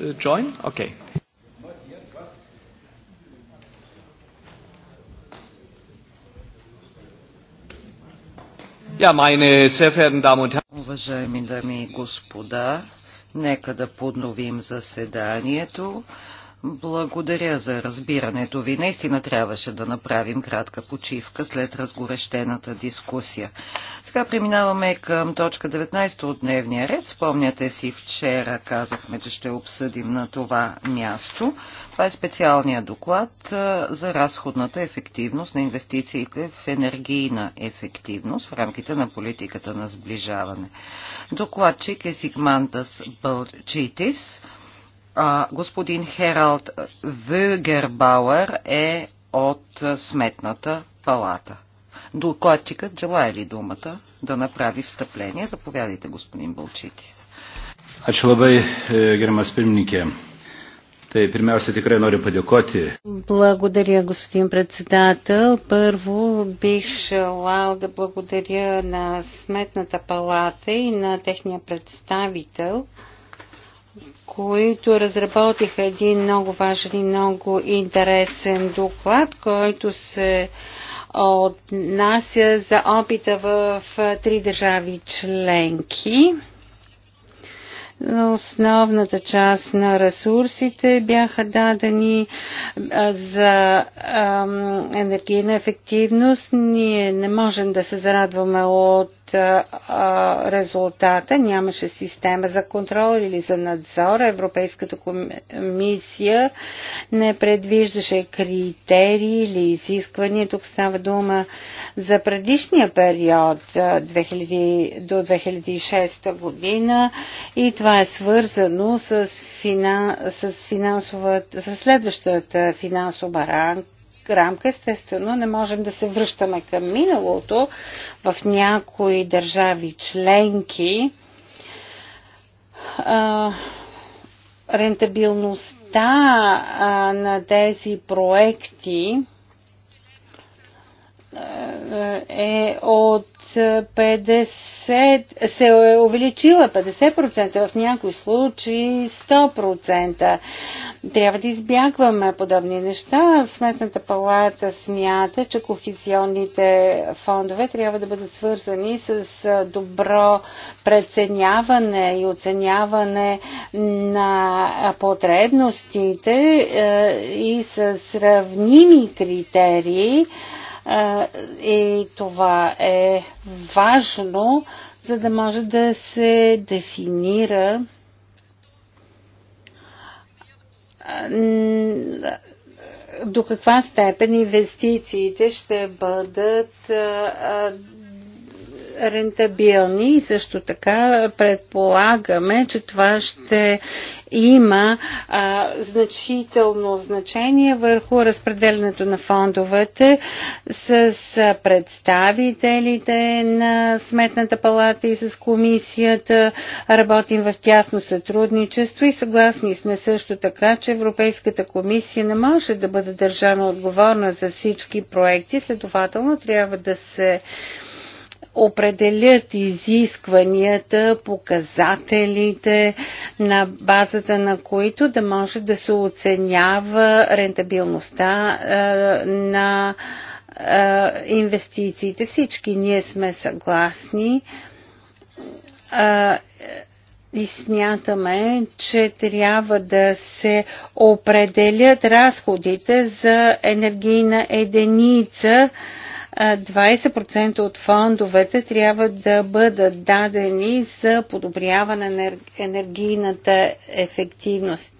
uh, join? Okay. Ja, meine sehr verehrten Damen und Herren. Уважаеми дами
и господа, нека да подновим заседанието. Благодаря за разбирането ви. Наистина трябваше да направим кратка почивка след разгорещената дискусия. Сега преминаваме към точка 19 от дневния ред. Спомняте си, вчера казахме, че ще обсъдим на това място. Това е специалният доклад за разходната ефективност на инвестициите в енергийна ефективност в рамките на политиката на сближаване. Докладчик е Сигмантас Бълчитис. Господин Хералд Вюгербауер е от Сметната палата. Докладчикът желая ли думата да направи встъпление? Заповядайте, господин
Балчитис. Ačiū labai, gerimas pirmininkė. Tai pirmiausia, tikrai noriu padėkoti.
Благодаря, господин председател. Първо бих желал да благодаря на Сметната палата и на техния представител, които разработиха един много важен и много интересен доклад, който се отнася за опита в три държави членки. Основната част на ресурсите бяха дадени за енергийна ефективност. Ние не можем да се зарадваме от резултата. Нямаше система за контрол или за надзор. Европейската комисия не предвиждаше критерии или изисквания. Тук става дума за предишния период 2000, до 2006 година и това е свързано с, финан, с, финансовата, с следващата финансова рамка рамка, естествено, не можем да се връщаме към миналото. В някои държави членки рентабилността на тези проекти е, е от 50, се е увеличила 50%, в някои случаи 100%. Трябва да избягваме подобни неща. Сметната палата смята, че кохезионните фондове трябва да бъдат свързани с добро преценяване и оценяване на потребностите и с сравними критерии, и това е важно, за да може да се дефинира до каква степен инвестициите ще бъдат рентабилни и също така предполагаме, че това ще има а, значително значение върху разпределянето на фондовете с представителите на Сметната палата и с комисията. Работим в тясно сътрудничество и съгласни сме също така, че Европейската комисия не може да бъде държана отговорна за всички проекти, следователно трябва да се определят изискванията, показателите, на базата на които да може да се оценява рентабилността на инвестициите. Всички ние сме съгласни и смятаме, че трябва да се определят разходите за енергийна единица 20% от фондовете трябва да бъдат дадени за подобряване на енергийната ефективност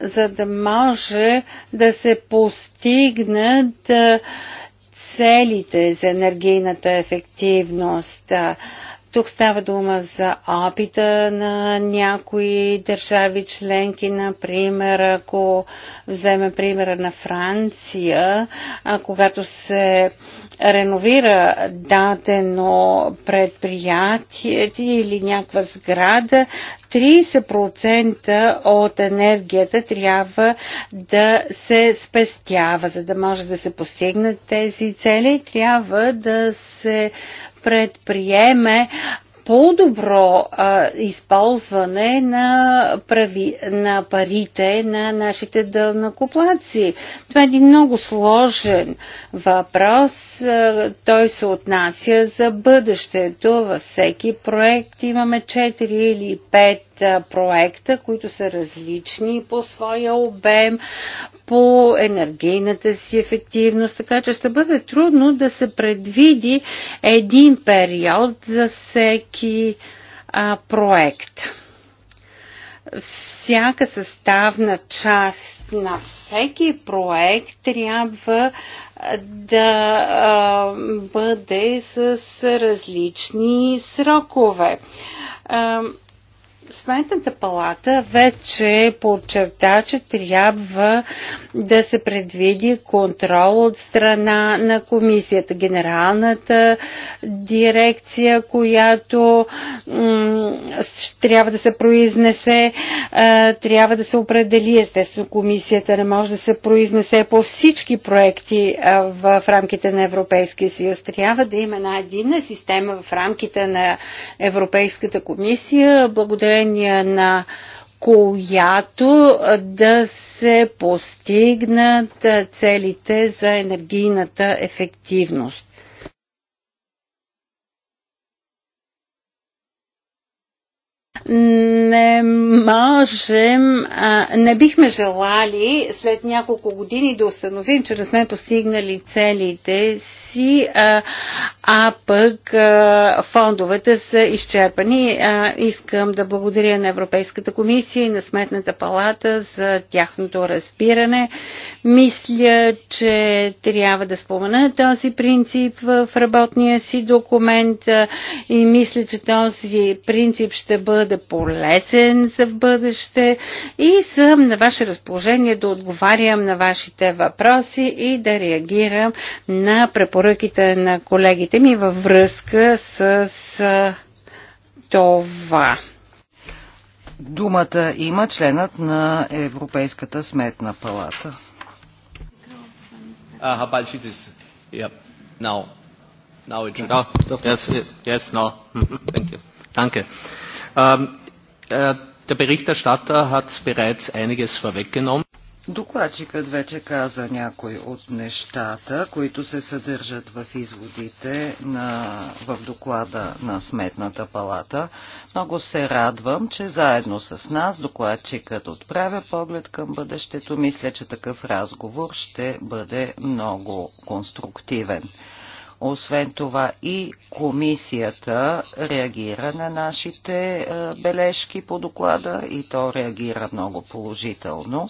за да може да се постигнат целите за енергийната ефективност. Тук става дума за опита на някои държави членки, например, ако вземе примера на Франция, а когато се реновира дадено предприятие или някаква сграда, 30% от енергията трябва да се спестява, за да може да се постигнат тези цели, трябва да се а, предприеме по-добро използване на, прави, на парите на нашите дълнакоплаци. Това е един много сложен въпрос. А, той се отнася за бъдещето. Във всеки проект имаме 4 или 5 проекта, които са различни по своя обем, по енергийната си ефективност, така че ще бъде трудно да се предвиди един период за всеки а, проект всяка съставна част на всеки проект трябва да а, бъде с различни срокове. А, Сметната палата вече подчерта, че трябва да се предвиди контрол от страна на комисията. Генералната дирекция, която трябва да се произнесе, е, трябва да се определи. Естествено, комисията не може да се произнесе по всички проекти е, в рамките на Европейския съюз. Трябва да има една единна система в рамките на Европейската комисия. Благодаря отношение на която да се постигнат целите за енергийната ефективност. не можем, не бихме желали след няколко години да установим, че не сме постигнали целите си, а, а пък а, фондовете са изчерпани. А, искам да благодаря на Европейската комисия и на Сметната палата за тяхното разбиране. Мисля, че трябва да спомена този принцип в работния си документ и мисля, че този принцип ще бъде бъде полезен за в бъдеще и съм на ваше разположение да отговарям на вашите въпроси и да реагирам на препоръките на колегите ми във връзка с това.
Думата има членът на Европейската сметна
палата. Uh, Yep. Now. Now Yes, yes, yes, no. [LAUGHS] Thank you. Ähm, äh, der Berichterstatter hat bereits einiges vorweggenommen.
Докладчикът вече каза някои от нещата, които се съдържат в изводите на, в доклада на Сметната палата. Много се радвам, че заедно с нас докладчикът отправя поглед към бъдещето. Мисля, че такъв разговор ще бъде много конструктивен. Освен това и комисията реагира на нашите е, бележки по доклада и то реагира много положително.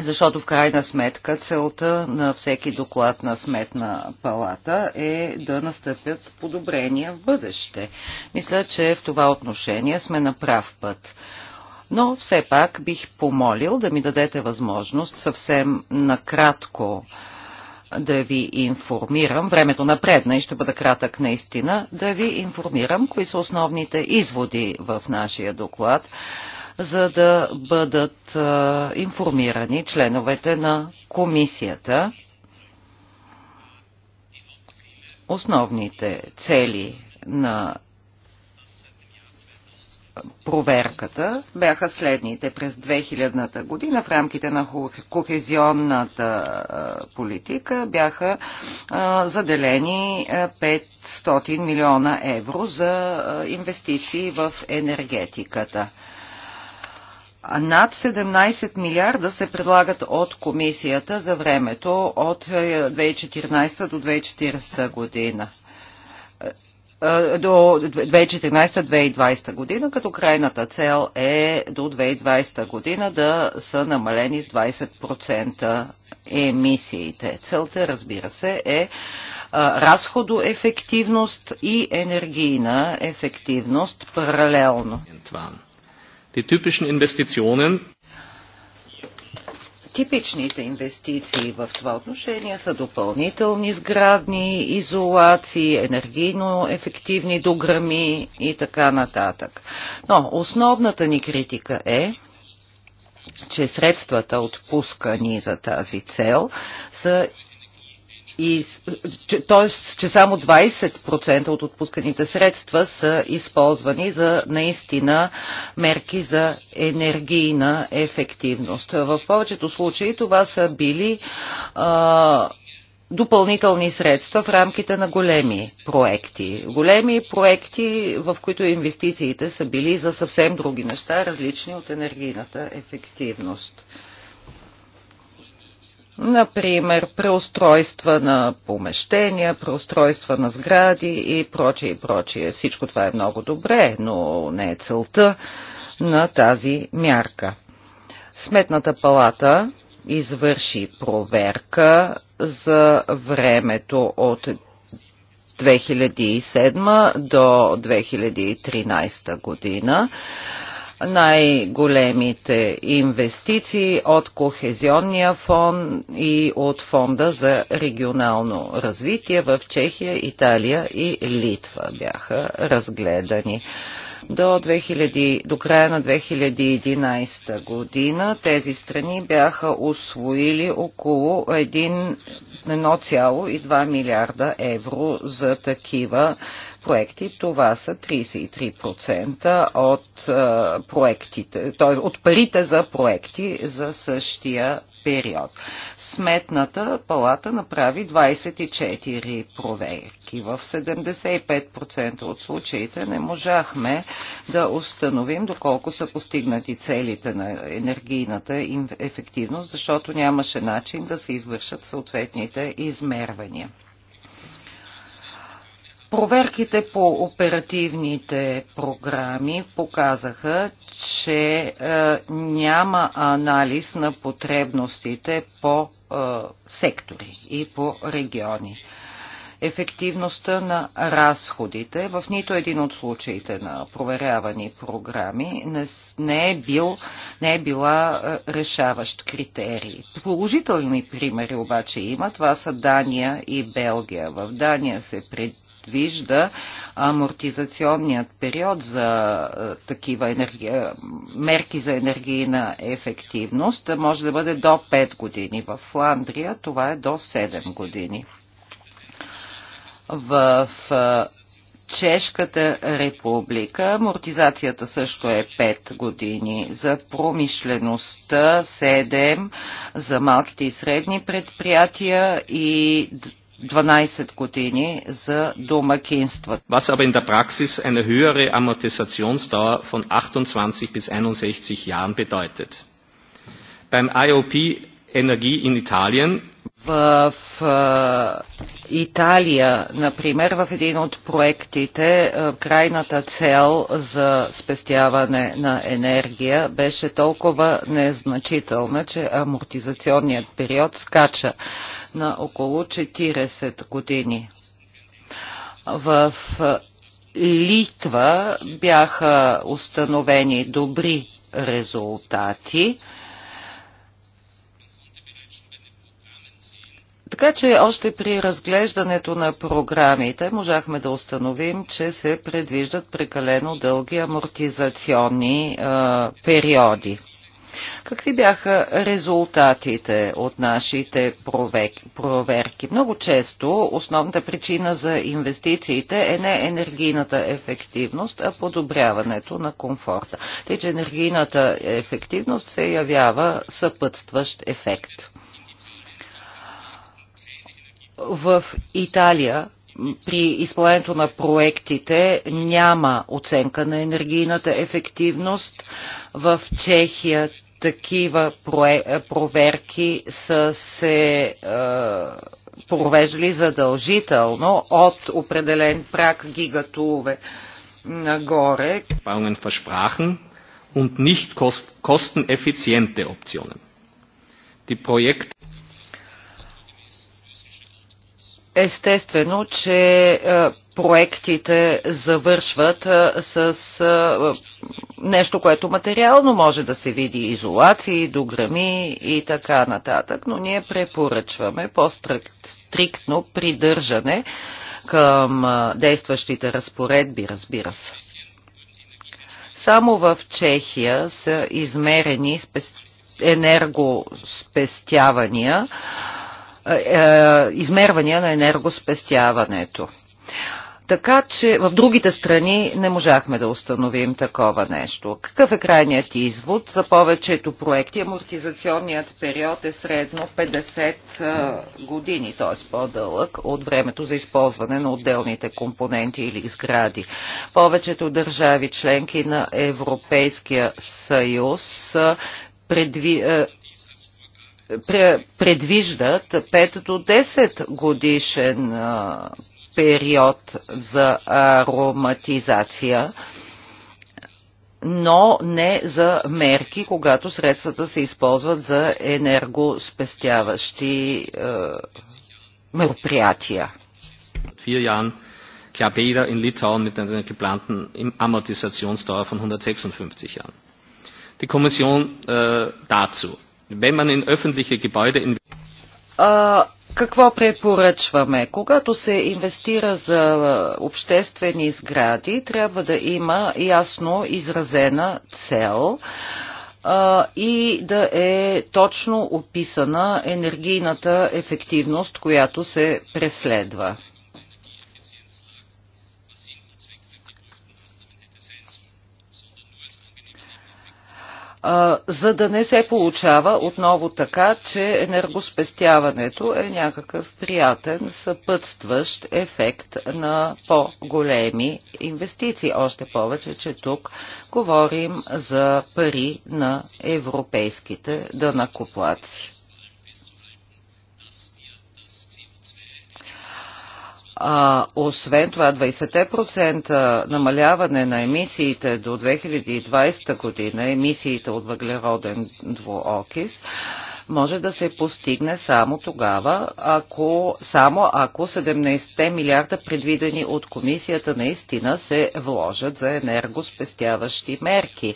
Защото в крайна сметка целта на всеки доклад на сметна палата е да настъпят подобрения в бъдеще. Мисля, че в това отношение сме на прав път. Но все пак бих помолил да ми дадете възможност съвсем накратко да ви информирам, времето напредна и ще бъда кратък наистина, да ви информирам кои са основните изводи в нашия доклад, за да бъдат информирани членовете на комисията. Основните цели на проверката бяха следните. През 2000-та година в рамките на кохезионната политика бяха заделени 500 милиона евро за инвестиции в енергетиката. Над 17 милиарда се предлагат от комисията за времето от 2014 е, до 2040 година до 2014-2020 година, като крайната цел е до 2020 година да са намалени с 20% емисиите. Целта, разбира се, е разходоефективност и енергийна ефективност
паралелно. Die typischen Investitionen
Типичните инвестиции в това отношение са допълнителни сградни изолации, енергийно ефективни дограми и така нататък. Но основната ни критика е, че средствата отпускани за тази цел са и, че, т.е. че само 20% от отпусканите средства са използвани за наистина мерки за енергийна ефективност. В повечето случаи това са били а, допълнителни средства в рамките на големи проекти. Големи проекти, в които инвестициите са били за съвсем други неща, различни от енергийната ефективност. Например, преустройства на помещения, преустройства на сгради и прочее и прочие. Всичко това е много добре, но не е целта на тази мярка. Сметната палата извърши проверка за времето от 2007 до 2013 година най-големите инвестиции от Кохезионния фонд и от Фонда за регионално развитие в Чехия, Италия и Литва бяха разгледани. До, 2000, до края на 2011 година тези страни бяха освоили около 1,2 милиарда евро за такива проекти. Това са 33% от, е, проектите, т.е. от парите за проекти за същия период. Сметната палата направи 24 проверки. В 75% от случаите не можахме да установим доколко са постигнати целите на енергийната им ефективност, защото нямаше начин да се извършат съответните измервания. Проверките по оперативните програми показаха, че е, няма анализ на потребностите по е, сектори и по региони. Ефективността на разходите в нито един от случаите на проверявани програми не, не, е, бил, не е била е, решаващ критерий. Положителни примери обаче има. Това са Дания и Белгия. В Дания се пред предвижда амортизационният период за такива енерги... мерки за енергийна ефективност може да бъде до 5 години. В Фландрия това е до 7 години. В Чешката република. Амортизацията също е 5 години. За промишлеността 7, за малките и средни предприятия и 12 години за домакинства.
Was aber in der Praxis eine höhere Amortisationsdauer von 28 bis 61 Jahren bedeutet. Beim IOP Energie in Italien
в э, Италия, например, в един от проектите, э, крайната цел за спестяване на енергия беше толкова незначителна, че амортизационният период скача на около 40 години. В Литва бяха установени добри резултати. Така че още при разглеждането на програмите можахме да установим, че се предвиждат прекалено дълги амортизационни е, периоди. Какви бяха резултатите от нашите проверки? Много често основната причина за инвестициите е не енергийната ефективност, а подобряването на комфорта. Тъй, че енергийната ефективност се явява съпътстващ ефект. В Италия при изпълнението на проектите няма оценка на енергийната ефективност. В Чехия такива проверки са се е, провеждали задължително от определен прак гигатулове нагоре.
versprachen und nicht Die Projekte
Естествено, че е, проектите завършват е, с е, нещо, което материално може да се види изолации, дограми и така нататък, но ние препоръчваме по-стриктно придържане към действащите разпоредби, разбира се. Само в Чехия са измерени енергоспестявания, е, е, измервания на енергоспестяването. Така че в другите страни не можахме да установим такова нещо. Какъв е крайният извод? За повечето проекти амортизационният период е средно 50 е, години, т.е. по-дълъг от времето за използване на отделните компоненти или сгради. Повечето държави членки на Европейския съюз предви, предвиждат 5 до 10 годишен период за ароматизация, но не за мерки, когато средствата се използват за
енергоспестяващи мероприятия. Klaipeda in Litauen mit einer geplanten Amortisationsdauer von 156 Jahren. Die Kommission äh, dazu.
А, какво препоръчваме? Когато се инвестира за обществени сгради, трябва да има ясно изразена цел а, и да е точно описана енергийната ефективност, която се преследва. за да не се получава отново така, че енергоспестяването е някакъв приятен съпътстващ ефект на по-големи инвестиции. Още повече, че тук говорим за пари на европейските дънакоплаци. А, освен това, 20% намаляване на емисиите до 2020 година, емисиите от въглероден двуокис, може да се постигне само тогава, ако, само ако 17 милиарда предвидени от комисията наистина се вложат за енергоспестяващи мерки.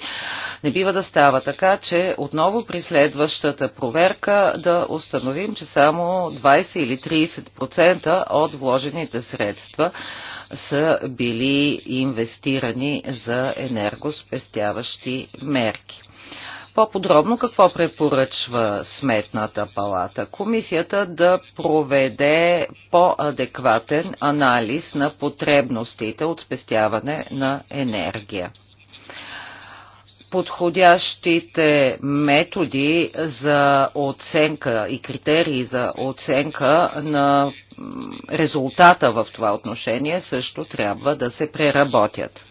Не бива да става така, че отново при следващата проверка да установим, че само 20 или 30% от вложените средства са били инвестирани за енергоспестяващи мерки по-подробно какво препоръчва Сметната палата. Комисията да проведе по-адекватен анализ на потребностите от спестяване на енергия подходящите методи за оценка и критерии за оценка на резултата в това отношение също трябва да се преработят.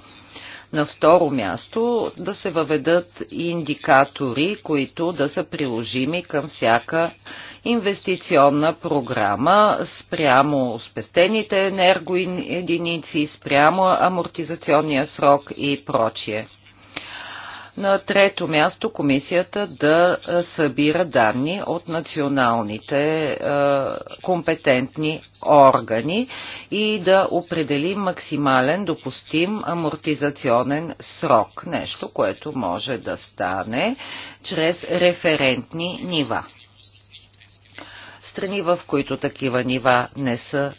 На второ място да се въведат индикатори, които да са приложими към всяка инвестиционна програма спрямо спестените енергоединици, спрямо амортизационния срок и прочие. На трето място комисията да събира данни от националните компетентни органи и да определи максимален допустим амортизационен срок. Нещо, което може да стане чрез референтни нива страни, в които такива нива не са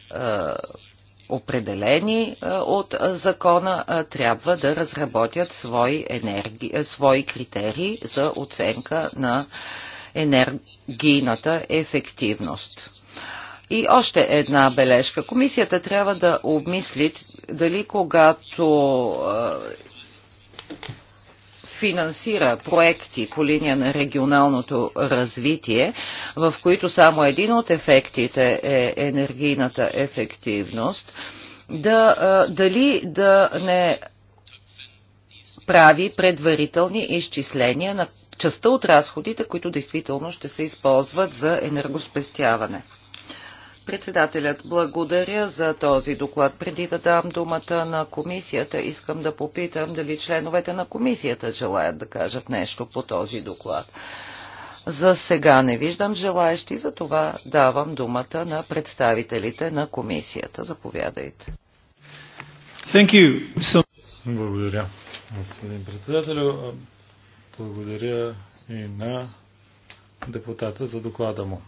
определени е, от закона, е, трябва да разработят свои, енерги, е, свои критерии за оценка на енергийната ефективност. И още една бележка. Комисията трябва да обмисли дали когато финансира проекти по линия на регионалното развитие, в които само един от ефектите е енергийната ефективност, да, дали да не прави предварителни изчисления на частта от разходите, които действително ще се използват за енергоспестяване. Председателят, благодаря за този доклад. Преди да дам думата на комисията, искам да попитам дали членовете на комисията желаят да кажат нещо по този доклад. За сега не виждам желаещи, за това давам думата на представителите на комисията.
Заповядайте. Thank you. So... Благодаря, господин председател. Благодаря и на депутата за доклада му.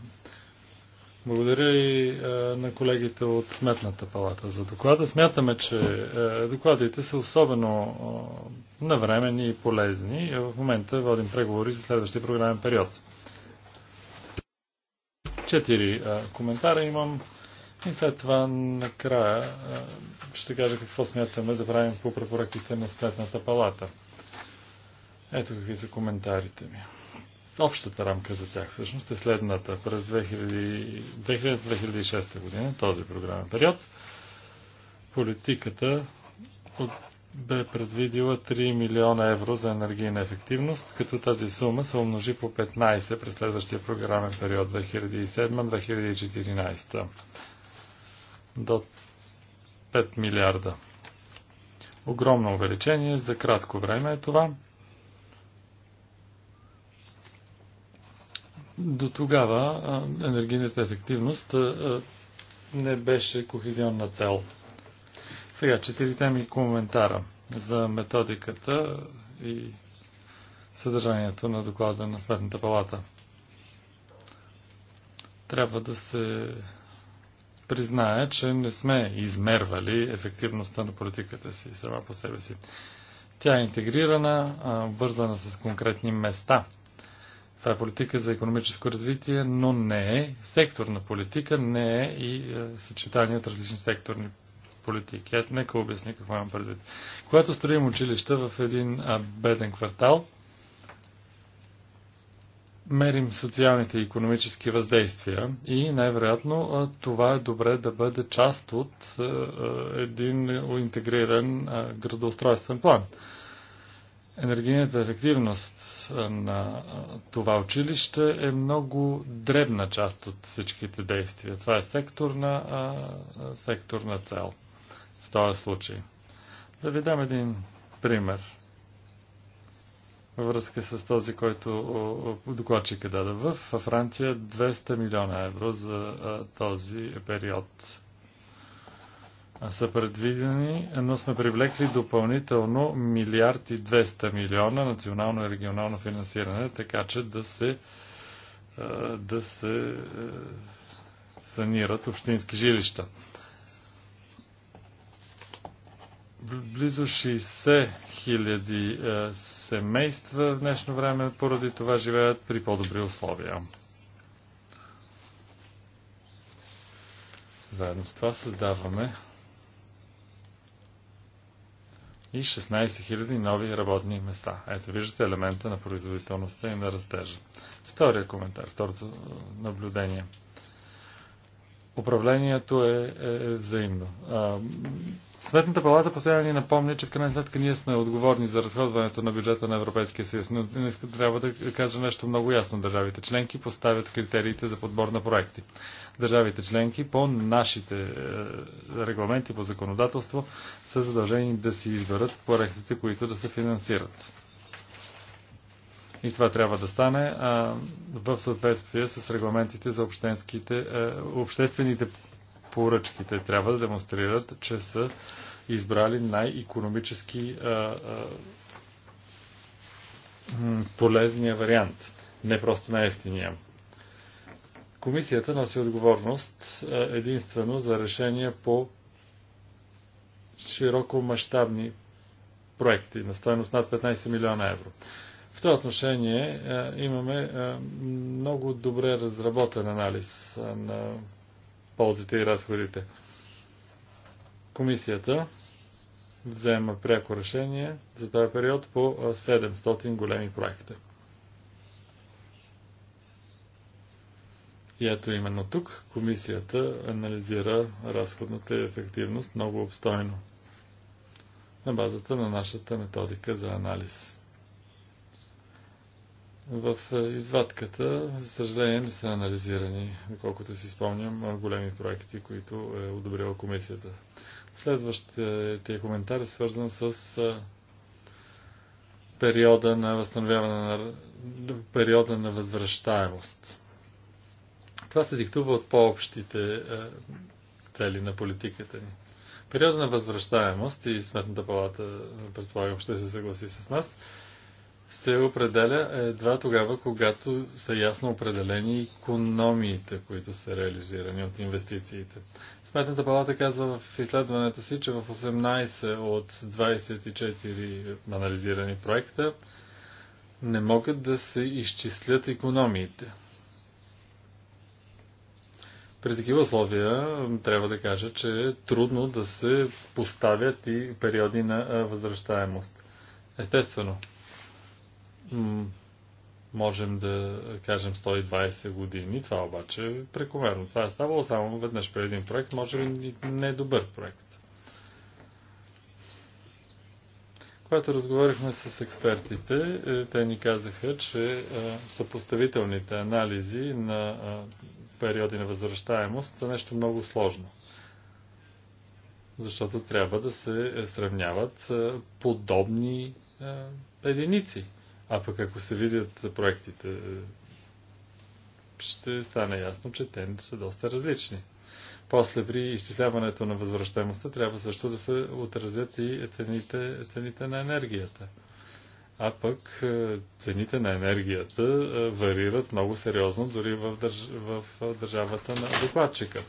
Благодаря и е, на колегите от Сметната палата за доклада. Смятаме, че е, докладите са особено е, навременни навремени и полезни. В момента водим преговори за следващия програмен период. Четири коментара имам и след това накрая ще кажа какво смятаме да правим по препоръките на Сметната палата. Ето какви са коментарите ми. Общата рамка за тях всъщност е следната. През 2000-2006 година, този програмен период, политиката от бе предвидила 3 милиона евро за енергийна ефективност, като тази сума се умножи по 15 през следващия програмен период 2007-2014 до 5 милиарда. Огромно увеличение за кратко време е това. До тогава енергийната ефективност не беше кохезионна цел. Сега четирите ми коментара за методиката и съдържанието на доклада на Светната палата. Трябва да се признае, че не сме измервали ефективността на политиката си сама по себе си. Тя е интегрирана, вързана с конкретни места – това е политика за економическо развитие, но не е секторна политика, не е и е, съчетание от различни секторни политики. Ето, нека обясня какво имам предвид. Когато строим училища в един а, беден квартал, мерим социалните и економически въздействия и най-вероятно това е добре да бъде част от е, е, един интегриран градоустройствен план енергийната ефективност на това училище е много дребна част от всичките действия. Това е секторна, а, секторна цел в този случай. Да ви дам един пример във връзка с този, който докладчика даде. В Франция 200 милиона евро за този период са предвидени, но сме привлекли допълнително милиард и 200 милиона национално и регионално финансиране, така че да се, да се санират общински жилища. Близо 60 хиляди семейства в днешно време поради това живеят при по-добри условия. Заедно с това създаваме и 16 000 нови работни места. Ето, виждате елемента на производителността и на растежа. Втория коментар, второто е, наблюдение. Управлението е, е, е взаимно. А, Сметната палата постоянно ни напомня, че в крайна сметка ние сме отговорни за разходването на бюджета на Европейския съюз, но трябва да кажа нещо много ясно. Държавите членки поставят критериите за подбор на проекти. Държавите членки по нашите е, регламенти по законодателство са задължени да си изберат проектите, които да се финансират. И това трябва да стане а, в съответствие с регламентите за е, обществените поръчките. Трябва да демонстрират, че са избрали най-економически полезния вариант, не просто най-ефтиния. Комисията носи отговорност единствено за решения по широко мащабни проекти на стоеност над 15 милиона евро. В това отношение имаме много добре разработен анализ на ползите и разходите. Комисията взема пряко решение за този период по 700 големи проекта. И ето именно тук комисията анализира разходната ефективност много обстойно на базата на нашата методика за анализ. В е, извадката, за съжаление, не са анализирани, доколкото си спомням, големи проекти, които е одобрила комисията. Следващите коментар е свързан с периода на възстановяване на периода на възвръщаемост. Това се диктува от по-общите е, цели на политиката ни. Периода на възвръщаемост и Сметната палата, предполагам, ще се съгласи с нас, се определя едва тогава, когато са ясно определени економиите, които са реализирани от инвестициите. Сметната палата казва в изследването си, че в 18 от 24 анализирани проекта не могат да се изчислят економиите. При такива условия трябва да кажа, че е трудно да се поставят и периоди на възвръщаемост. Естествено, можем да кажем 120 години. Това обаче е прекомерно. Това е ставало само веднъж при един проект, може би не е добър проект. Когато разговаряхме с експертите, е, те ни казаха, че е, съпоставителните анализи на е, периоди на възвръщаемост са нещо много сложно. Защото трябва да се сравняват подобни единици а пък ако се видят за проектите, ще стане ясно, че те са доста различни. После при изчисляването на възвръщаемостта трябва също да се отразят и цените, цените на енергията. А пък е, цените на енергията е, варират много сериозно дори в, държ... в държавата на докладчика.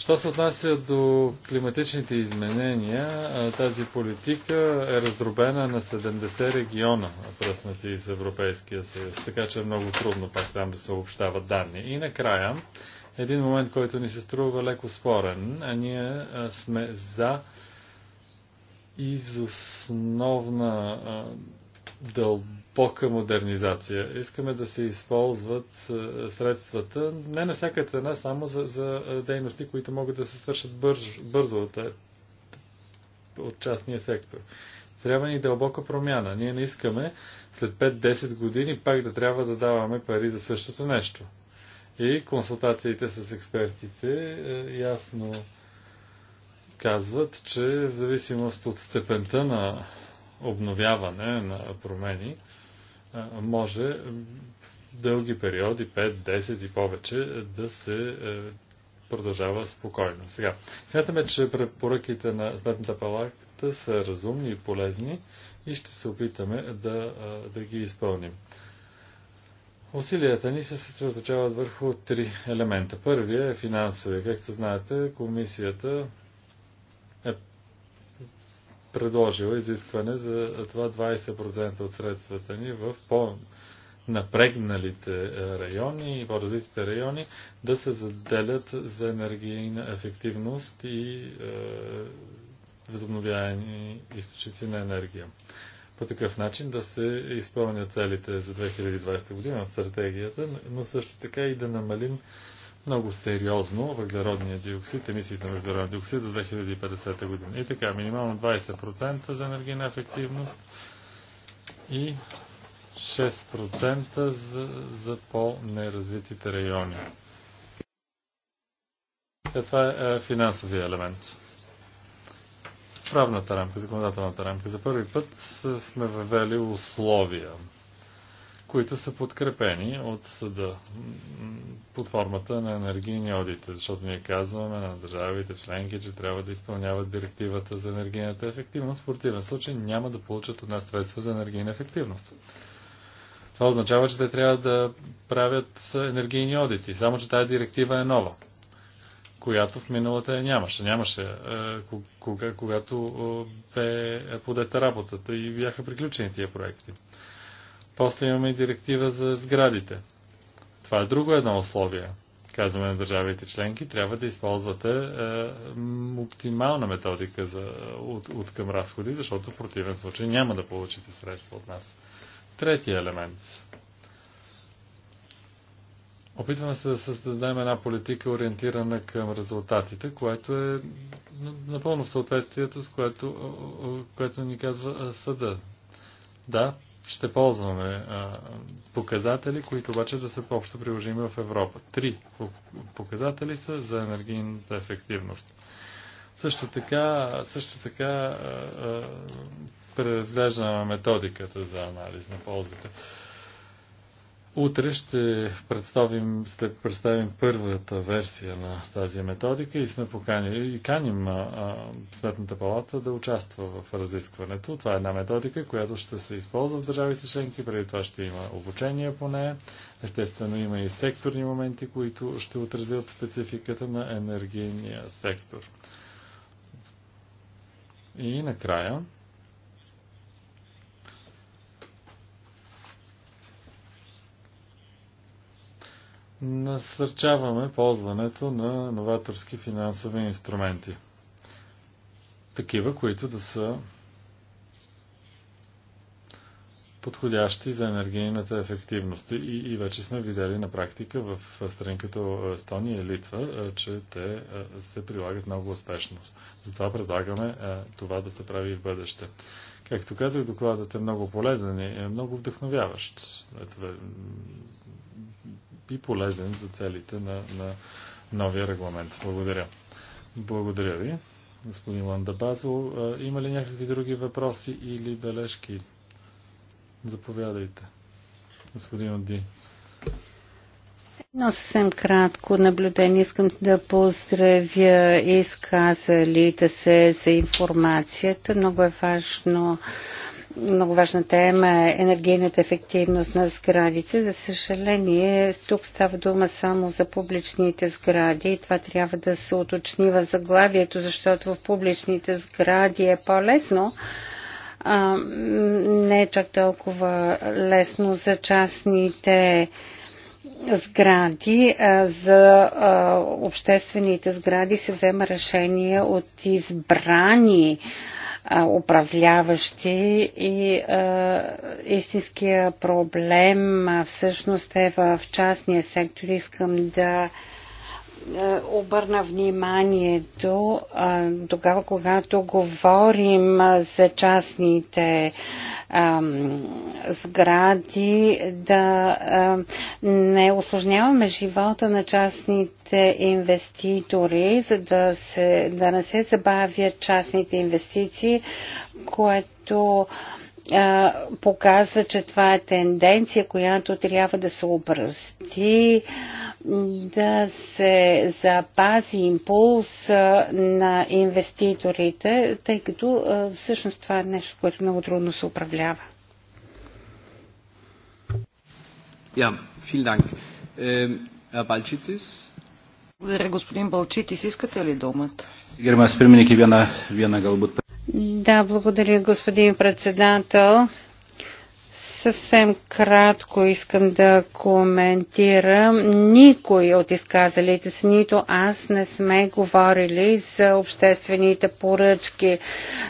Що се отнася до климатичните изменения, тази политика е раздробена на 70 региона, пръснати из Европейския съюз, така че е много трудно пак там да се общават данни. И накрая, един момент, който ни се струва леко спорен, а ние сме за изосновна дълбока по-към модернизация. Искаме да се използват е, средствата не на всяка цена, само за, за е, дейности, които могат да се свършат бърз, бързо от, е, от частния сектор. Трябва ни дълбока промяна. Ние не искаме след 5-10 години пак да трябва да даваме пари за същото нещо. И консултациите с експертите ясно казват, че в зависимост от степента на обновяване на промени, може в дълги периоди, 5, 10 и повече, е, да се е, продължава спокойно. Сега, смятаме, че препоръките на Сметната палата са разумни и полезни и ще се опитаме да, да ги изпълним. Усилията ни се съсредоточават върху три елемента. Първият е финансовия. Както знаете, комисията предложила изискване за това 20% от средствата ни в по- напрегналите е, райони и по-развитите райони да се заделят за енергийна ефективност и е, възобновяеми източници на енергия. По такъв начин да се изпълнят целите за 2020 година от стратегията, но също така и да намалим много сериозно въглеродния диоксид, емисиите на въглеродния диоксид до 2050 година. И така, минимално 20% за енергийна ефективност и 6% за, за по-неразвитите райони. Е, това е, е финансовия елемент. Правната рамка, законодателната рамка. За първи път е, сме въвели условия които са подкрепени от съда под формата на енергийни одити, защото ние казваме на държавите членки, че трябва да изпълняват директивата за енергийната ефективност. В противен случай няма да получат от нас средства за енергийна ефективност. Това означава, че те трябва да правят енергийни одити, само че тази директива е нова която в миналата нямаше. Нямаше, е, кога, когато е, бе подета работата и бяха приключени тия проекти. После имаме и директива за сградите. Това е друго едно условие. Казваме на държавите членки, трябва да използвате е, оптимална методика за, от, от към разходи, защото в противен случай няма да получите средства от нас. Третия елемент. Опитваме се да създадем една политика ориентирана към резултатите, което е напълно в съответствието с което, което ни казва съда. Да, ще ползваме а, показатели, които обаче да са общо приложими в Европа. Три показатели са за енергийната ефективност. Също така, също така а, а, преразглеждаме методиката за анализ на ползите. Утре ще представим, след представим първата версия на тази методика и сме поканили и каним а, Сметната палата да участва в разискването. Това е една методика, която ще се използва в държавите членки, преди това ще има обучение по нея. Естествено има и секторни моменти, които ще отразят спецификата на енергийния сектор. И накрая, насърчаваме ползването на новаторски финансови инструменти. Такива, които да са подходящи за енергийната ефективност. И, и вече сме видели на практика в страни като Естония и Литва, че те се прилагат много успешно. Затова предлагаме това да се прави и в бъдеще. Както казах, докладът е много полезен и е много вдъхновяващ. Ето, и полезен за целите на, на новия регламент. Благодаря. Благодаря ви, господин Ландабазо. Има ли някакви други въпроси или бележки? Заповядайте, господин Оди.
Едно съвсем кратко наблюдение. Искам да поздравя изказалите се за информацията. Много е важно много важна тема е енергийната ефективност на сградите. За съжаление, тук става дума само за публичните сгради и това трябва да се уточни в заглавието, защото в публичните сгради е по-лесно. не е чак толкова лесно за частните сгради, за обществените сгради се взема решение от избрани управляващи и а, истинския проблем а, всъщност е в частния сектор. Искам да а, е, обърна вниманието тогава, когато говорим за частните сгради, да не осложняваме живота на частните инвеститори, за да, се, да не се забавят частните инвестиции, което а, показва, че това е тенденция, която трябва да се обръсти, да се запази импулс а, на инвеститорите, тъй като а, всъщност това е нещо, което много трудно се управлява.
Ja, vielen Dank. Ähm, Herr Balčicis.
Благодаря, господин Балчитис. Искате ли думата?
Gerbiamas pirmininkė, vieną, vieną galbūt
да, благодаря, господин председател. Съвсем кратко искам да коментирам. Никой от изказалите се, нито аз не сме говорили за обществените поръчки.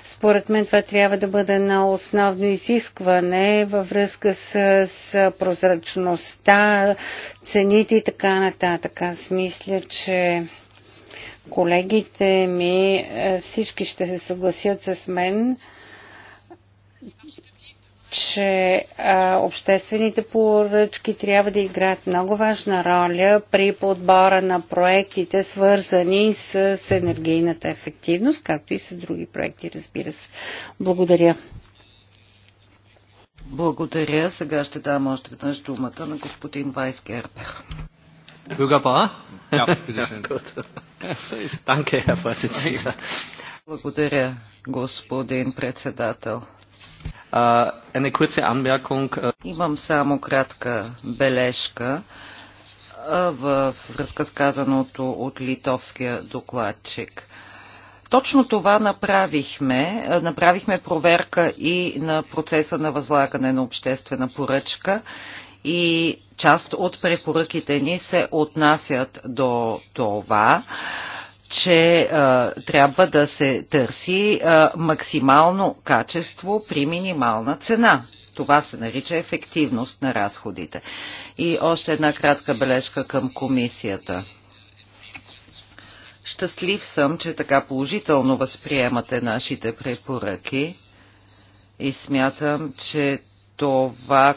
Според мен това трябва да бъде на основно изискване във връзка с, с прозрачността, цените и така нататък. Аз мисля, че колегите ми е, всички ще се съгласят с мен, че а, обществените поръчки трябва да играят много важна роля при подбора на проектите, свързани с, енергийната ефективност, както и с други проекти, разбира се. Благодаря.
Благодаря. Сега ще дам още веднъж думата на господин Вайс Гербер.
Bürger Bar? Ja, bitteschön. [LAUGHS] Danke, Herr Vorsitzender.
Благодаря, господин председател. Äh, Имам само кратка бележка в връзка с казаното от литовския докладчик. Точно това направихме. Направихме проверка и на процеса на възлагане на обществена поръчка и част от препоръките ни се отнасят до това, че а, трябва да се търси а, максимално качество при минимална цена. Това се нарича ефективност на разходите. И още една кратка бележка към комисията. Щастлив съм, че така положително възприемате нашите препоръки и смятам, че това,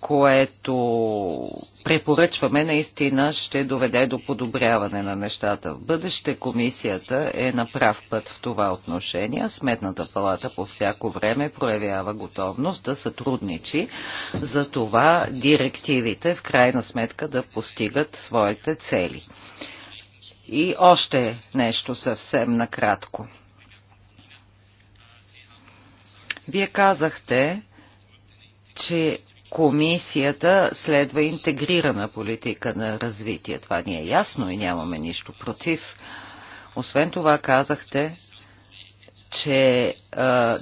което препоръчваме, наистина ще доведе до подобряване на нещата. В бъдеще комисията е на прав път в това отношение. Сметната палата по всяко време проявява готовност да сътрудничи за това директивите в крайна сметка да постигат своите цели. И още нещо съвсем накратко. Вие казахте, че комисията следва интегрирана политика на развитие. Това ни е ясно и нямаме нищо против. Освен това казахте, че е,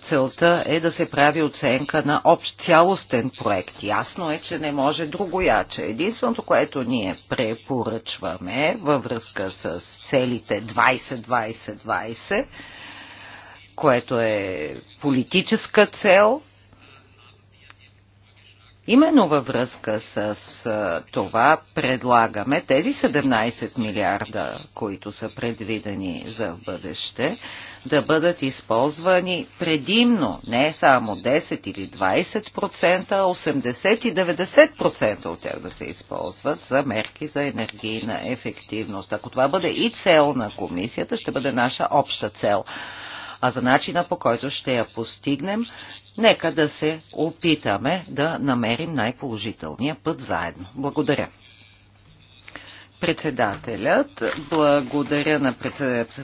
целта е да се прави оценка на общ цялостен проект. Ясно е, че не може другояче. Единственото, което ние препоръчваме във връзка с целите 20-20-20, което е политическа цел, Именно във връзка с това предлагаме тези 17 милиарда, които са предвидени за бъдеще, да бъдат използвани предимно не само 10 или 20%, а 80 и 90% от тях да се използват за мерки за енергийна ефективност. Ако това бъде и цел на комисията, ще бъде наша обща цел. А за начина по който ще я постигнем, нека да се опитаме да намерим най-положителния път заедно. Благодаря председателят. Благодаря на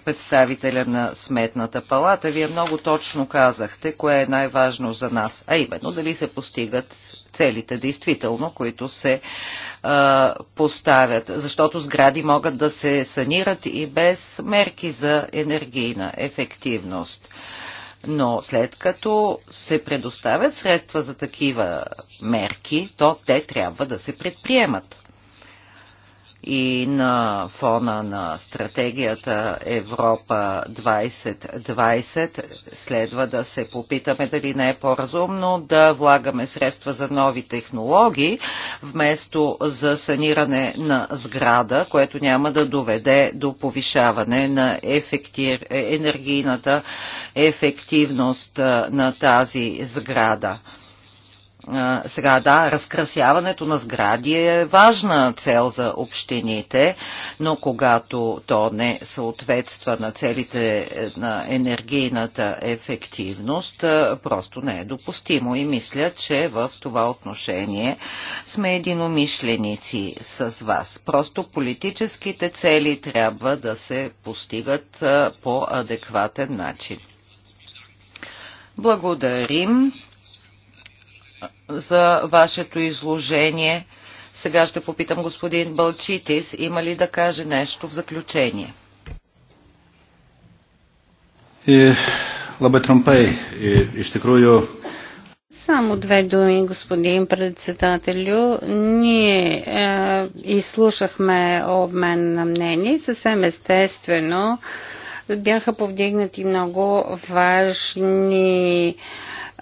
представителя на Сметната палата. Вие много точно казахте, кое е най-важно за нас, а именно дали се постигат целите, действително, които се а, поставят. Защото сгради могат да се санират и без мерки за енергийна ефективност. Но след като се предоставят средства за такива мерки, то те трябва да се предприемат и на фона на стратегията Европа 2020 следва да се попитаме дали не е по-разумно да влагаме средства за нови технологии вместо за саниране на сграда, което няма да доведе до повишаване на ефектир... енергийната ефективност на тази сграда сега да, разкрасяването на сгради е важна цел за общините, но когато то не съответства на целите е, на енергийната ефективност, просто не е допустимо. И мисля, че в това отношение сме единомишленици с вас. Просто политическите цели трябва да се постигат по адекватен начин. Благодарим за вашето изложение. Сега ще попитам господин Балчитис, има ли да каже нещо в заключение?
И, labai и ще крую...
Само две думи, господин председателю. Ние е, изслушахме обмен на мнение. Съвсем естествено бяха повдигнати много важни е,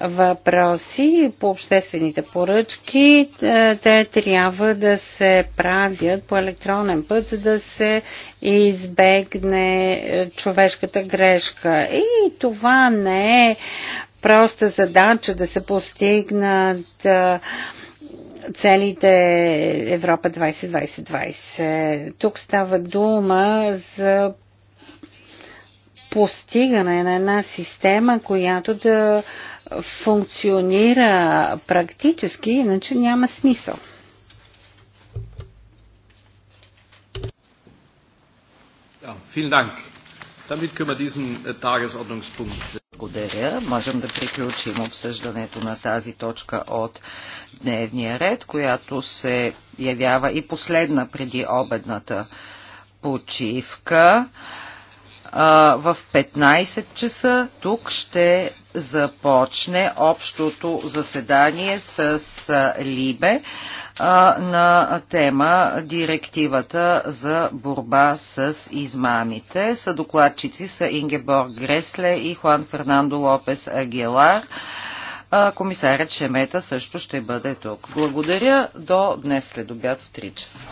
въпроси по обществените поръчки, е, те трябва да се правят по електронен път, за да се избегне е, човешката грешка. И това не е проста задача да се постигнат е, целите Европа 2020-2020. -20. Тук става дума за постигане на една система, която да функционира практически, иначе няма смисъл.
Äh, Благодаря. Можем
да приключим обсъждането на тази точка от дневния ред, която се явява и последна преди обедната почивка. В 15 часа тук ще започне общото заседание с Либе на тема Директивата за борба с измамите. Съдокладчици са Ингеборг Гресле и Хуан Фернандо Лопес Агелар. Комисарят Шемета също ще бъде тук. Благодаря. До днес след обяд в 3 часа.